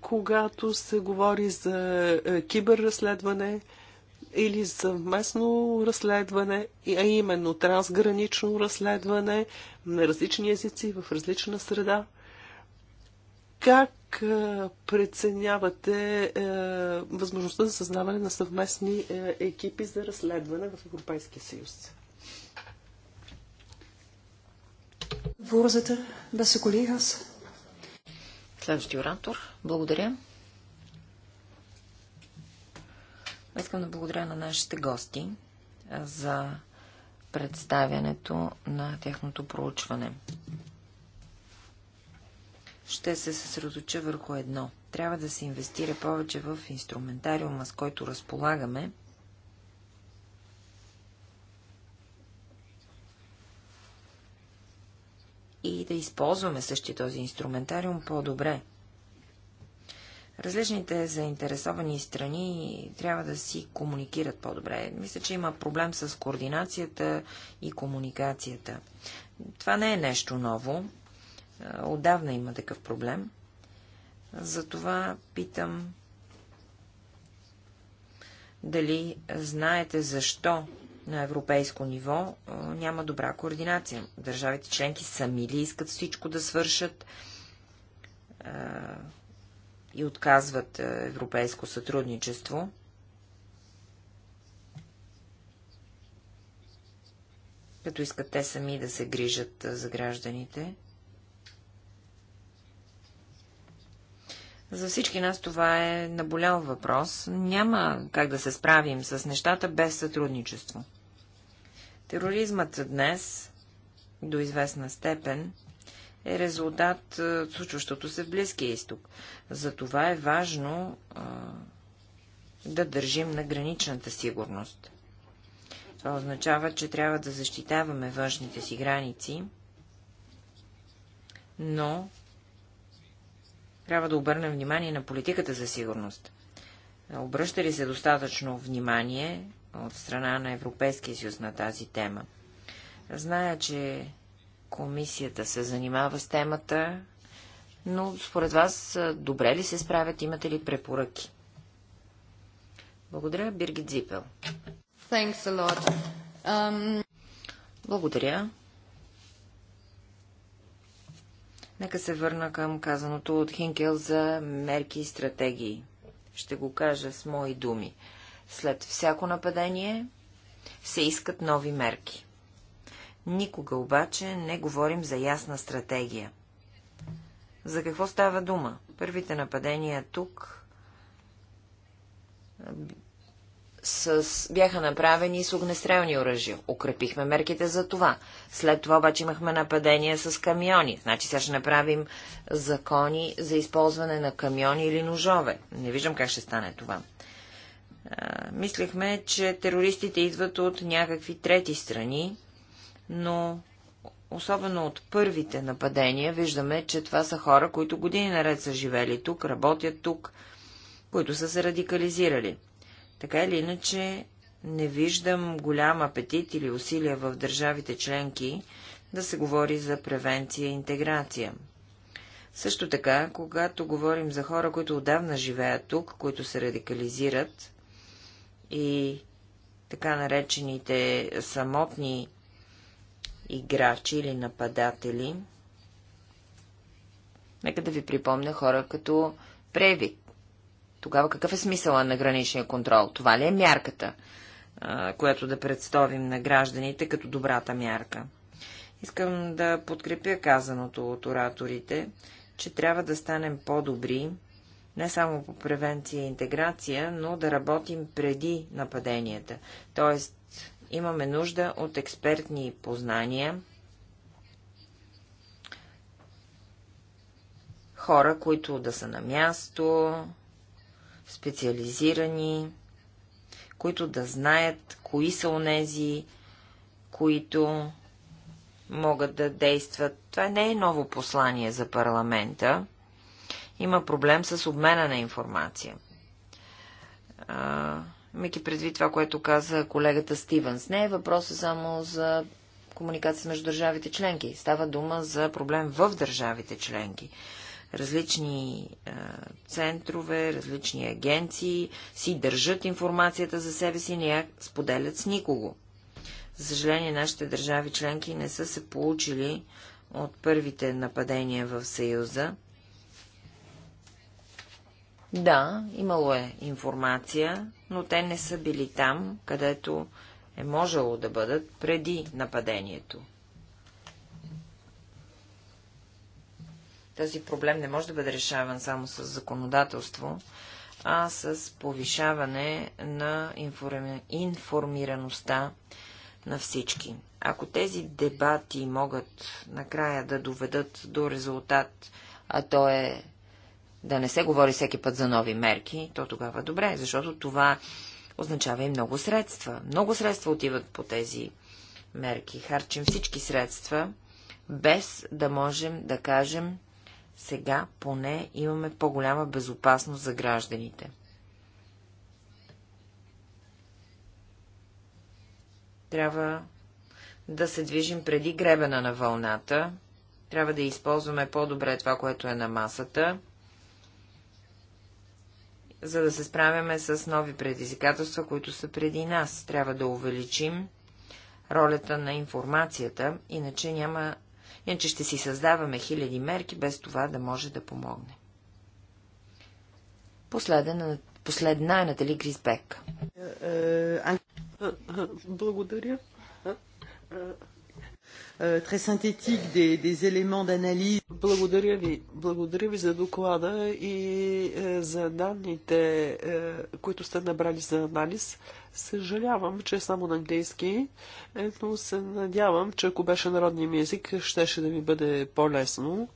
когато се говори за е, киберразследване или за местно разследване, а именно трансгранично разследване на различни езици в различна среда? Как е, преценявате е, възможността за създаване на съвместни е, екипи за разследване в Европейския съюз? Voorzitter, beste collega's. Следващи оратор. Благодаря. Искам да благодаря на нашите гости е, за представянето на тяхното проучване ще се съсредоча върху едно. Трябва да се инвестира повече в инструментариума, с който разполагаме, и да използваме същия този инструментариум по-добре. Различните заинтересовани страни трябва да си комуникират по-добре. Мисля, че има проблем с координацията и комуникацията. Това не е нещо ново. Отдавна има такъв проблем. Затова питам дали знаете защо на европейско ниво няма добра координация. Държавите членки сами ли искат всичко да свършат и отказват европейско сътрудничество? Като искат те сами да се грижат за гражданите. За всички нас това е наболял въпрос. Няма как да се справим с нещата без сътрудничество. Тероризмът днес, до известна степен, е резултат от е, случващото се в Близкия изток. Затова е важно а, е, да държим на граничната сигурност. Това означава, че трябва да защитаваме външните си граници, но трябва да обърнем внимание на политиката за сигурност. Обръща ли се достатъчно внимание от страна на Европейския съюз на тази тема? Зная, че комисията се занимава с темата, но според вас добре ли се справят, имате ли препоръки? Благодаря, Биргит Зипел. Um... Благодаря. Нека се върна към казаното от Хинкел за мерки и стратегии. Ще го кажа с мои думи. След всяко нападение се искат нови мерки. Никога обаче не говорим за ясна стратегия. За какво става дума? Първите нападения тук с, бяха направени с огнестрелни оръжия. Укрепихме мерките за това. След това обаче имахме нападения с камиони. Значи сега ще направим закони за използване на камиони или ножове. Не виждам как ще стане това. А, мислехме, че терористите идват от някакви трети страни, но особено от първите нападения, виждаме, че това са хора, които години наред са живели тук, работят тук, които са се радикализирали. Така или иначе, не виждам голям апетит или усилия в държавите членки да се говори за превенция и интеграция. Също така, когато говорим за хора, които отдавна живеят тук, които се радикализират и така наречените самотни играчи или нападатели, нека да ви припомня хора като превик. Тогава какъв е смисъла на граничния контрол? Това ли е мярката, която да представим на гражданите като добрата мярка? Искам да подкрепя казаното от ораторите, че трябва да станем по-добри не само по превенция и интеграция, но да работим преди нападенията. Тоест, имаме нужда от експертни познания, хора, които да са на място, специализирани, които да знаят кои са онези, които могат да действат. Това не е ново послание за парламента. Има проблем с обмена на информация. Мики предвид това, което каза колегата Стивенс. Не е въпроса само за комуникация между държавите членки. Става дума за проблем в държавите членки. Различни е, центрове, различни агенции си държат информацията за себе си, не я споделят с никого. За съжаление, нашите държави членки не са се получили от първите нападения в Съюза. Да, имало е информация, но те не са били там, където е можело да бъдат преди нападението. Този проблем не може да бъде решаван само с законодателство, а с повишаване на информираността на всички. Ако тези дебати могат накрая да доведат до резултат, а то е да не се говори всеки път за нови мерки, то тогава добре, защото това означава и много средства. Много средства отиват по тези мерки. Харчим всички средства, без да можем да кажем сега поне имаме по-голяма безопасност за гражданите. Трябва да се движим преди гребена на вълната, трябва да използваме по-добре това, което е на масата, за да се справяме с нови предизвикателства, които са преди нас. Трябва да увеличим ролята на информацията, иначе няма Иначе ще си създаваме хиляди мерки, без това да може да помогне. Последна, последна е Натали Гризбек. Благодаря. Euh, très synthétique des, des éléments d'analyse. Благодаря ви. за доклада и е, за данните, е, които сте набрали за анализ. Съжалявам, че е само на английски, е, но се надявам, че ако беше народния език, щеше да ми бъде по-лесно.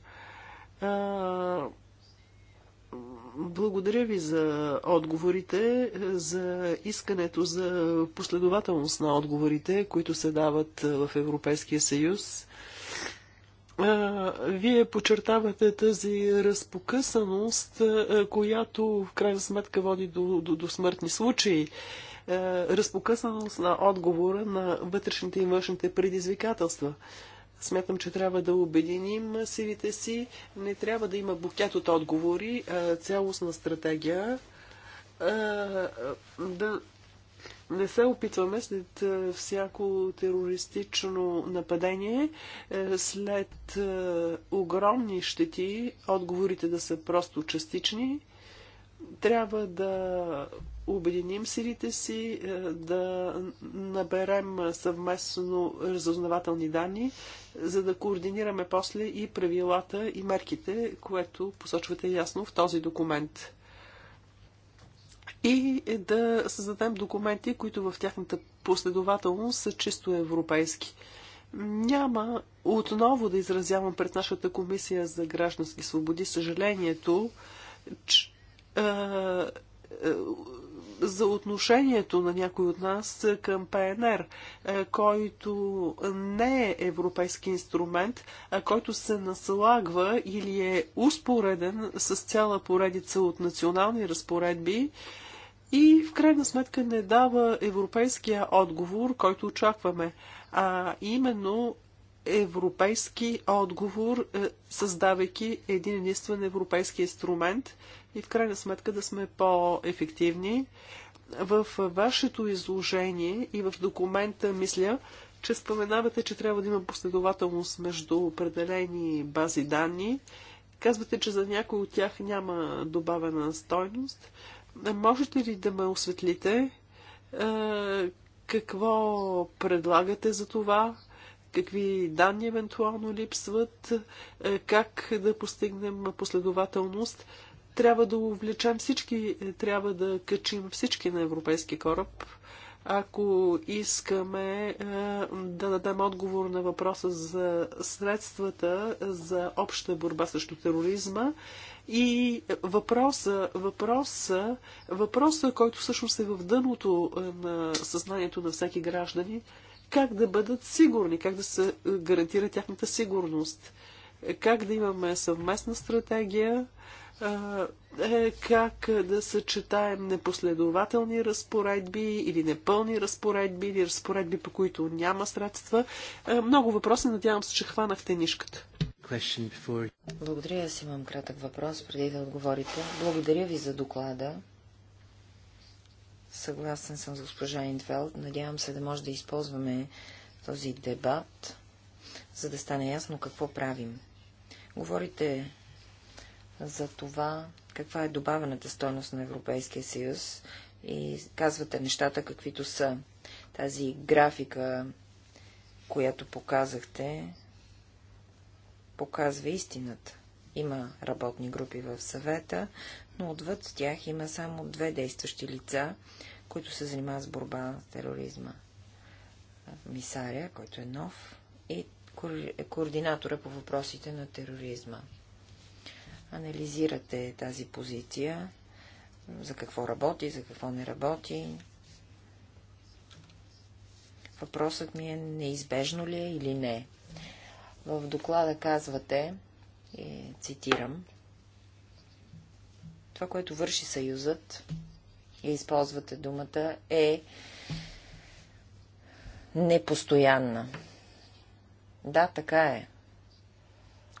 Благодаря ви за отговорите, за искането за последователност на отговорите, които се дават в Европейския съюз. Вие подчертавате тази разпокъсаност, която в крайна сметка води до, до, до смъртни случаи. Разпокъсаност на отговора на вътрешните и външните предизвикателства. Смятам, че трябва да обединим силите си. Не трябва да има букет от отговори, а цялостна стратегия. А, да не се опитваме след всяко терористично нападение, след огромни щети, отговорите да са просто частични. Трябва да обединим силите си, е, да наберем съвместно разузнавателни данни, за да координираме после и правилата и мерките, което посочвате ясно в този документ. И да създадем документи, които в тяхната последователност са чисто европейски. Няма отново да изразявам пред нашата комисия за граждански свободи съжалението, че е, е, за отношението на някой от нас към ПНР, е, който не е европейски инструмент, а който се наслагва или е успореден с цяла поредица от национални разпоредби и в крайна сметка не дава европейския отговор, който очакваме, а именно европейски отговор, е, създавайки един единствен европейски инструмент – и в крайна сметка да сме по-ефективни. В вашето изложение и в документа, мисля, че споменавате, че трябва да има последователност между определени бази данни. Казвате, че за някои от тях няма добавена стойност. Можете ли да ме осветлите? Е, какво предлагате за това? Какви данни евентуално липсват? Е, как да постигнем последователност? Трябва да увлечем всички, е, трябва да качим всички на европейски кораб, ако искаме е, да дадем отговор на въпроса за средствата за обща борба срещу тероризма и въпроса, въпроса, въпроса, който всъщност е в дъното е, на съзнанието на всеки граждани, как да бъдат сигурни, как да се гарантира тяхната сигурност, как да имаме съвместна стратегия, е как да съчетаем непоследователни разпоредби или непълни разпоредби или разпоредби, по които няма средства. Е, много въпроси, надявам се, че хванахте нишката. Благодаря, аз имам кратък въпрос, преди да отговорите. Благодаря ви за доклада. Съгласен съм с госпожа Индвелд. Надявам се да може да използваме този дебат, за да стане ясно какво правим. Говорите за това каква е добавената стойност на Европейския съюз и казвате нещата каквито са. Тази графика, която показахте, показва истината. Има работни групи в съвета, но отвъд тях има само две действащи лица, които се занимават с борба с тероризма. Мисаря, който е нов, и е координатора по въпросите на тероризма анализирате тази позиция, за какво работи, за какво не работи. Въпросът ми е неизбежно ли е или не. В доклада казвате, и цитирам, това, което върши Съюзът, и използвате думата, е непостоянна. Да, така е.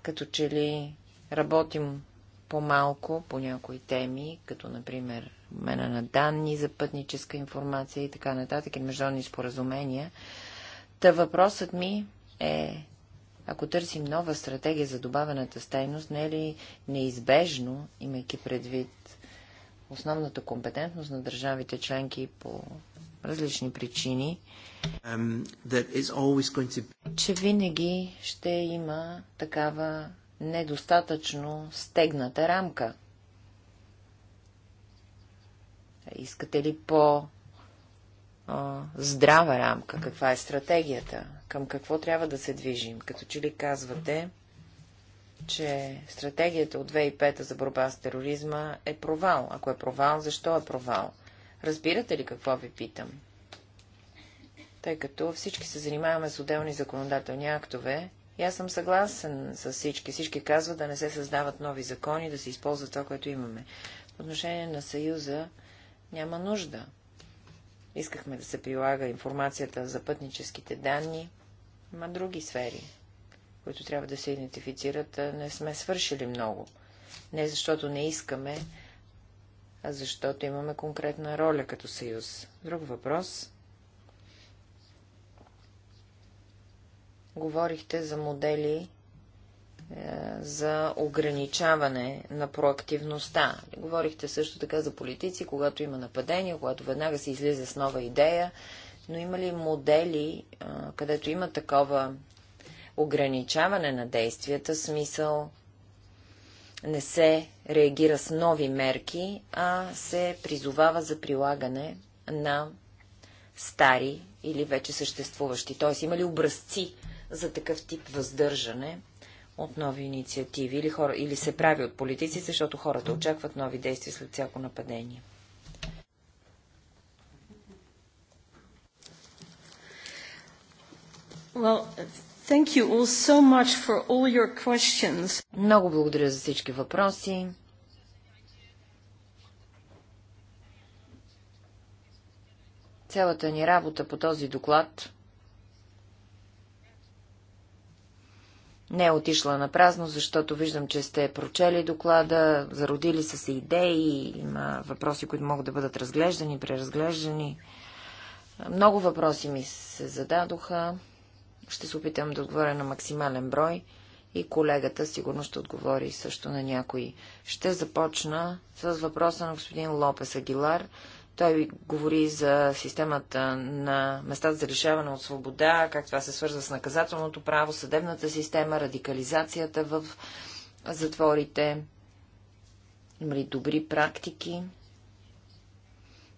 Като че ли Работим по-малко по някои теми, като например мена на данни за пътническа информация и така нататък, и международни споразумения. Та въпросът ми е, ако търсим нова стратегия за добавената стойност, не е ли неизбежно, имайки предвид основната компетентност на държавите членки по различни причини, um, to... че винаги ще има такава недостатъчно стегната рамка. Искате ли по здрава рамка, каква е стратегията, към какво трябва да се движим. Като че ли казвате, че стратегията от 2005 за борба с тероризма е провал. Ако е провал, защо е провал? Разбирате ли какво ви питам? Тъй като всички се занимаваме с отделни законодателни актове и аз съм съгласен с всички. Всички казват да не се създават нови закони, да се използва това, което имаме. По отношение на Съюза няма нужда. Искахме да се прилага информацията за пътническите данни, има други сфери, които трябва да се идентифицират. Не сме свършили много. Не защото не искаме, а защото имаме конкретна роля като съюз. Друг въпрос говорихте за модели е, за ограничаване на проактивността. Говорихте също така за политици, когато има нападение, когато веднага се излиза с нова идея, но има ли модели, е, където има такова ограничаване на действията, смисъл не се реагира с нови мерки, а се призовава за прилагане на стари или вече съществуващи. Т.е. има ли образци за такъв тип въздържане от нови инициативи или, хора, или се прави от политици, защото хората очакват нови действия след всяко нападение. Well, thank you all so much for all your questions. Много благодаря за всички въпроси. Цялата ни работа по този доклад не е отишла на празно, защото виждам, че сте прочели доклада, зародили са се идеи, има въпроси, които могат да бъдат разглеждани, преразглеждани. Много въпроси ми се зададоха. Ще се опитам да отговоря на максимален брой и колегата сигурно ще отговори също на някои. Ще започна с въпроса на господин Лопес Агилар той говори за системата на местата за решаване от свобода, как това се свързва с наказателното право, съдебната система, радикализацията в затворите, има ли добри практики,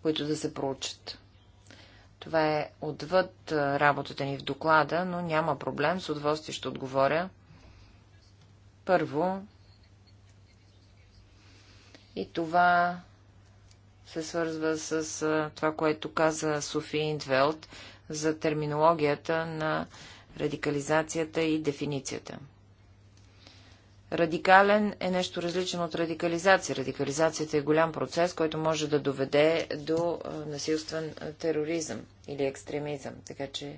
които да се проучат. Това е отвъд работата ни в доклада, но няма проблем. С удоволствие ще отговоря. Първо, и това се свързва с това, което каза Софи Индвелт за терминологията на радикализацията и дефиницията. Радикален е нещо различно от радикализация. Радикализацията е голям процес, който може да доведе до насилствен тероризъм или екстремизъм. Така че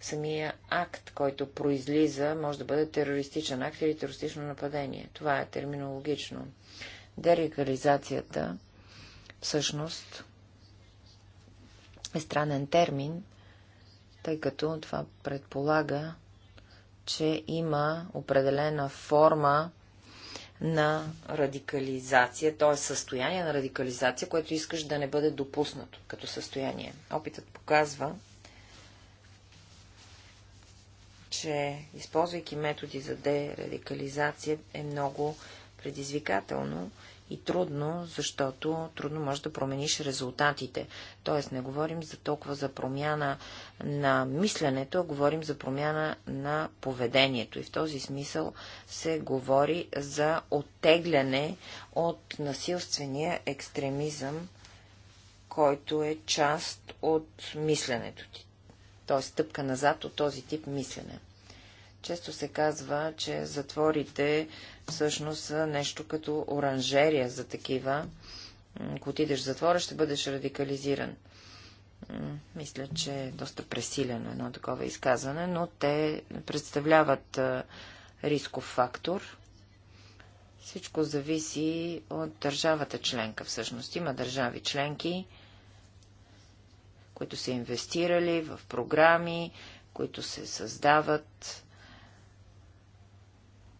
самия акт, който произлиза, може да бъде терористичен акт или терористично нападение. Това е терминологично. Дерекализацията всъщност е странен термин, тъй като това предполага, че има определена форма на радикализация, т.е. състояние на радикализация, което искаш да не бъде допуснато като състояние. Опитът показва, че използвайки методи за дерадикализация е много предизвикателно и трудно, защото трудно може да промениш резултатите. Тоест не говорим за толкова за промяна на мисленето, а говорим за промяна на поведението. И в този смисъл се говори за оттегляне от насилствения екстремизъм, който е част от мисленето ти. Тоест стъпка назад от този тип мислене. Често се казва, че затворите всъщност са нещо като оранжерия за такива. Ако отидеш в затвора, ще бъдеш радикализиран. Мисля, че е доста пресилено едно такова изказване, но те представляват рисков фактор. Всичко зависи от държавата членка. Всъщност има държави членки, които са инвестирали в програми, които се създават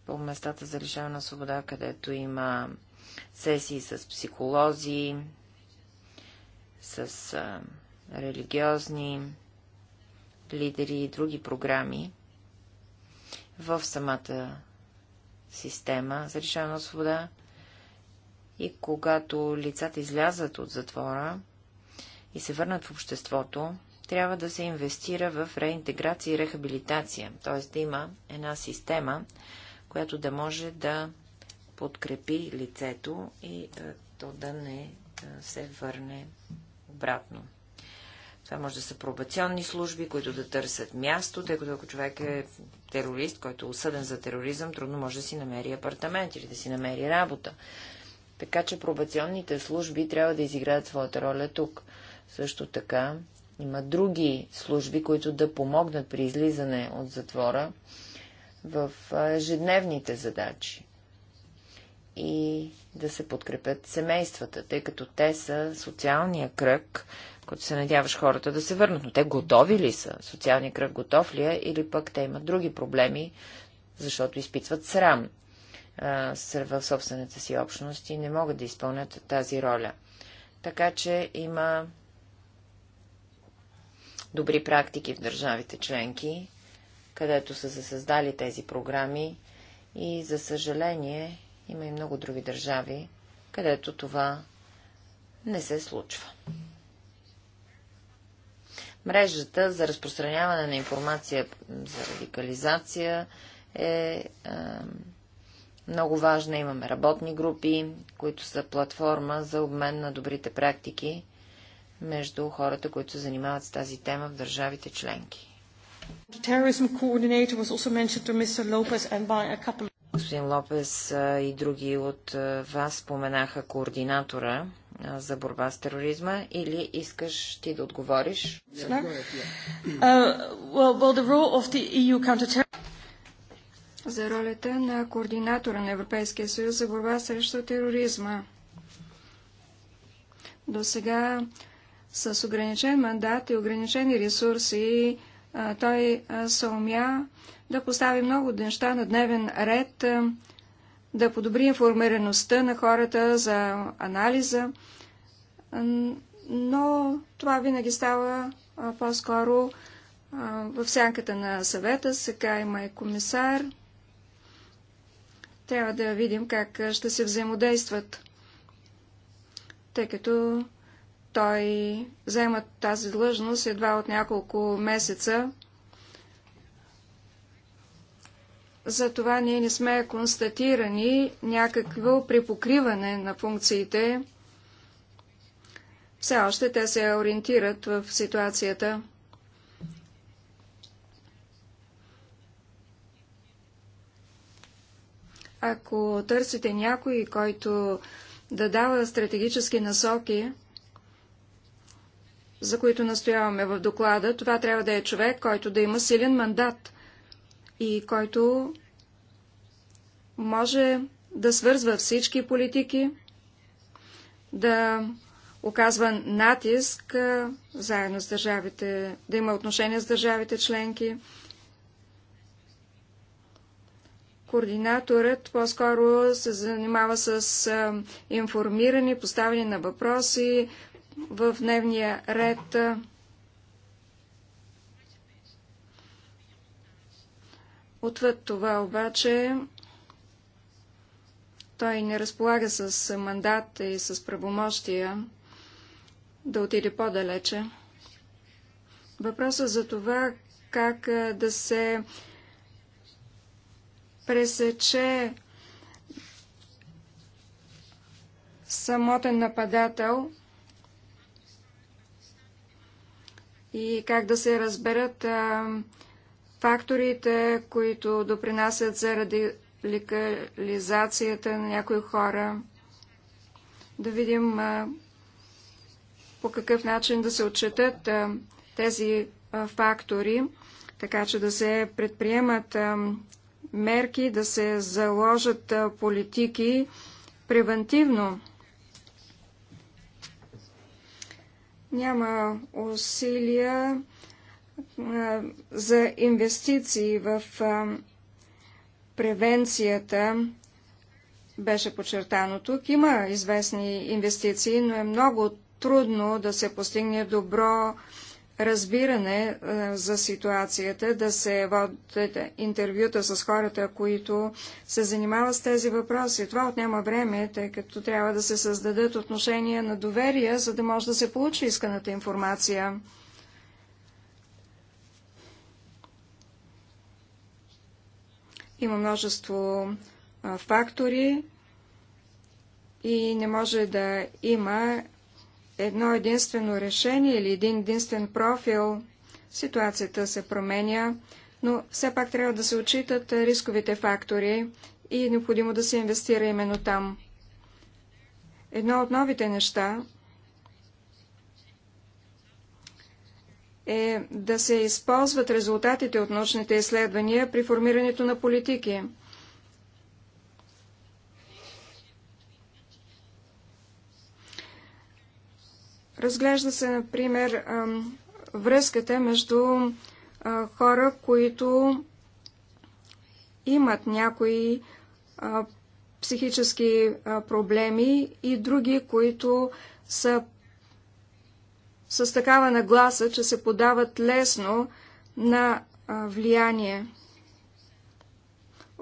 по местата за лишаване на свобода, където има сесии с психолози, с а, религиозни лидери и други програми в самата система за лишаване на свобода. И когато лицата излязат от затвора и се върнат в обществото, трябва да се инвестира в реинтеграция и рехабилитация, т.е. да има една система, която да може да подкрепи лицето и е, то да не е, се върне обратно. Това може да са пробационни служби, които да търсят място, тъй като ако човек е терорист, който е осъден за тероризъм, трудно може да си намери апартамент или да си намери работа. Така че пробационните служби трябва да изиграят своята роля тук. Също така има други служби, които да помогнат при излизане от затвора в ежедневните задачи и да се подкрепят семействата, тъй като те са социалния кръг, който се надяваш хората да се върнат. Но те готови ли са? Социалния кръг готов ли е? Или пък те имат други проблеми, защото изпитват срам в собствената си общност и не могат да изпълнят тази роля. Така че има добри практики в държавите членки, където са се създали тези програми и, за съжаление, има и много други държави, където това не се случва. Мрежата за разпространяване на информация за радикализация е, е много важна. Имаме работни групи, които са платформа за обмен на добрите практики между хората, които се занимават с тази тема в държавите членки. Господин Лопес и други от вас споменаха координатора за борба с тероризма или искаш ти да отговориш? Uh, e за ролята на координатора на Европейския съюз за борба срещу тероризма. До сега с ограничен мандат и ограничени ресурси той се умя да постави много неща на дневен ред, да подобри информираността на хората за анализа, но това винаги става по-скоро в сянката на съвета. Сега има и комисар. Трябва да видим как ще се взаимодействат, тъй като той взема тази длъжност едва от няколко месеца. Затова ние не сме констатирани някакво припокриване на функциите. Все още те се ориентират в ситуацията. Ако търсите някой, който да дава стратегически насоки, за които настояваме в доклада, това трябва да е човек, който да има силен мандат и който може да свързва всички политики, да оказва натиск заедно с държавите, да има отношения с държавите членки. Координаторът по-скоро се занимава с информиране, поставяне на въпроси, в дневния ред Отвъд това обаче той не разполага с мандат и с правомощия да отиде по-далече. Въпросът за това как да се пресече самотен нападател и как да се разберат а, факторите, които допринасят за радикализацията на някои хора. Да видим а, по какъв начин да се отчетат а, тези а, фактори, така че да се предприемат а, мерки, да се заложат а, политики превентивно. няма усилия за инвестиции в превенцията, беше подчертано тук. Има известни инвестиции, но е много трудно да се постигне добро разбиране е, за ситуацията, да се водят интервюта с хората, които се занимават с тези въпроси. Това отнема време, тъй като трябва да се създадат отношения на доверие, за да може да се получи исканата информация. Има множество фактори и не може да има едно единствено решение или един единствен профил. Ситуацията се променя, но все пак трябва да се отчитат рисковите фактори и е необходимо да се инвестира именно там. Едно от новите неща е да се използват резултатите от научните изследвания при формирането на политики. Разглежда се, например, връзката между хора, които имат някои психически проблеми и други, които са с такава нагласа, че се подават лесно на влияние.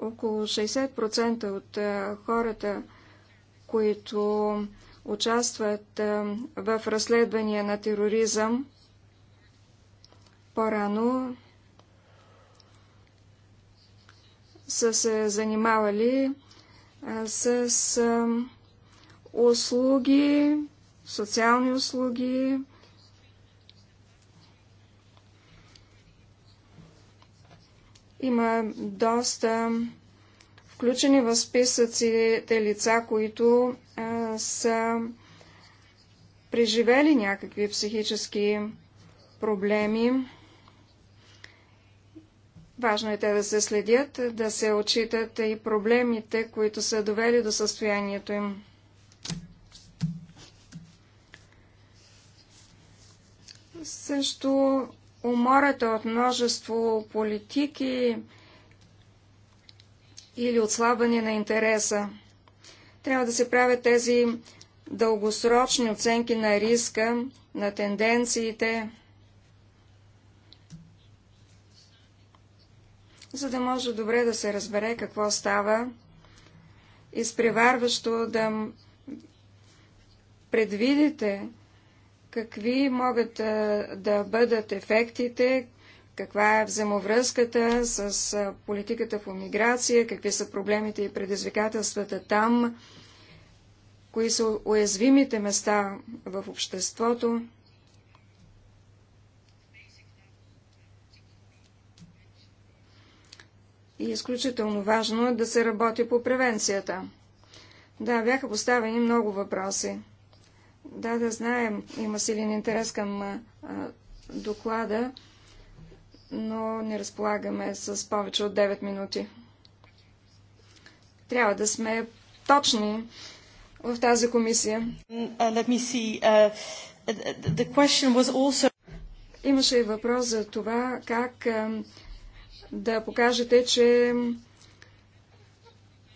Около 60% от хората, които участват в разследвания на тероризъм. По-рано са се занимавали с услуги, социални услуги, Има доста включени в списъците лица, които са преживели някакви психически проблеми. Важно е те да се следят, да се отчитат и проблемите, които са довели до състоянието им. Също умората от множество политики или отслабване на интереса. Трябва да се правят тези дългосрочни оценки на риска, на тенденциите, за да може добре да се разбере какво става, изпреварващо да предвидите какви могат да бъдат ефектите, каква е взаимовръзката с политиката по миграция, какви са проблемите и предизвикателствата там, кои са уязвимите места в обществото. И е изключително важно е да се работи по превенцията. Да, бяха поставени много въпроси. Да, да знаем, има силен интерес към а, доклада, но не разполагаме с повече от 9 минути. Трябва да сме точни в тази комисия. Uh, uh, Имаше и въпрос за това как да покажете, че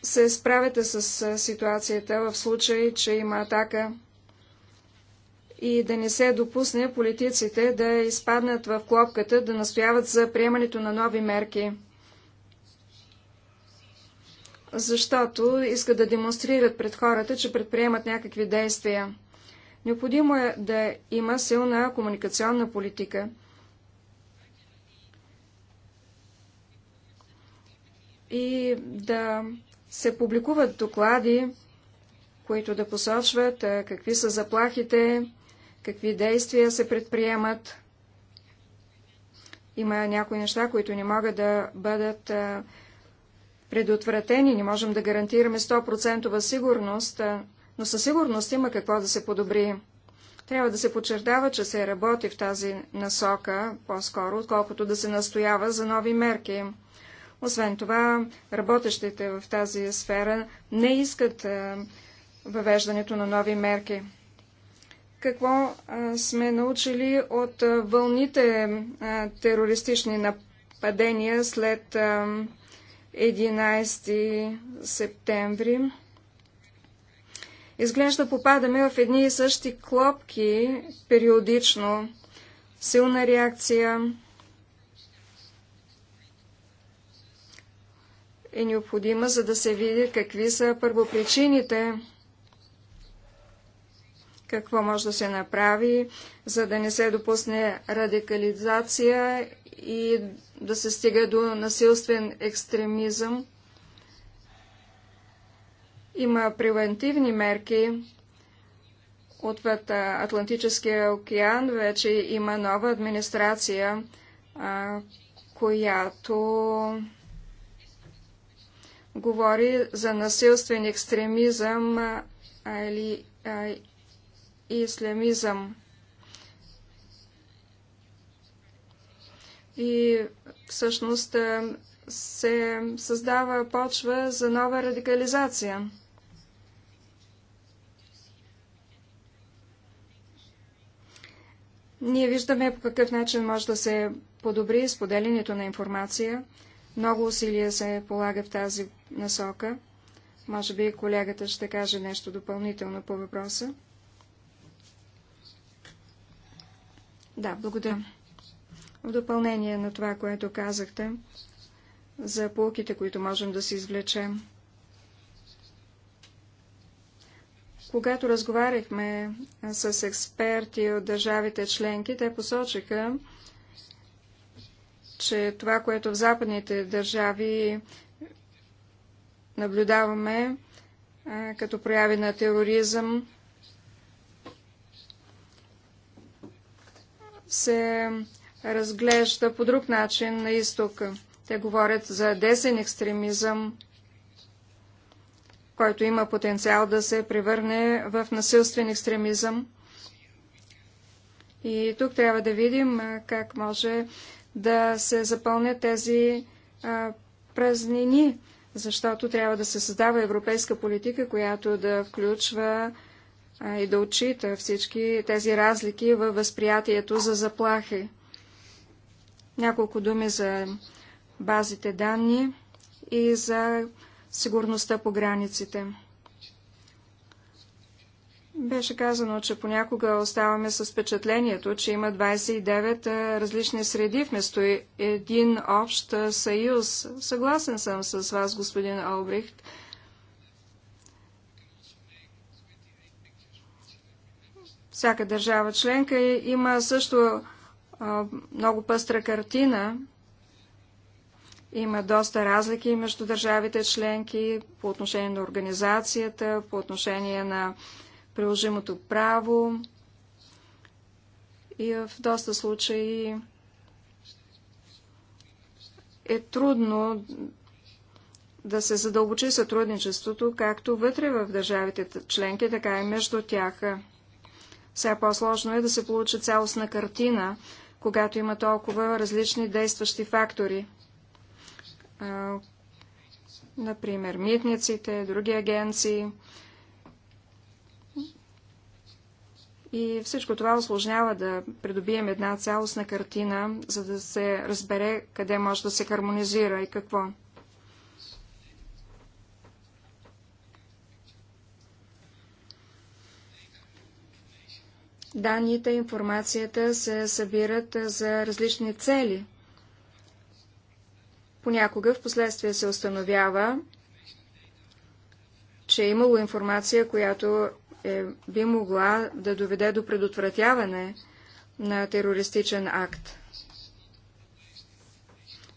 се справяте с ситуацията в случай, че има атака и да не се допусне политиците да изпаднат в клопката, да настояват за приемането на нови мерки защото искат да демонстрират пред хората, че предприемат някакви действия. Необходимо е да има силна комуникационна политика. И да се публикуват доклади, които да посочват какви са заплахите, какви действия се предприемат. Има някои неща, които не могат да бъдат предотвратени, не можем да гарантираме 100% сигурност, но със сигурност има какво да се подобри. Трябва да се подчертава, че се работи в тази насока по-скоро, отколкото да се настоява за нови мерки. Освен това, работещите в тази сфера не искат въвеждането на нови мерки. Какво сме научили от вълните терористични нападения след 11 септември. Изглежда попадаме в едни и същи клопки периодично. Силна реакция е необходима, за да се види какви са първопричините, какво може да се направи, за да не се допусне радикализация и да се стига до насилствен екстремизъм. Има превентивни мерки отвъд Атлантическия океан. Вече има нова администрация, която говори за насилствен екстремизъм или исламизъм. ислямизъм. и всъщност е, се създава почва за нова радикализация. Ние виждаме по какъв начин може да се подобри споделянето на информация. Много усилия се полага в тази насока. Може би колегата ще каже нещо допълнително по въпроса. Да, благодаря. В допълнение на това, което казахте, за полките, които можем да си извлечем. Когато разговаряхме с експерти от държавите членки, те посочиха, че това, което в западните държави наблюдаваме като прояви на тероризъм, се разглежда по друг начин на изтока. Те говорят за десен екстремизъм, който има потенциал да се превърне в насилствен екстремизъм. И тук трябва да видим как може да се запълнят тези а, празнини, защото трябва да се създава европейска политика, която да включва а, и да отчита всички тези разлики във възприятието за заплахи. Няколко думи за базите данни и за сигурността по границите. Беше казано, че понякога оставаме с впечатлението, че има 29 различни среди вместо един общ съюз. Съгласен съм с вас, господин Албрихт. Всяка държава членка има също много пъстра картина. Има доста разлики между държавите членки по отношение на организацията, по отношение на приложимото право и в доста случаи е трудно да се задълбочи сътрудничеството, както вътре в държавите членки, така и между тях. Сега по-сложно е да се получи цялостна картина когато има толкова различни действащи фактори. например, митниците, други агенции. И всичко това осложнява да придобием една цялостна картина, за да се разбере къде може да се хармонизира и какво. данните, информацията се събират за различни цели. Понякога в последствие се установява, че е имало информация, която е, би могла да доведе до предотвратяване на терористичен акт.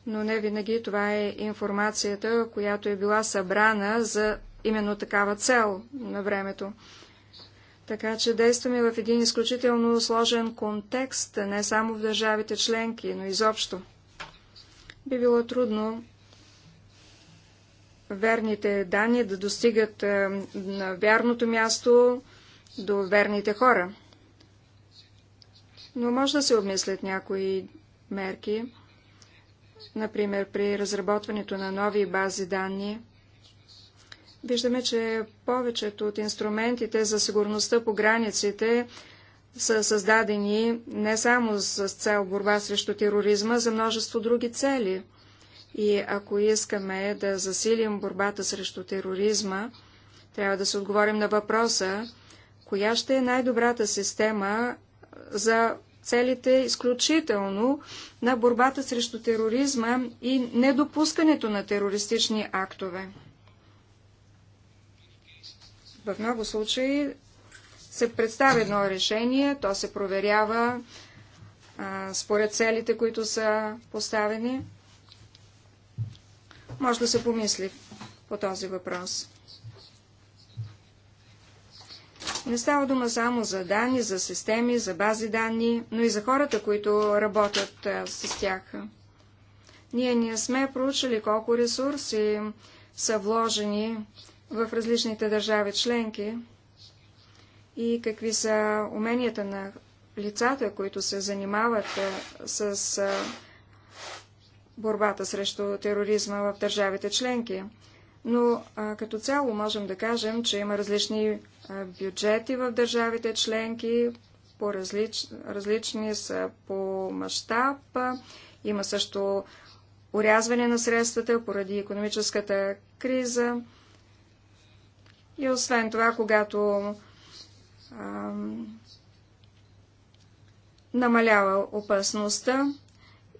Но не винаги това е информацията, която е била събрана за именно такава цел на времето. Така че действаме в един изключително сложен контекст, не само в държавите членки, но изобщо. Би било трудно верните данни да достигат е, на вярното място до верните хора. Но може да се обмислят някои мерки, например при разработването на нови бази данни – Виждаме, че повечето от инструментите за сигурността по границите са създадени не само с цел борба срещу тероризма, за множество други цели. И ако искаме да засилим борбата срещу тероризма, трябва да се отговорим на въпроса, коя ще е най-добрата система за целите изключително на борбата срещу тероризма и недопускането на терористични актове. В много случаи се представя едно решение, то се проверява а, според целите, които са поставени. Може да се помисли по този въпрос. Не става дума само за данни, за системи, за бази данни, но и за хората, които работят а, с тях. Ние не сме проучили колко ресурси са вложени в различните държави членки и какви са уменията на лицата, които се занимават с борбата срещу тероризма в държавите членки. Но а, като цяло можем да кажем, че има различни а, бюджети в държавите членки, по различ... различни са по мащаб. Има също урязване на средствата поради економическата криза. И освен това, когато ам, намалява опасността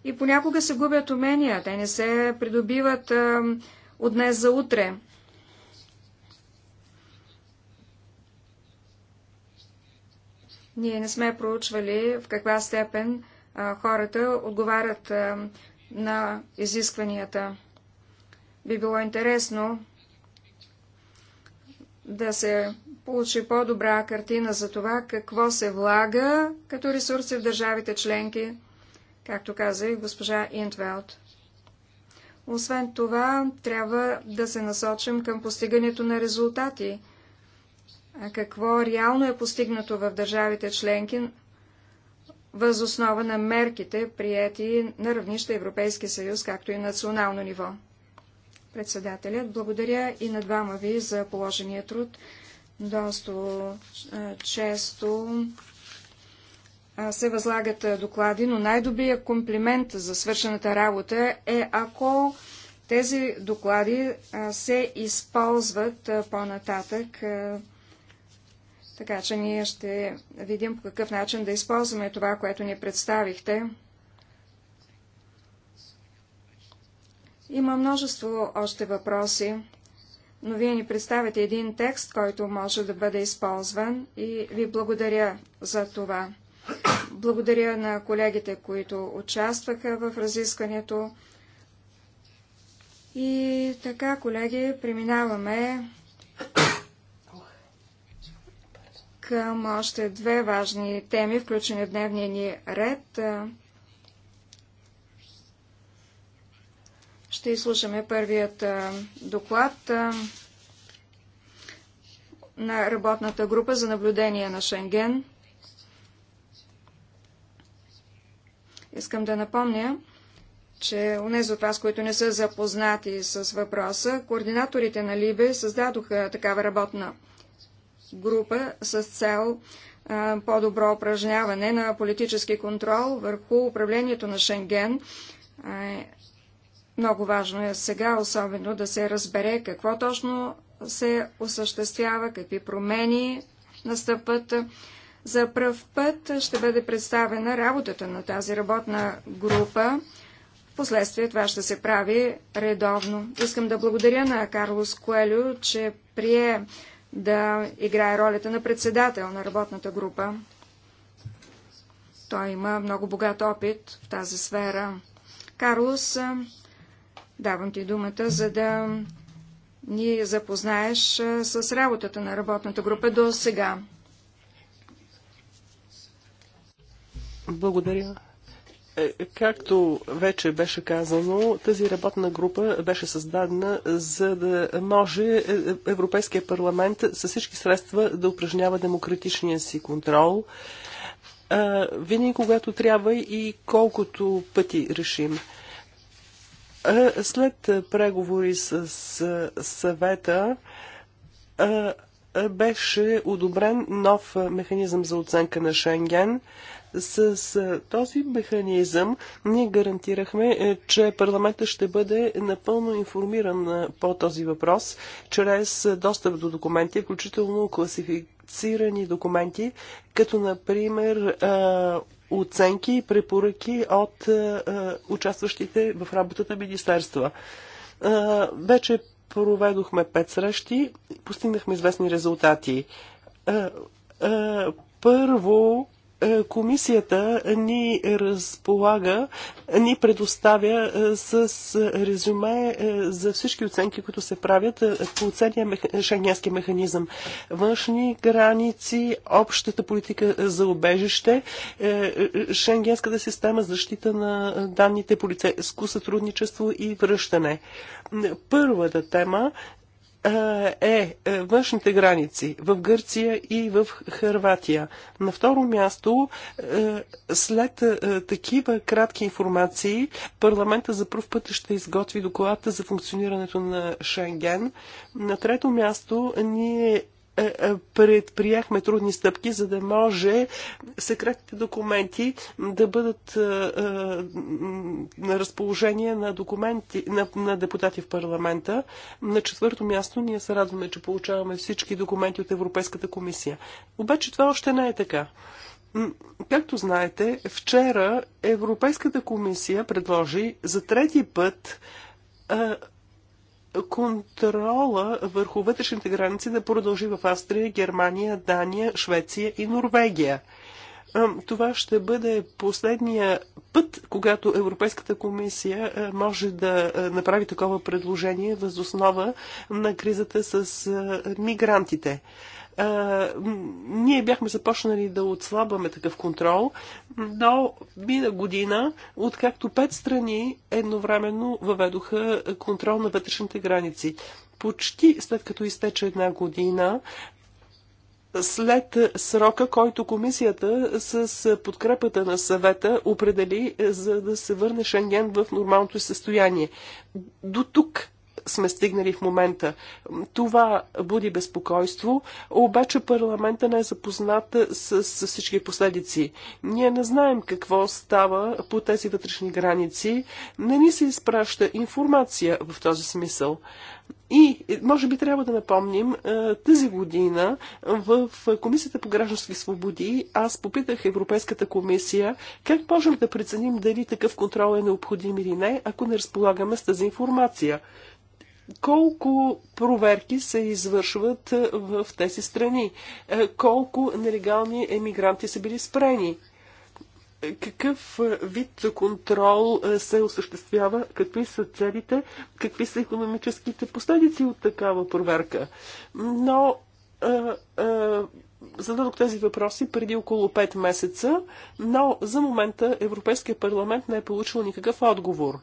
и понякога се губят умения, те не се придобиват ам, от днес за утре. Ние не сме проучвали в каква степен а, хората отговарят а, на изискванията. Би било интересно да се получи по-добра картина за това, какво се влага като ресурси в държавите членки, както каза и госпожа Интвелт. Освен това, трябва да се насочим към постигането на резултати. Какво реално е постигнато в държавите членки възоснова на мерките, прияти на равнище Европейски съюз, както и национално ниво. Председателят, благодаря и на двама ви за положения труд. Доста често се възлагат доклади, но най-добрият комплимент за свършената работа е ако тези доклади се използват по-нататък, така че ние ще видим по какъв начин да използваме това, което ни представихте. Има множество още въпроси, но вие ни представяте един текст, който може да бъде използван и ви благодаря за това. Благодаря на колегите, които участваха в разискването. И така, колеги, преминаваме към още две важни теми, включени в дневния ни ред. Ще изслушаме първият доклад на работната група за наблюдение на Шенген. Искам да напомня, че нези от вас, които не са запознати с въпроса, координаторите на Либе създадоха такава работна група с цел по-добро упражняване на политически контрол върху управлението на Шенген много важно е сега особено да се разбере какво точно се осъществява, какви промени настъпват. За пръв път ще бъде представена работата на тази работна група. Впоследствие това ще се прави редовно. Искам да благодаря на Карлос Коелю, че прие да играе ролята на председател на работната група. Той има много богат опит в тази сфера. Карлос Давам ти думата, за да ни запознаеш с работата на работната група до сега. Благодаря. Е, както вече беше казано, тази работна група беше създадена за да може е, е, Европейския парламент със всички средства да упражнява демократичния си контрол. Винаги когато трябва и колкото пъти решим. След преговори с съвета беше одобрен нов механизъм за оценка на Шенген. С този механизъм ние гарантирахме, е, че парламента ще бъде напълно информиран по този въпрос чрез достъп до документи, включително класифицирани класифицирани документи, като например оценки и препоръки от участващите в работата министерства. Вече проведохме пет срещи, постигнахме известни резултати. Първо, е, комисията ни разполага, ни предоставя е, с резюме е, за всички оценки, които се правят по целия шенгенски механизъм. Външни граници, общата политика за обежище, шенгенската система защита на данните, полицейско сътрудничество и връщане. Първата тема е, е външните граници в Гърция и в Хърватия. На второ място, е, след е, такива кратки информации, парламента за първ път ще изготви доклада за функционирането на Шенген. На трето място, ние е, е, предприяхме трудни стъпки, за да може секретните документи да бъдат е, на разположение на документи на, на депутати в парламента. На четвърто място ние се радваме, че получаваме всички документи от Европейската комисия. Обаче това още не е така. Както знаете, вчера Европейската комисия предложи за трети път контрола върху вътрешните граници да продължи в Австрия, Германия, Дания, Швеция и Норвегия. Това ще бъде последния път, когато Европейската комисия може да направи такова предложение възоснова на кризата с мигрантите ние бяхме започнали да отслабваме такъв контрол, но мина година, откакто пет страни едновременно въведоха контрол на вътрешните граници. Почти след като изтече една година, след срока, който комисията с подкрепата на съвета определи, за да се върне Шенген в нормалното състояние. До тук сме стигнали в момента. Това буди безпокойство, обаче парламента не е запознат с, с всички последици. Ние не знаем какво става по тези вътрешни граници. Не ни се изпраща информация в този смисъл. И може би трябва да напомним, е, тази година в Комисията по граждански свободи аз попитах Европейската комисия как можем да преценим дали такъв контрол е необходим или не, ако не разполагаме с тази информация. Колко проверки се извършват е, в тези страни? Е, колко нелегални емигранти са били спрени? Е, какъв вид контрол се осъществява? Какви са целите? Какви са економическите последици от такава проверка? Но зададох тези въпроси преди около 5 месеца, но за момента Европейския парламент не е получил никакъв отговор.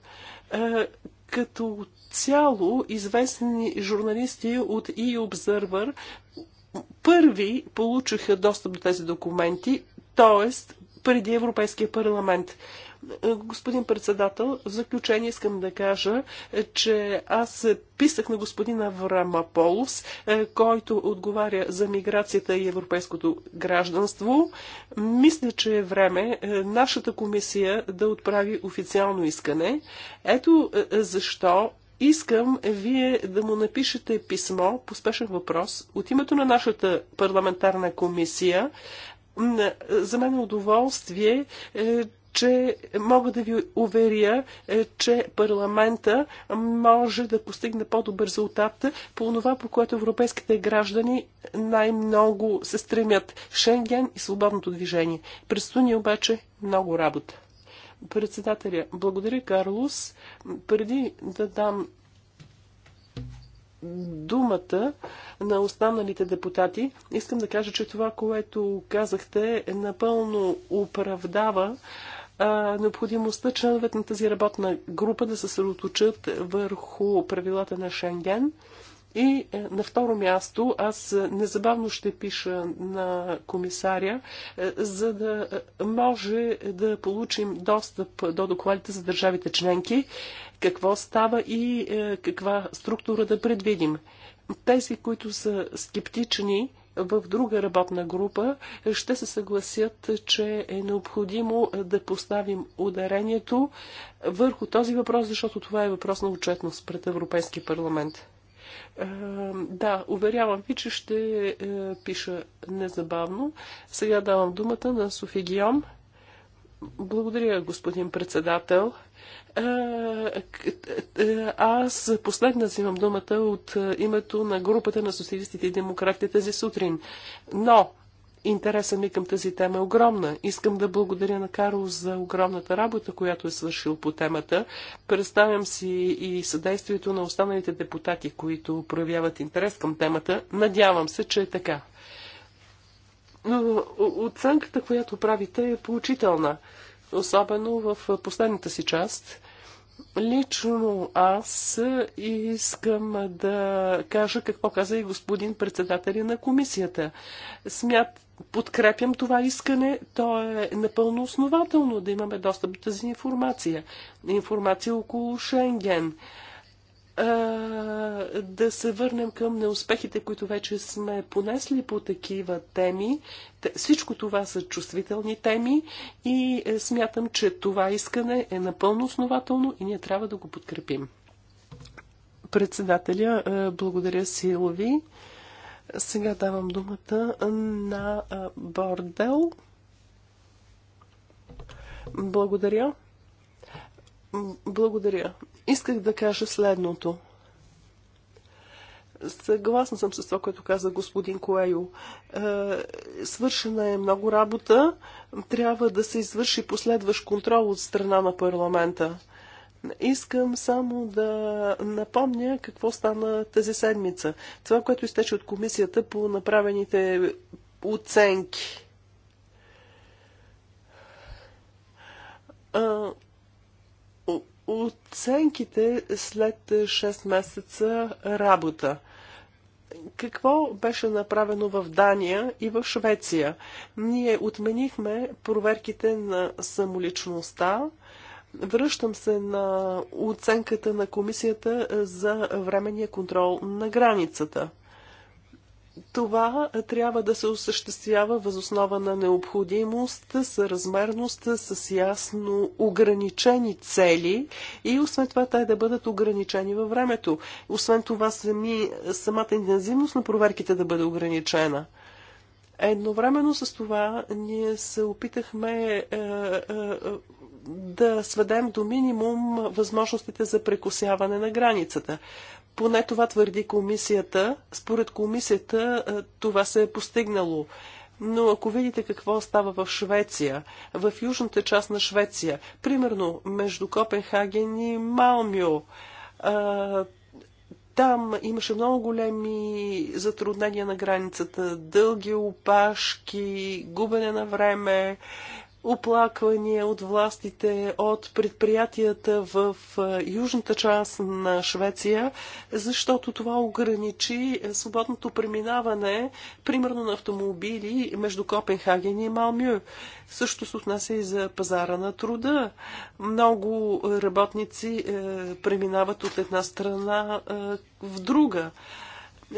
Като цяло, известни журналисти от e-Observer първи получиха достъп до тези документи, т.е. преди Европейския парламент. Господин председател, в заключение искам да кажа, е, че аз писах на господин Аврама Полус, е, който отговаря за миграцията и европейското гражданство. Мисля, че е време е, нашата комисия да отправи официално искане. Ето защо искам вие да му напишете писмо по спешен въпрос от името на нашата парламентарна комисия. За мен е удоволствие, че мога да ви уверя, е, че парламента може да постигне по-добър резултат по това, по което европейските граждани най-много се стремят – Шенген и свободното движение. Предстои ни обаче много работа. Председателя, благодаря, Карлос. Преди да дам думата на останалите депутати, искам да кажа, че това, което казахте, напълно оправдава а, необходимостта членовете на тази работна група да се съсредоточат върху правилата на Шенген. И е, на второ място, аз незабавно ще пиша на комисаря, е, за да е, може да получим достъп до докладите за държавите членки, какво става и каква структура да предвидим. Тези, които са скептични, в друга работна група ще се съгласят, че е необходимо да поставим ударението върху този въпрос, защото това е въпрос на отчетност пред Европейски парламент. Е, да, уверявам ви, че ще е, пиша незабавно. Сега давам думата на Софи Гион. Благодаря, господин председател. Аз последна взимам думата от името на групата на социалистите и демократите тази сутрин. Но интересът ми към тази тема е огромна. Искам да благодаря на Карл за огромната работа, която е свършил по темата. Представям си и съдействието на останалите депутати, които проявяват интерес към темата. Надявам се, че е така. Оценката, която правите, е поучителна, особено в последната си част. Лично аз искам да кажа какво каза и господин председателя на комисията. Смят, подкрепям това искане. То е напълно основателно да имаме достъп до тази информация. Информация около Шенген да се върнем към неуспехите, които вече сме понесли по такива теми. Всичко това са чувствителни теми и е, смятам, че това искане е напълно основателно и ние трябва да го подкрепим. Председателя, е, благодаря Силови. Сега давам думата на е, Бордел. Благодаря. Благодаря. Исках да кажа следното. Съгласна съм с това, което каза господин Коейо. Е, свършена е много работа. Трябва да се извърши последващ контрол от страна на парламента. Искам само да напомня какво стана тази седмица. Това, което изтече от комисията по направените оценки. Е, оценките след 6 месеца работа. Какво беше направено в Дания и в Швеция? Ние отменихме проверките на самоличността. Връщам се на оценката на комисията за временния контрол на границата. Това е, трябва да се осъществява възоснова на необходимост, съразмерност с ясно ограничени цели и освен това те да бъдат ограничени във времето. Освен това сами, самата интензивност на проверките да бъде ограничена. Едновременно с това ние се опитахме е, е, е да сведем до минимум възможностите за прекусяване на границата. Поне това твърди комисията. Според комисията е, това се е постигнало. Но ако видите какво става в Швеция, в южната част на Швеция, примерно между Копенхаген и Малмио, е, там имаше много големи затруднения на границата, дълги опашки, губене на време оплаквания от властите, от предприятията в южната част на Швеция, защото това ограничи свободното преминаване, примерно на автомобили между Копенхаген и Малмю. Също се отнася и за пазара на труда. Много работници е, преминават от една страна е, в друга.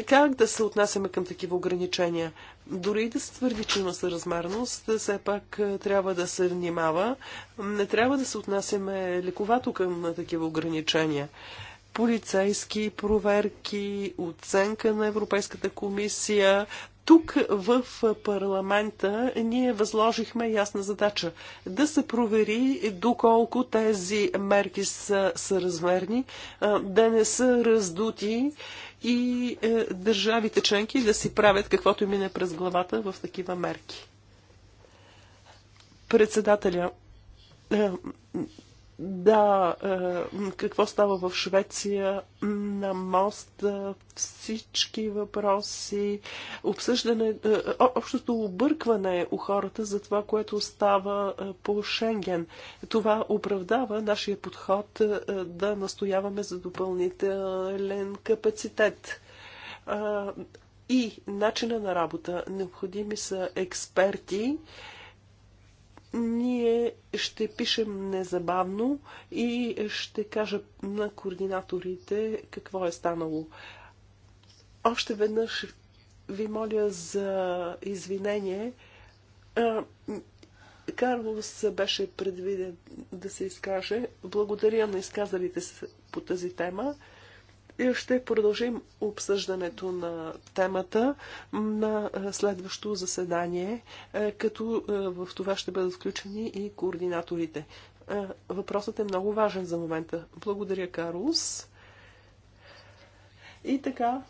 Как да се отнасяме към такива ограничения? Дори и да се твърди, че има съразмерност, все пак е, трябва да се внимава. Не трябва да се отнасяме лековато към е, такива ограничения полицейски проверки, оценка на Европейската комисия. Тук в парламента ние възложихме ясна задача да се провери доколко тези мерки са съразмерни, е, да не са раздути и е, държавите членки да си правят каквото им мине през главата в такива мерки. Председателя, е, да, е, какво става в Швеция на мост, е, всички въпроси, обсъждане, е, общото объркване у хората за това, което става по Шенген. Това оправдава нашия подход да настояваме за допълнителен капацитет и начина на работа. Необходими са експерти, ние ще пишем незабавно и ще кажа на координаторите какво е станало. Още веднъж ви моля за извинение. Карлос беше предвиден да се изкаже. Благодаря на изказалите се по тази тема. И ще продължим обсъждането на темата на е, следващото заседание, е, като е, в това ще бъдат включени и координаторите. Въпросът е много важен за момента. Благодаря, Карлос. И така,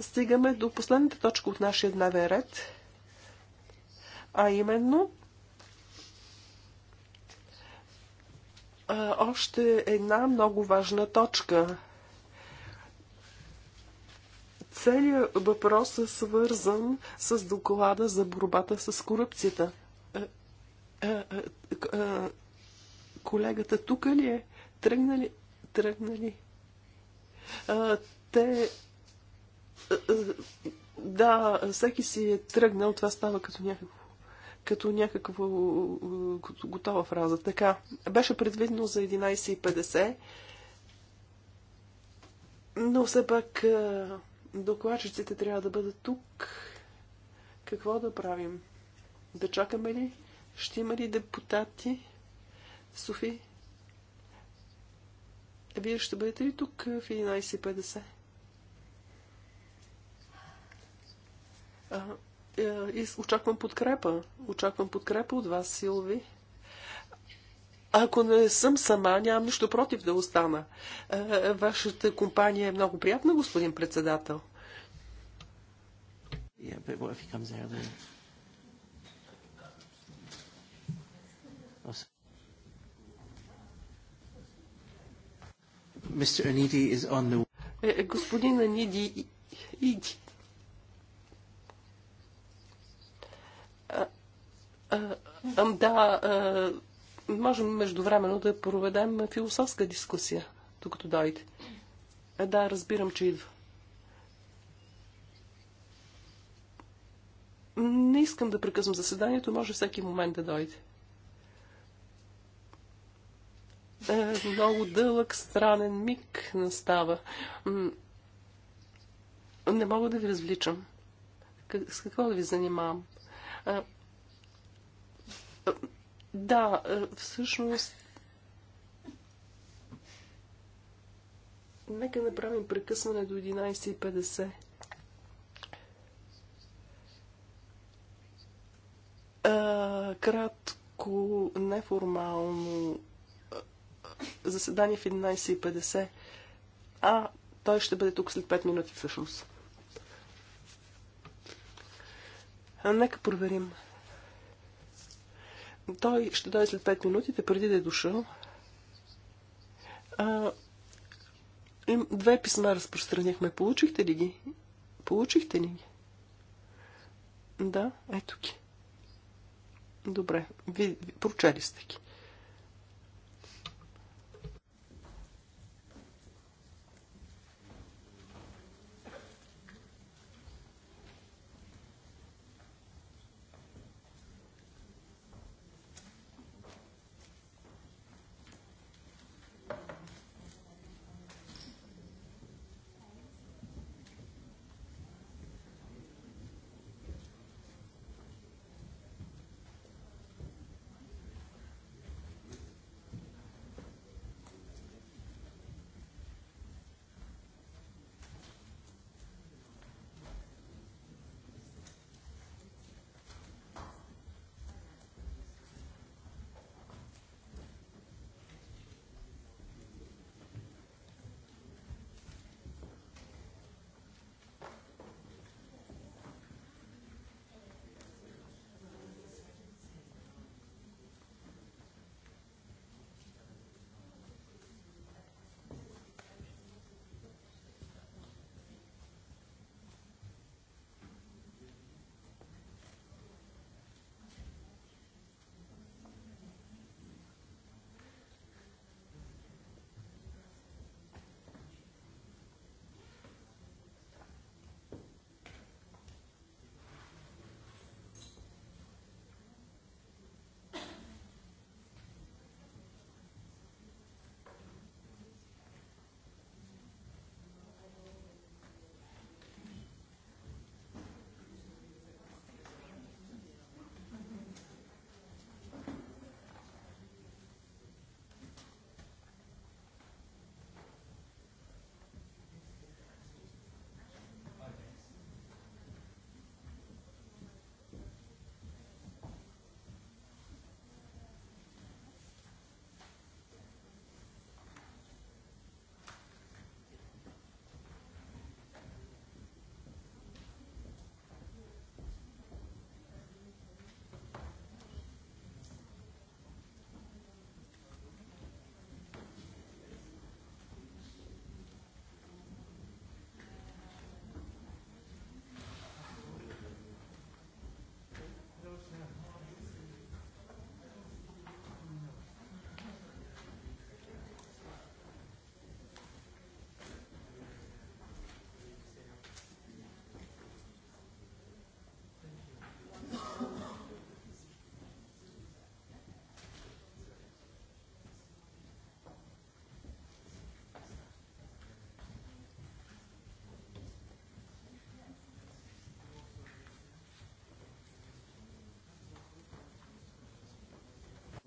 стигаме до последната точка от нашия дневен ред, а именно още една много важна точка – Целият въпрос е свързан с доклада за борбата с корупцията. Е, е, е, колегата тук ли е? Тръгнали? Тръгнали? Те... Да, всеки си е тръгнал. Това става като някакво като някаква готова фраза. Така, беше предвидено за 11.50, но все пак Докладчиците трябва да бъдат тук. Какво да правим? Да чакаме ли? Ще има ли депутати? Софи, вие ще бъдете ли тук в 11.50? Е, очаквам подкрепа. Очаквам подкрепа от вас, Силви. Ако не съм сама, нямам нищо против да остана. Е, вашата компания е много приятна, господин председател. Е, е, господин Аниди иди. А, а, да, а, можем междувременно да проведем философска дискусия, докато дойде. Е, да, разбирам, че идва. Не искам да прекъсвам заседанието, може всеки момент да дойде. Е, много дълъг, странен миг настава. Не мога да ви развличам. С какво да ви занимавам? Е, да, е, всъщност. Нека направим прекъсване до 11.50. Е, кратко, неформално е, заседание в 11.50. А, той ще бъде тук след 5 минути всъщност. нека проверим. Той ще дойде след 5 минутите, преди да е дошъл. А, им, две писма разпространяхме. Получихте ли ги? Получихте ли ги? Да, ето ги. Добре, ви, ви, прочели сте ги.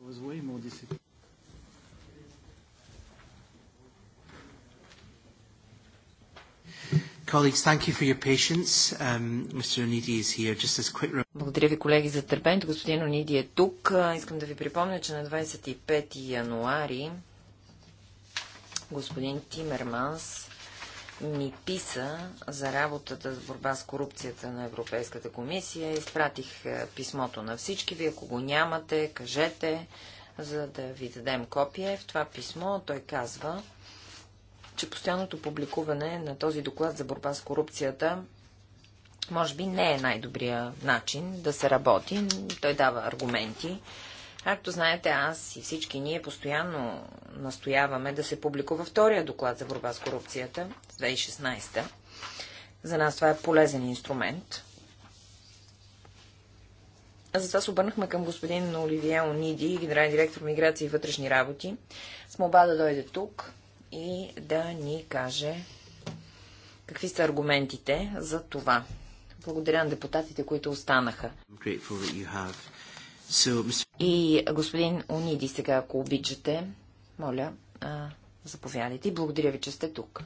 Um, Благодаря ви, колеги, за търпението. Господин Ониди е тук. Искам да ви припомня, че на 25 януари господин Тимерманс ми писа за работата с борба с корупцията на Европейската комисия. Изпратих е, писмото на всички ви. Ако го нямате, кажете, за да ви дадем копие. В това писмо той казва, че постоянното публикуване на този доклад за борба с корупцията може би не е най-добрия начин да се работи. Той дава аргументи Както знаете, аз и всички ние постоянно настояваме да се публикува втория доклад за борба с корупцията 2016. За нас това е полезен инструмент. Затова се обърнахме към господин Оливия Ониди, генерален директор Миграция и вътрешни работи, с молба да дойде тук и да ни каже какви са аргументите за това. Благодаря на депутатите, които останаха. И господин Униди сега, ако обичате, моля, заповядайте. Благодаря ви, че сте тук.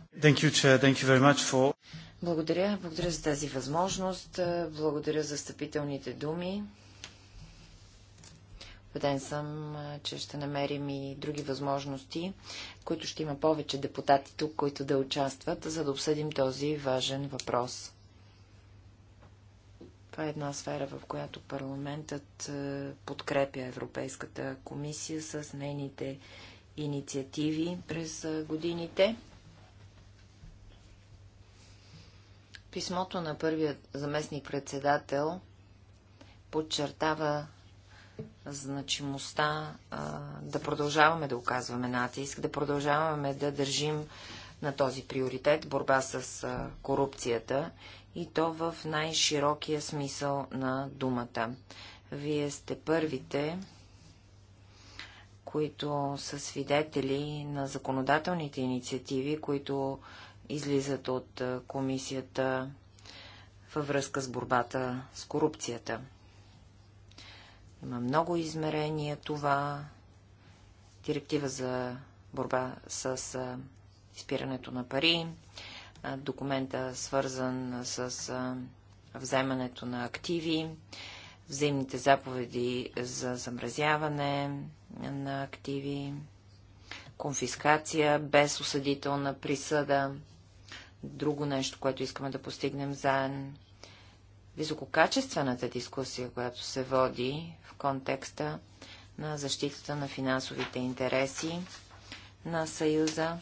Благодаря. Благодаря за тази възможност. Благодаря за стъпителните думи. Убеден съм, че ще намерим и други възможности, които ще има повече депутати тук, които да участват, за да обсъдим този важен въпрос. Това е една сфера, в която парламентът е, подкрепя Европейската комисия с нейните инициативи през е, годините. Писмото на първият заместник-председател подчертава значимостта е, да продължаваме да оказваме натиск, да продължаваме да държим на този приоритет борба с корупцията и то в най-широкия смисъл на думата. Вие сте първите, които са свидетели на законодателните инициативи, които излизат от комисията във връзка с борбата с корупцията. Има много измерения това. Директива за борба с изпирането на пари, документа, свързан с вземането на активи, взаимните заповеди за замразяване на активи, конфискация без осъдителна присъда, друго нещо, което искаме да постигнем заедно, висококачествената дискусия, която се води в контекста на защитата на финансовите интереси на Съюза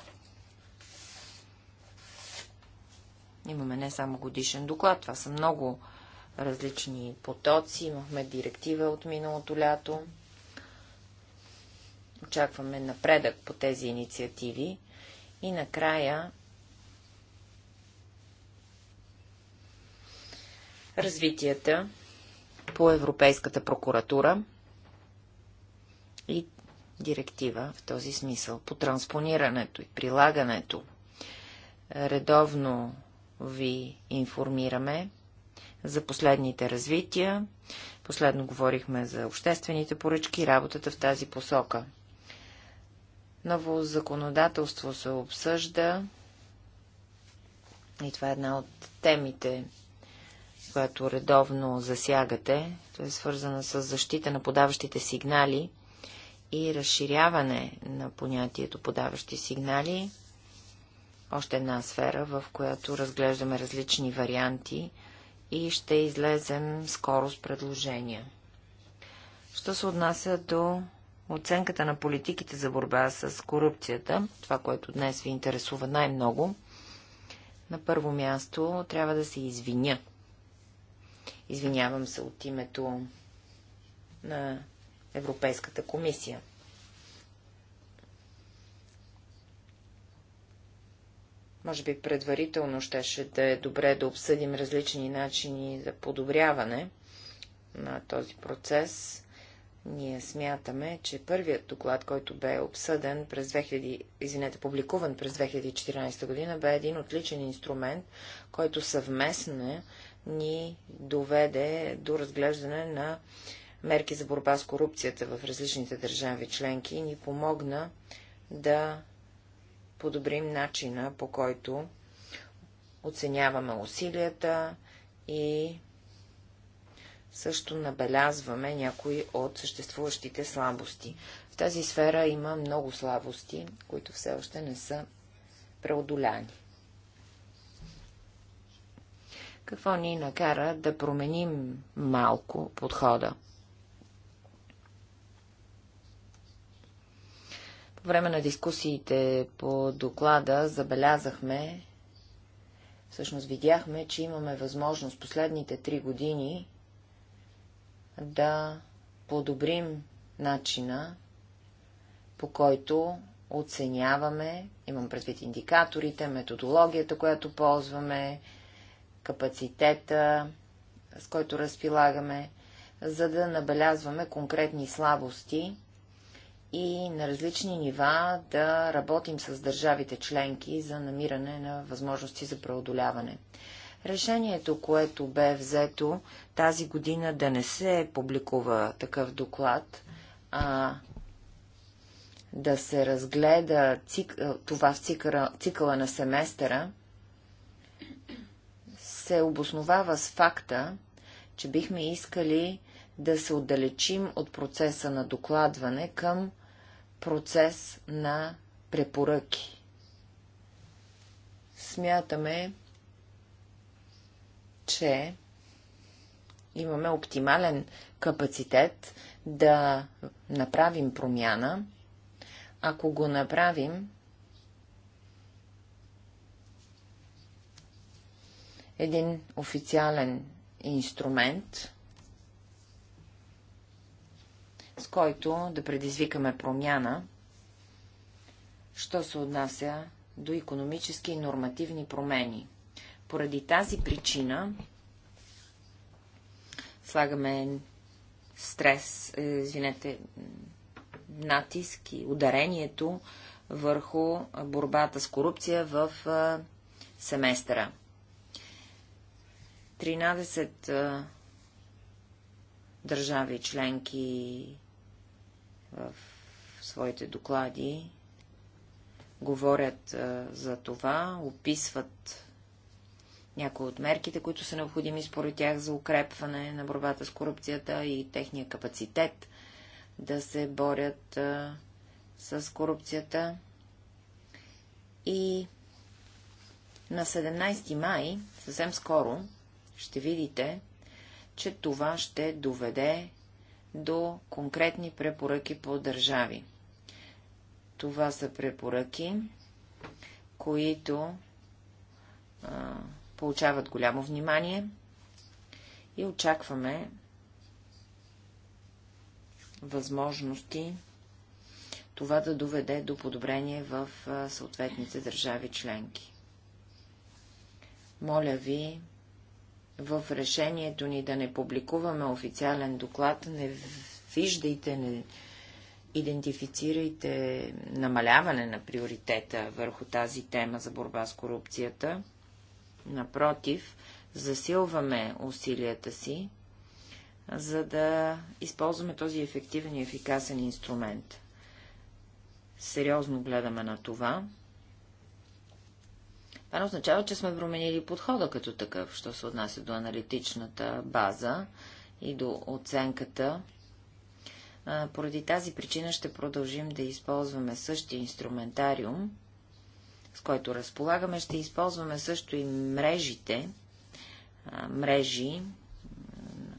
Имаме не само годишен доклад, това са много различни потоци. Имахме директива от миналото лято. Очакваме напредък по тези инициативи. И накрая развитията по Европейската прокуратура и директива в този смисъл по транспонирането и прилагането. Редовно ви информираме за последните развития. Последно говорихме за обществените поръчки и работата в тази посока. Ново законодателство се обсъжда и това е една от темите, която редовно засягате. То е свързана с защита на подаващите сигнали и разширяване на понятието подаващи сигнали още една сфера, в която разглеждаме различни варианти и ще излезем скоро с предложения. Що се отнася до оценката на политиките за борба с корупцията, това, което днес ви интересува най-много, на първо място трябва да се извиня. Извинявам се от името на Европейската комисия – Може би предварително щеше да е добре да обсъдим различни начини за подобряване на този процес. Ние смятаме, че първият доклад, който бе обсъден през 2000, извинете, публикуван през 2014 година, бе един отличен инструмент, който съвместно ни доведе до разглеждане на мерки за борба с корупцията в различните държави членки и ни помогна да подобрим начина, по който оценяваме усилията и също набелязваме някои от съществуващите слабости. В тази сфера има много слабости, които все още не са преодоляни. Какво ни накара да променим малко подхода? По време на дискусиите по доклада забелязахме, всъщност видяхме, че имаме възможност последните три години да подобрим начина, по който оценяваме, имам предвид индикаторите, методологията, която ползваме, капацитета, с който разпилагаме, за да набелязваме конкретни слабости и на различни нива да работим с държавите членки за намиране на възможности за преодоляване. Решението, което бе взето тази година да не се публикува такъв доклад, а да се разгледа цик... това в цикъра... цикъла на семестъра, се обосновава с факта, че бихме искали да се отдалечим от процеса на докладване към процес на препоръки. Смятаме, че имаме оптимален капацитет да направим промяна. Ако го направим, един официален инструмент с който да предизвикаме промяна, що се отнася до економически и нормативни промени. Поради тази причина слагаме стрес, е, извинете, натиск и ударението върху борбата с корупция в е, семестъра. 13 е, държави членки в своите доклади говорят за това, описват някои от мерките, които са необходими според тях за укрепване на борбата с корупцията и техния капацитет да се борят а, с корупцията. И на 17 май, съвсем скоро, ще видите, че това ще доведе до конкретни препоръки по държави. Това са препоръки, които а, получават голямо внимание и очакваме възможности това да доведе до подобрение в съответните държави членки. Моля ви в решението ни да не публикуваме официален доклад, не виждайте, не идентифицирайте намаляване на приоритета върху тази тема за борба с корупцията. Напротив, засилваме усилията си, за да използваме този ефективен и ефикасен инструмент. Сериозно гледаме на това това не означава, че сме променили подхода като такъв, що се отнася до аналитичната база и до оценката. Поради тази причина ще продължим да използваме същия инструментариум, с който разполагаме. Ще използваме също и мрежите, мрежи на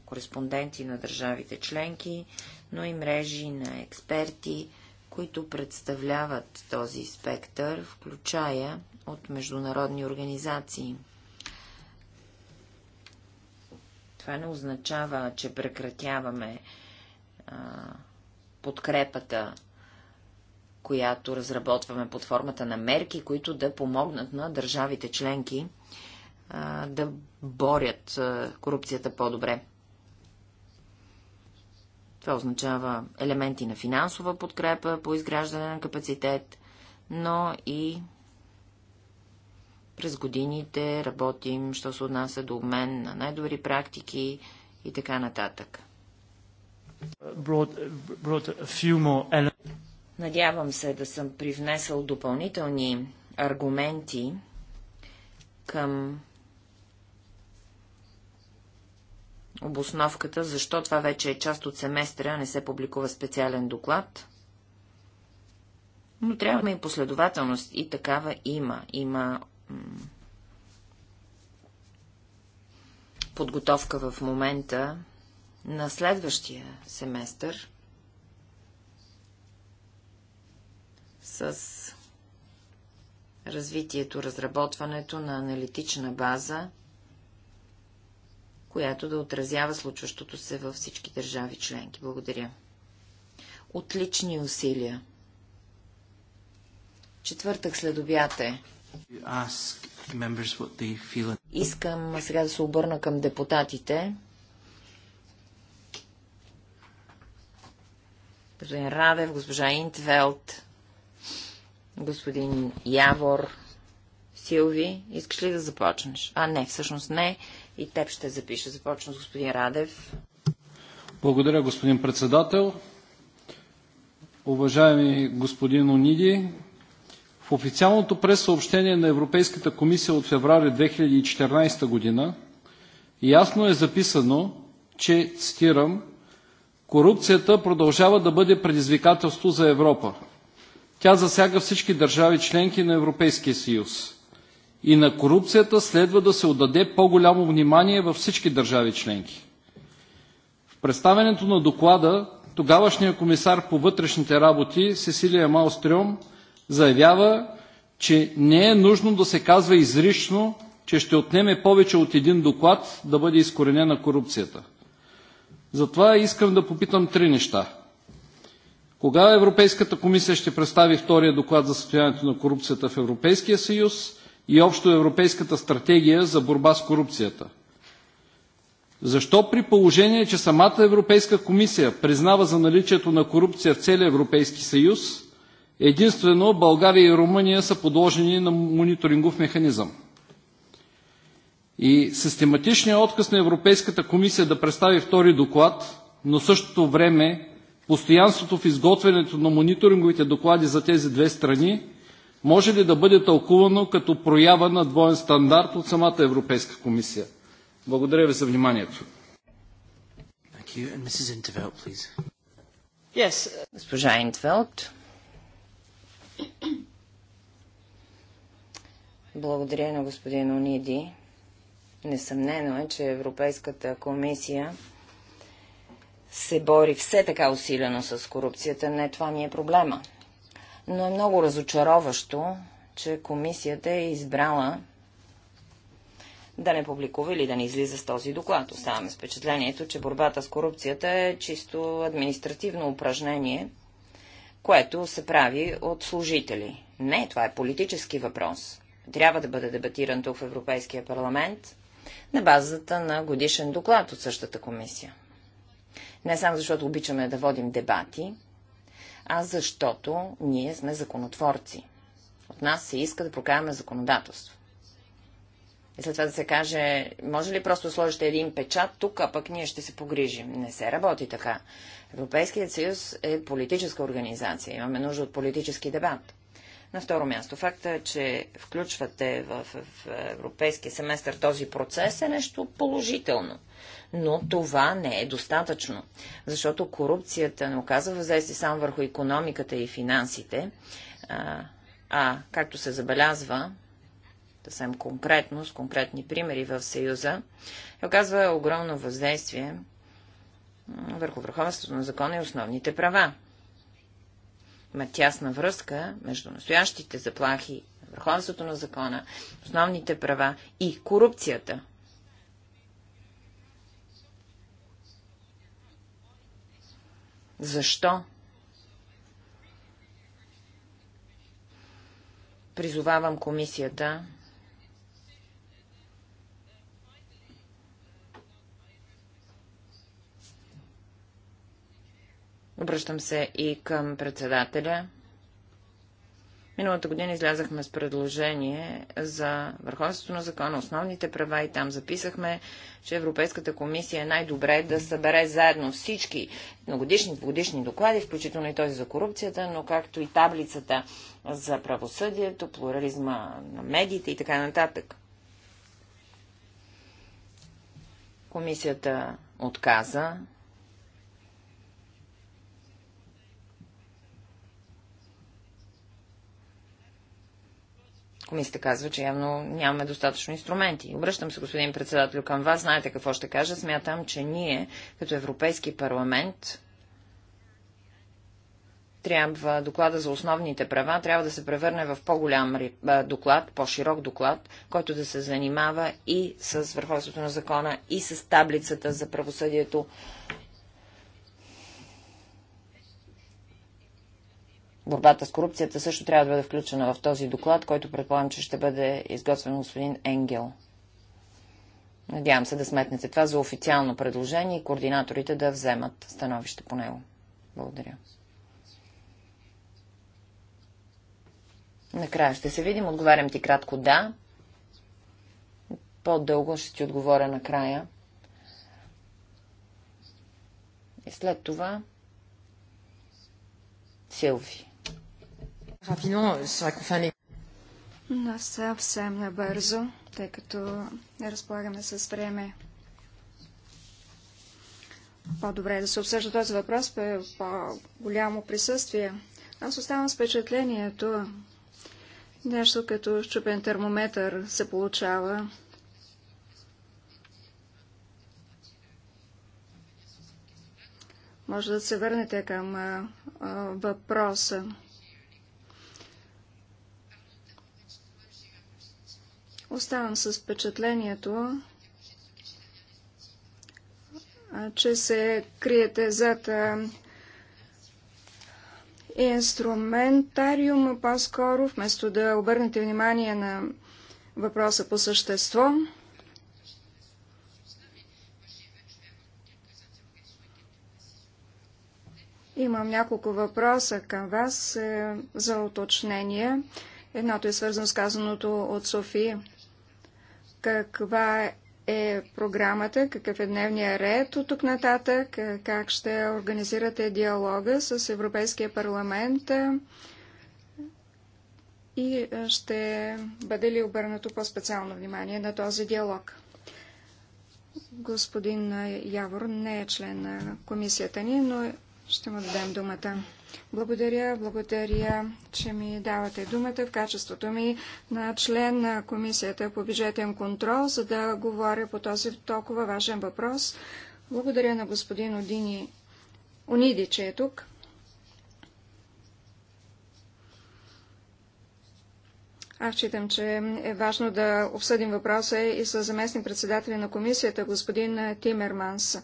кореспонденти на държавите членки, но и мрежи на експерти, които представляват този спектър, включая от международни организации. Това не означава, че прекратяваме а, подкрепата, която разработваме под формата на мерки, които да помогнат на държавите членки а, да борят а, корупцията по-добре. Това означава елементи на финансова подкрепа по изграждане на капацитет, но и през годините работим, що се отнася до обмен на най-добри практики и така нататък. Brought, brought Надявам се да съм привнесъл допълнителни аргументи към обосновката, защо това вече е част от семестра, не се публикува специален доклад. Но трябва да и последователност. И такава има. Има подготовка в момента на следващия семестър с развитието, разработването на аналитична база, която да отразява случващото се във всички държави членки. Благодаря. Отлични усилия. Четвъртък след е. Искам сега да се обърна към депутатите. Господин Радев, госпожа Интвелт, господин Явор, Силви, искаш ли да започнеш? А, не, всъщност не. И теб ще запиша. Започна с господин Радев. Благодаря, господин председател. Уважаеми господин Ониди, в официалното пресъобщение на Европейската комисия от феврари 2014 година ясно е записано, че, цитирам, корупцията продължава да бъде предизвикателство за Европа. Тя засяга всички държави членки на Европейския съюз. И на корупцията следва да се отдаде по-голямо внимание във всички държави членки. В представенето на доклада тогавашният комисар по вътрешните работи Сесилия Малстрюм заявява, че не е нужно да се казва изрично, че ще отнеме повече от един доклад да бъде изкоренена корупцията. Затова искам да попитам три неща. Кога Европейската комисия ще представи втория доклад за състоянието на корупцията в Европейския съюз и общо Европейската стратегия за борба с корупцията? Защо при положение, че самата Европейска комисия признава за наличието на корупция в целия Европейски съюз, Единствено България и Румъния са подложени на мониторингов механизъм. И систематичният отказ на Европейската комисия да представи втори доклад, но същото време постоянството в изготвянето на мониторинговите доклади за тези две страни може ли да бъде тълкувано като проява на двоен стандарт от самата Европейска комисия? Благодаря ви за вниманието. Yes. Госпожа Интвелд. Благодаря на господин Ониди. Несъмнено е, че Европейската комисия се бори все така усилено с корупцията. Не това ми е проблема. Но е много разочароващо, че комисията е избрала да не публикува или да не излиза с този доклад. Оставаме с впечатлението, че борбата с корупцията е чисто административно упражнение – което се прави от служители. Не, това е политически въпрос. Трябва да бъде дебатиран тук в Европейския парламент на базата на годишен доклад от същата комисия. Не само защото обичаме да водим дебати, а защото ние сме законотворци. От нас се иска да прокараме законодателство. И след това да се каже, може ли просто сложите един печат тук, а пък ние ще се погрижим. Не се работи така. Европейският съюз е политическа организация. Имаме нужда от политически дебат. На второ място, факта, че включвате в, в европейския семестър този процес е нещо положително. Но това не е достатъчно, защото корупцията не оказва въздействие само върху економиката и финансите, а, а както се забелязва, съвсем конкретно, с конкретни примери в Съюза, е оказва огромно въздействие върху върховенството на закона и основните права. Има тясна връзка между настоящите заплахи, върховенството на закона, основните права и корупцията. Защо? Призовавам комисията Обръщам се и към председателя. Миналата година излязахме с предложение за върховенството на закона, основните права и там записахме, че Европейската комисия е най-добре да събере заедно всички годишни двогодишни доклади, включително и този за корупцията, но както и таблицата за правосъдието, плурализма на медиите и така нататък. Комисията отказа Комисията казва, че явно нямаме достатъчно инструменти. Обръщам се, господин председател, към вас. Знаете какво ще кажа. Смятам, че ние, като Европейски парламент, трябва доклада за основните права, трябва да се превърне в по-голям доклад, по-широк доклад, който да се занимава и с върховството на закона, и с таблицата за правосъдието, Борбата с корупцията също трябва да бъде включена в този доклад, който предполагам, че ще бъде изготвен господин Енгел. Надявам се да сметнете това за официално предложение и координаторите да вземат становище по него. Благодаря. Накрая ще се видим. Отговарям ти кратко да. По-дълго ще ти отговоря накрая. И след това Силви. Euh, Но съвсем набързо, тъй като не разполагаме с време. По-добре е да се обсъжда този въпрос по по-голямо присъствие. Аз оставам с впечатлението, нещо като щупен термометър се получава. Може да се върнете към а, а, въпроса. Оставам с впечатлението, че се криете зад инструментариум, по-скоро, вместо да обърнете внимание на въпроса по същество. Имам няколко въпроса към вас е, за уточнение. Едното е свързано с казаното от София каква е програмата, какъв е дневния ред от тук нататък, как ще организирате диалога с Европейския парламент и ще бъде ли обърнато по-специално внимание на този диалог. Господин Явор не е член на комисията ни, но ще му дадем думата. Благодаря, благодаря, че ми давате думата в качеството ми на член на Комисията по бюджетен контрол, за да говоря по този толкова важен въпрос. Благодаря на господин Одини Ониди, че е тук. Аз считам, че е важно да обсъдим въпроса и с заместник председателя на комисията, господин Тимерманс.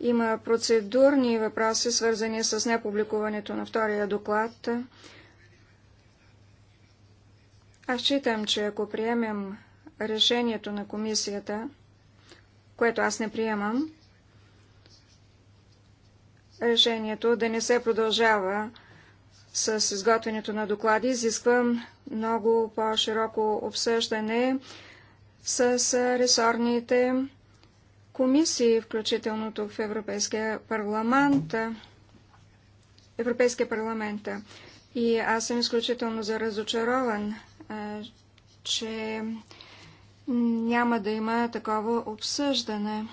Има процедурни въпроси, свързани с непубликуването на втория доклад. Аз считам, че ако приемем решението на комисията, което аз не приемам, решението да не се продължава с изготвянето на доклади изисква много по-широко обсъждане с ресорните комисии, включително тук в Европейския парламент. Европейския парламент. И аз съм изключително заразочарован, че няма да има такова обсъждане.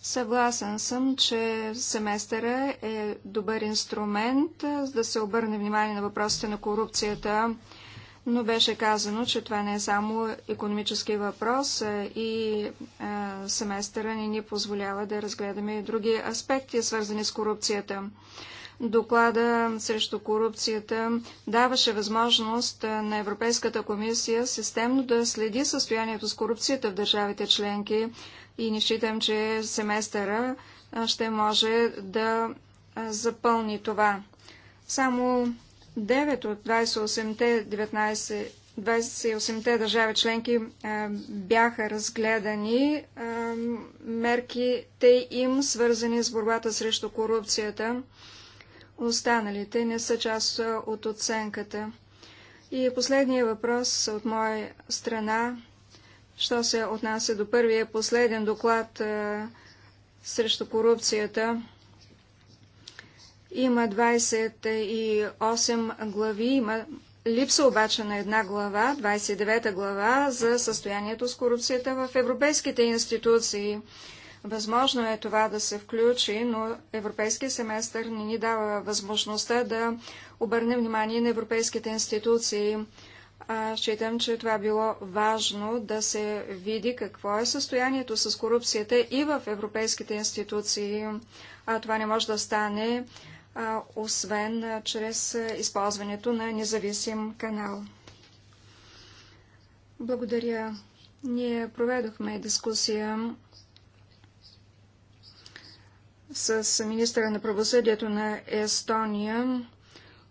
Съгласен съм, че семестъра е добър инструмент за да се обърне внимание на въпросите на корупцията, но беше казано, че това не е само економически въпрос и семестъра ни ни позволява да разгледаме и други аспекти, свързани с корупцията. Доклада срещу корупцията даваше възможност на Европейската комисия системно да следи състоянието с корупцията в държавите членки и не считам, че семестъра ще може да запълни това. Само 9 от 28-те 28-те държави членки а, е, бяха разгледани а, е, мерките им, свързани с борбата срещу корупцията. Останалите не са част е, от оценката. И последния въпрос от моя страна, що се отнася до първия последен доклад а, срещу корупцията – има 28 глави, има липса обаче на една глава, 29 глава, за състоянието с корупцията в европейските институции. Възможно е това да се включи, но Европейския семестър не ни дава възможността да обърне внимание на европейските институции. Считам, че това било важно да се види какво е състоянието с корупцията и в европейските институции. А това не може да стане освен чрез използването на независим канал. Благодаря. Ние проведохме дискусия с министра на правосъдието на Естония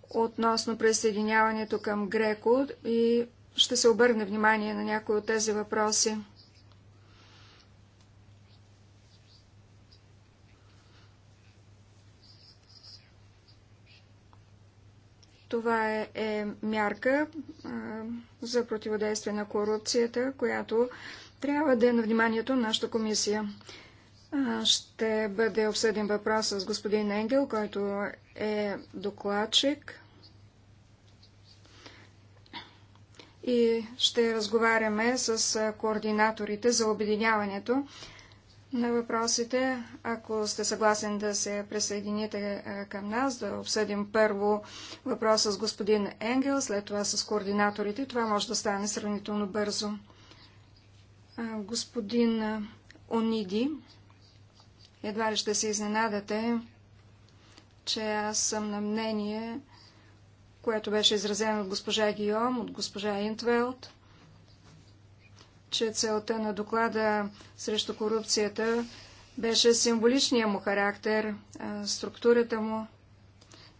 относно присъединяването към Греко и ще се обърне внимание на някои от тези въпроси. Това е, е мярка а, за противодействие на корупцията, която трябва да е на вниманието на нашата комисия. А, ще бъде обсъден въпрос с господин Енгел, който е докладчик. И ще разговаряме с координаторите за обединяването на въпросите. Ако сте съгласен да се присъедините е, към нас, да обсъдим първо въпроса с господин Енгел, след това с координаторите, това може да стане сравнително бързо. Господин Ониди, едва ли ще се изненадате, че аз съм на мнение, което беше изразено от госпожа Гиом, от госпожа Интвелт, че целта на доклада срещу корупцията беше символичния му характер, структурата му.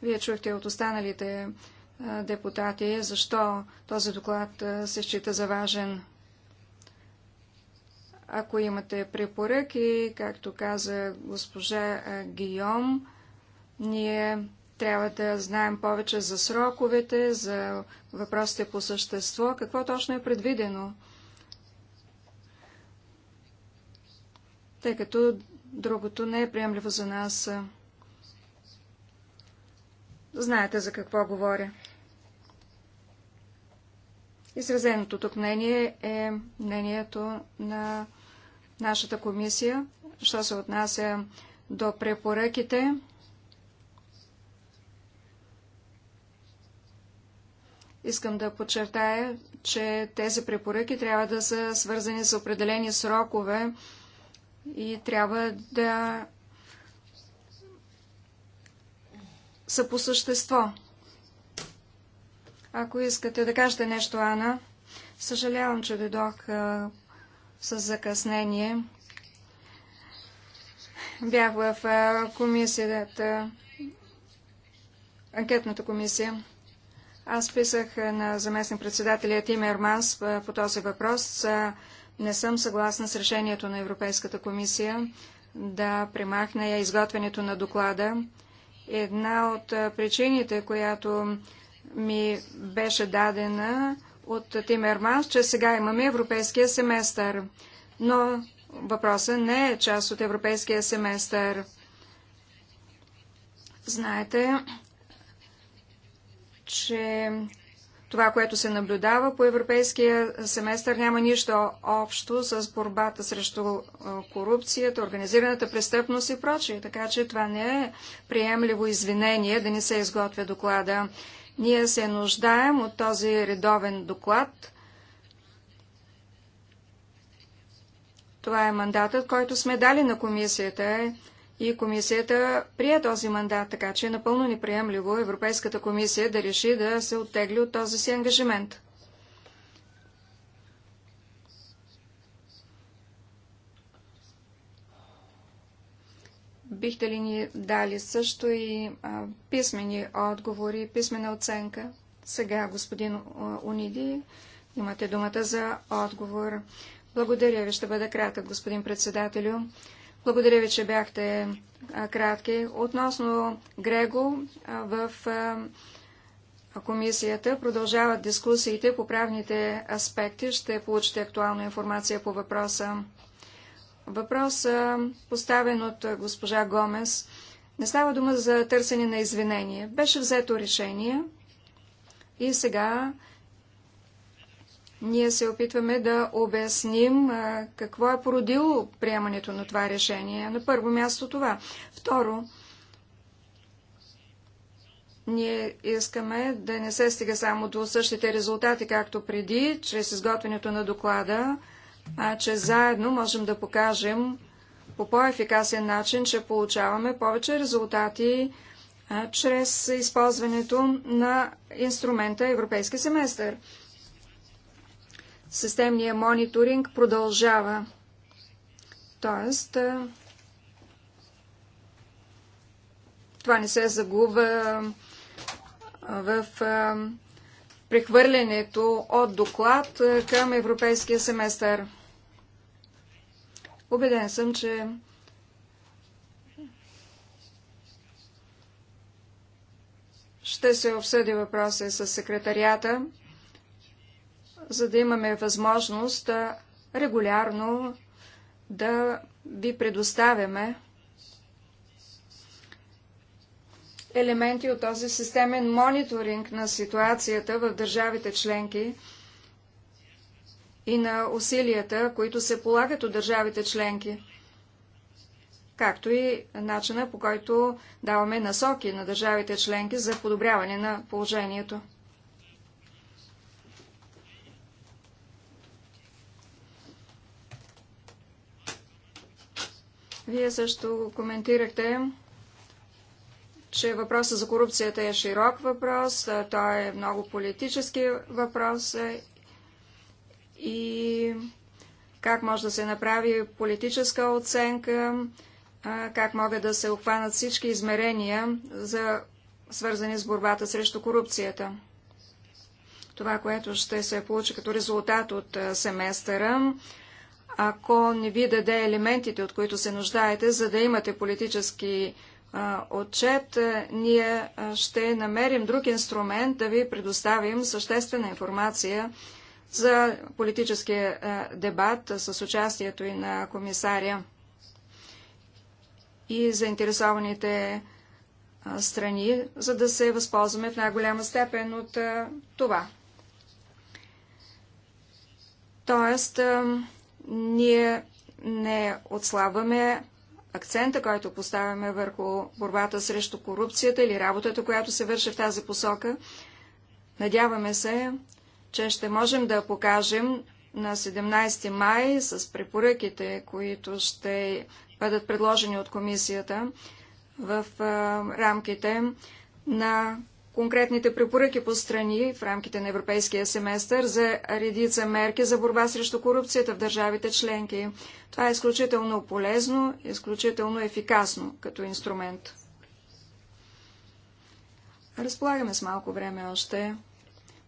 Вие чухте от останалите депутати, защо този доклад се счита за важен. Ако имате препоръки, както каза госпожа Гийом, ние трябва да знаем повече за сроковете, за въпросите по същество, какво точно е предвидено. тъй като другото не е приемливо за нас. Знаете за какво говоря. Изразеното тук мнение е мнението на нашата комисия, що се отнася до препоръките. Искам да подчертая, че тези препоръки трябва да са свързани с определени срокове и трябва да са по същество. Ако искате да кажете нещо, Ана, съжалявам, че дойдох с закъснение. Бях в комисията, анкетната комисия. Аз писах на заместник председателя Ерманс по този въпрос. за. Не съм съгласна с решението на Европейската комисия да премахне изготвянето на доклада. Една от причините, която ми беше дадена от Тимерманс, че сега имаме европейския семестър. Но въпросът не е част от европейския семестър. Знаете, че това, което се наблюдава по европейския семестър, няма нищо общо с борбата срещу корупцията, организираната престъпност и прочие. Така че това не е приемливо извинение да не се изготвя доклада. Ние се нуждаем от този редовен доклад. Това е мандатът, който сме дали на комисията. И комисията прие този мандат, така че е напълно неприемливо Европейската комисия да реши да се оттегли от този си ангажимент. Бихте ли ни дали също и а, писмени отговори, писмена оценка? Сега, господин Униди, имате думата за отговор. Благодаря ви, ще бъда кратък, господин председателю. Благодаря ви, че бяхте кратки. Относно Грего в комисията продължават дискусиите по правните аспекти. Ще получите актуална информация по въпроса. Въпрос поставен от госпожа Гомес. Не става дума за търсене на извинение. Беше взето решение и сега ние се опитваме да обясним а, какво е породило приемането на това решение. На първо място това. Второ, ние искаме да не се стига само до същите резултати, както преди, чрез изготвянето на доклада, а че заедно можем да покажем по по-ефикасен начин, че получаваме повече резултати а, чрез използването на инструмента Европейски семестър системния мониторинг продължава. Тоест, това не се загуба в прехвърлянето от доклад към европейския семестър. Убеден съм, че ще се обсъди въпроса с секретарията за да имаме възможност регулярно да ви предоставяме елементи от този системен мониторинг на ситуацията в държавите членки и на усилията, които се полагат от държавите членки, както и начина по който даваме насоки на държавите членки за подобряване на положението. Вие също коментирахте, че въпросът за корупцията е широк въпрос, той е много политически въпрос и как може да се направи политическа оценка, как могат да се обхванат всички измерения, за, свързани с борбата срещу корупцията. Това, което ще се получи като резултат от семестъра, ако не ви даде елементите, от които се нуждаете, за да имате политически отчет, е, ние ще намерим друг инструмент да ви предоставим съществена информация за политическия е, дебат с участието и на комисаря и заинтересованите е, страни, за да се възползваме в най-голяма степен от това. Тоест, ние не отслабваме акцента, който поставяме върху борбата срещу корупцията или работата, която се върши в тази посока. Надяваме се, че ще можем да покажем на 17 май с препоръките, които ще бъдат предложени от комисията в рамките на конкретните препоръки по страни в рамките на европейския семестър за редица мерки за борба срещу корупцията в държавите членки. Това е изключително полезно, изключително ефикасно като инструмент. Разполагаме с малко време още.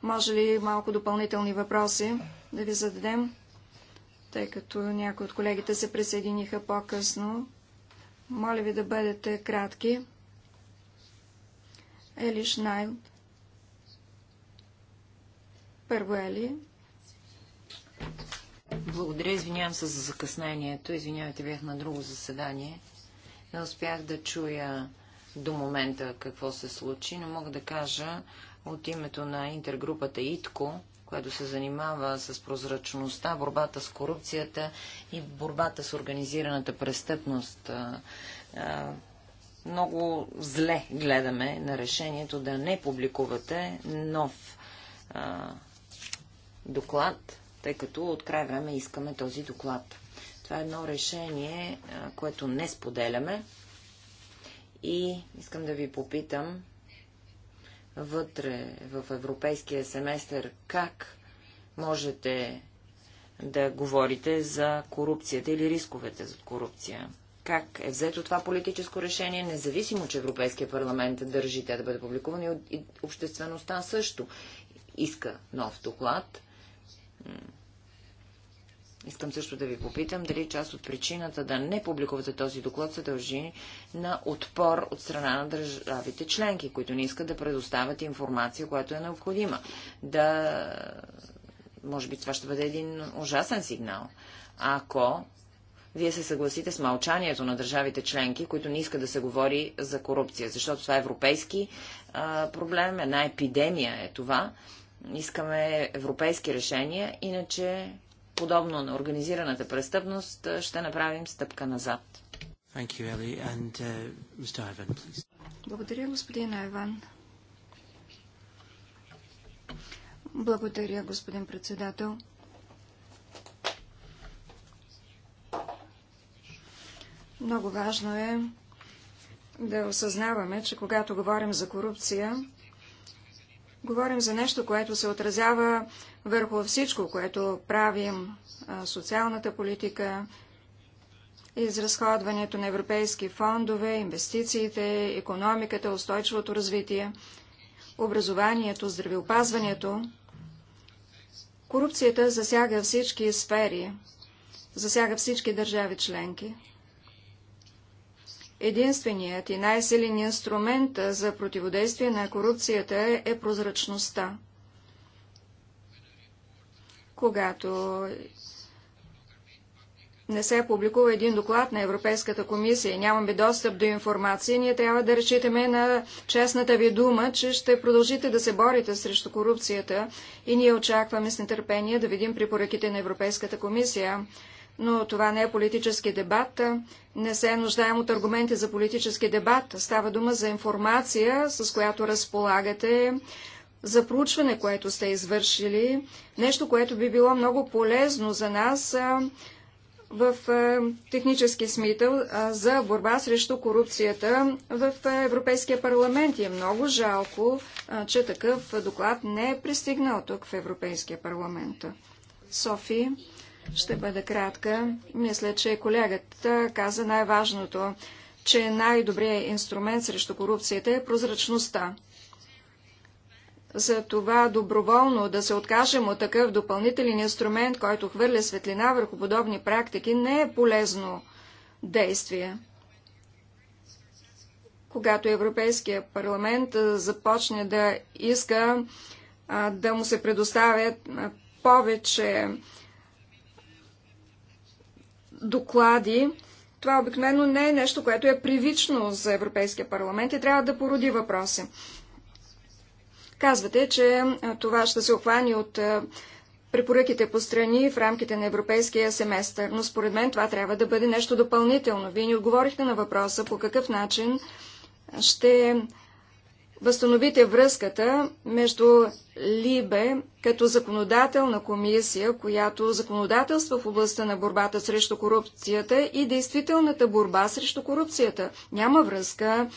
Може ли малко допълнителни въпроси да ви зададем, тъй като някои от колегите се присъединиха по-късно? Моля ви да бъдете кратки. Елиш Найл. Първо Ели. Благодаря, извинявам се за закъснението. Извинявайте, бях на друго заседание. Не успях да чуя до момента какво се случи, но мога да кажа от името на интергрупата ИТКО, която се занимава с прозрачността, борбата с корупцията и борбата с организираната престъпност много зле гледаме на решението да не публикувате нов а, доклад, тъй като от край време искаме този доклад. Това е едно решение, а, което не споделяме и искам да ви попитам вътре в европейския семестър как можете да говорите за корупцията или рисковете за корупция как е взето това политическо решение, независимо, че Европейския парламент държи те да бъде публикувани и обществеността също иска нов доклад. Искам също да ви попитам дали част от причината да не публикувате този доклад се дължи на отпор от страна на държавите членки, които не искат да предоставят информация, която е необходима. Да, може би това ще бъде един ужасен сигнал, ако вие се съгласите с мълчанието на държавите членки, които не искат да се говори за корупция, защото това е европейски а, проблем, една епидемия е това. Искаме европейски решения, иначе подобно на организираната престъпност ще направим стъпка назад. Thank you, Ellie. And, uh, Mr. Ivan, Благодаря, господин Айван. Благодаря, господин председател. Много важно е да осъзнаваме, че когато говорим за корупция, говорим за нещо, което се отразява върху всичко, което правим, социалната политика, изразходването на европейски фондове, инвестициите, економиката, устойчивото развитие, образованието, здравеопазването. Корупцията засяга всички сфери, засяга всички държави членки. Единственият и най-силен инструмент за противодействие на корупцията е прозрачността. Когато не се публикува един доклад на Европейската комисия и нямаме достъп до информация, ние трябва да разчитаме на честната ви дума, че ще продължите да се борите срещу корупцията и ние очакваме с нетърпение да видим препоръките на Европейската комисия но това не е политически дебат. Не се нуждаем от аргументи за политически дебат. Става дума за информация, с която разполагате, за проучване, което сте извършили, нещо, което би било много полезно за нас в технически смител, за борба срещу корупцията в Европейския парламент. И е много жалко, че такъв доклад не е пристигнал тук в Европейския парламент. Софи. Ще бъда кратка. Мисля, че колегата каза най-важното, че най-добрият инструмент срещу корупцията е прозрачността. За това доброволно да се откажем от такъв допълнителен инструмент, който хвърля светлина върху подобни практики, не е полезно действие. Когато Европейския парламент започне да иска да му се предоставят повече доклади, това обикновено не е нещо, което е привично за Европейския парламент и трябва да породи въпроси. Казвате, че това ще се охвани от препоръките по страни в рамките на европейския семестър, но според мен това трябва да бъде нещо допълнително. Вие ни отговорихте на въпроса по какъв начин ще възстановите връзката между Либе като законодателна комисия, която законодателства в областта на борбата срещу корупцията и действителната борба срещу корупцията. Няма връзка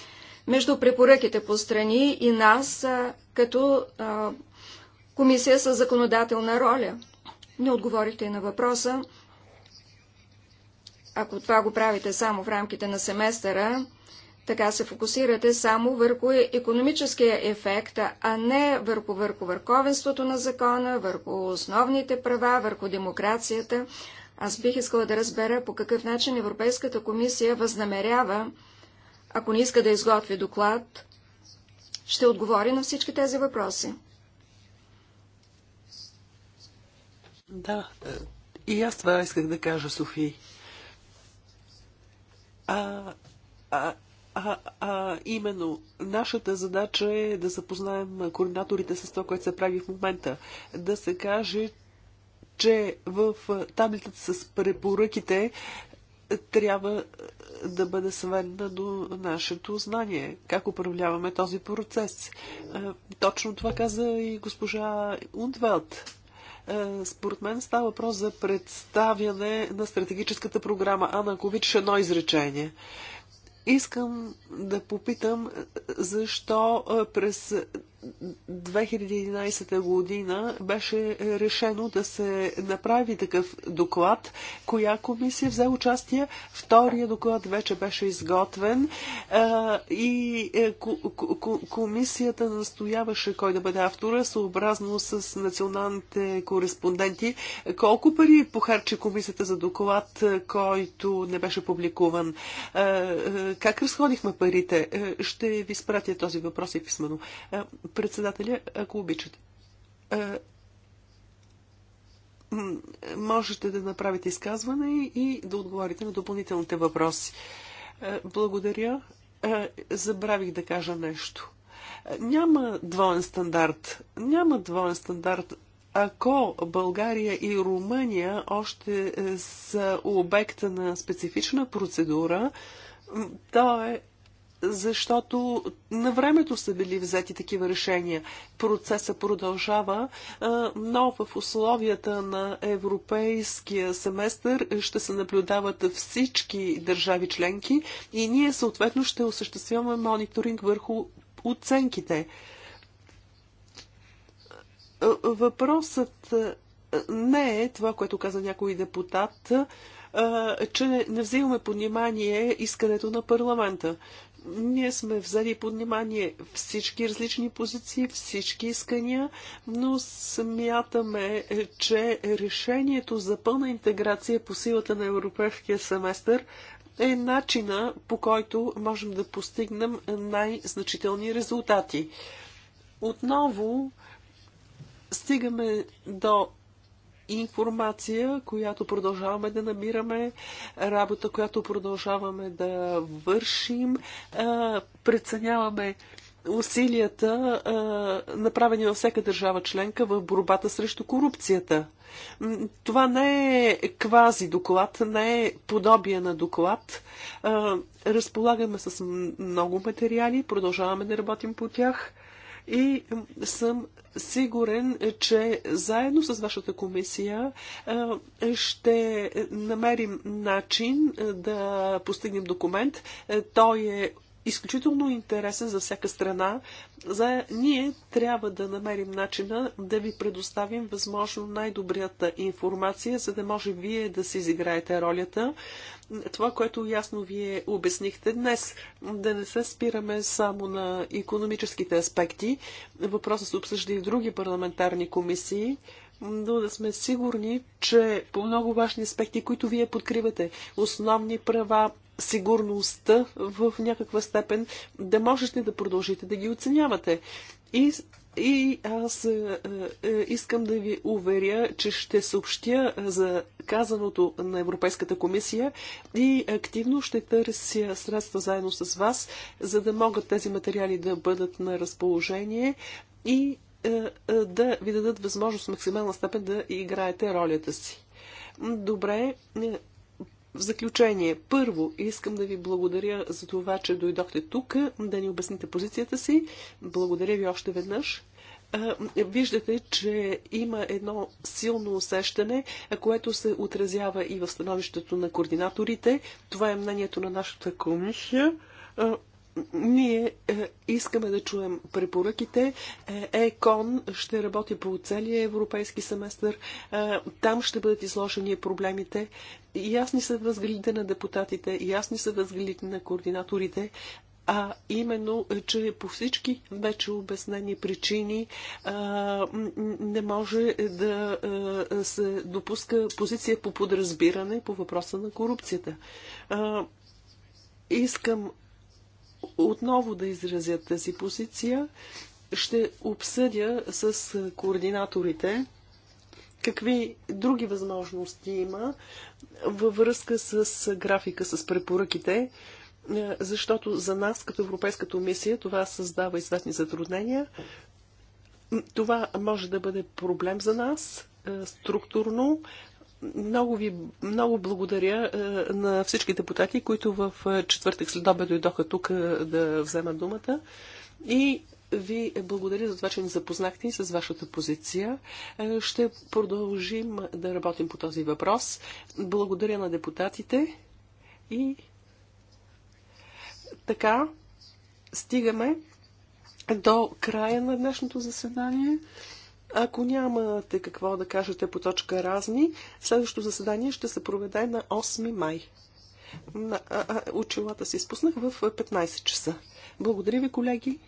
между препоръките по страни и нас като а, комисия с законодателна роля. Не отговорихте и на въпроса. Ако това го правите само в рамките на семестъра, така се фокусирате само върху е- економическия ефект, а не върху, върху върховенството на закона, върху основните права, върху демокрацията. Аз бих искала да разбера по какъв начин Европейската комисия възнамерява, ако не иска да изготви доклад, ще отговори на всички тези въпроси. Да, и аз това исках да кажа, Софи. А, а, а, а именно, нашата задача е да запознаем координаторите с това, което се прави в момента. Да се каже, че в таблицата с препоръките трябва да бъде сведена до нашето знание, как управляваме този процес. Точно това каза и госпожа Ундвелт. Според мен става въпрос за представяне на стратегическата програма. Ана, ако обичаш едно изречение. Искам да попитам защо през 2011 година беше решено да се направи такъв доклад, коя комисия взе участие. Втория доклад вече беше изготвен и е, комисията настояваше кой да бъде автора, съобразно с националните кореспонденти. Колко пари похарчи комисията за доклад, е, който не беше публикуван? Е, как разходихме парите? Ще ви спратя този въпрос и писмено. Председателя, ако обичате. Е, можете да направите изказване и да отговорите на допълнителните въпроси. Е, благодаря. Е, забравих да кажа нещо. Няма двоен стандарт. Няма двоен стандарт ако България и Румъния още са обекта на специфична процедура, то е защото на времето са били взети такива решения. Процесът продължава, но в условията на европейския семестър ще се наблюдават всички държави членки и ние съответно ще осъществяваме мониторинг върху оценките. Въпросът не е това, което каза някой депутат, че не взимаме под внимание искането на парламента. Ние сме взели под внимание всички различни позиции, всички искания, но смятаме, че решението за пълна интеграция по силата на европейския семестър е начина по който можем да постигнем най-значителни резултати. Отново стигаме до информация, която продължаваме да намираме, работа, която продължаваме да вършим. Преценяваме усилията, направени във всяка държава членка в борбата срещу корупцията. Това не е квази доклад, не е подобие на доклад. Разполагаме с много материали, продължаваме да работим по тях и съм сигурен, че заедно с вашата комисия ще намерим начин да постигнем документ. Той е изключително интересен за всяка страна. За ние трябва да намерим начина да ви предоставим възможно най добрията информация, за да може вие да си изиграете ролята. Това, което ясно вие обяснихте днес, да не се спираме само на економическите аспекти. Въпросът се обсъжда и в други парламентарни комисии но да сме сигурни, че по много важни аспекти, които вие подкривате, основни права, сигурността в някаква степен, да можете да продължите да ги оценявате. И, и аз е, е, искам да ви уверя, че ще съобщя е, за казаното на Европейската комисия и активно ще търся средства заедно с вас, за да могат тези материали да бъдат на разположение и е, е да ви дадат възможност в максимална степен да играете ролята си. Добре, е, в заключение, първо искам да ви благодаря за това, че дойдохте тук да ни обясните позицията си. Благодаря ви още веднъж виждате, че има едно силно усещане, което се отразява и в становището на координаторите. Това е мнението на нашата комисия. Ние е, искаме да чуем препоръките. ЕКОН ще работи по целия европейски семестър. Е, там ще бъдат изложени проблемите. Ясни са възгледите на депутатите, ясни са възгледите на координаторите, а именно, е, че по всички вече обяснени причини а, не може да а, се допуска позиция по подразбиране по въпроса на корупцията. А, искам отново да изразят тази позиция. Ще обсъдя с координаторите какви други възможности има във връзка с графика, с препоръките, защото за нас, като Европейска комисия, това създава известни затруднения. Това може да бъде проблем за нас структурно, много ви много благодаря е, на всички депутати, които в е, четвъртък след обед дойдоха тук е, да вземат думата. И ви благодаря за това, че ни запознахте и с вашата позиция. Ще продължим да работим по този въпрос. Благодаря на депутатите и така стигаме до края на днешното заседание. Ако нямате какво да кажете по точка разни, следващото заседание ще се проведе на 8 май. а училата си спуснах в 15 часа. Благодаря ви, колеги.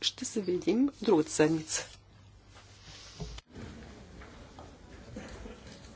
Ще се видим другата седмица.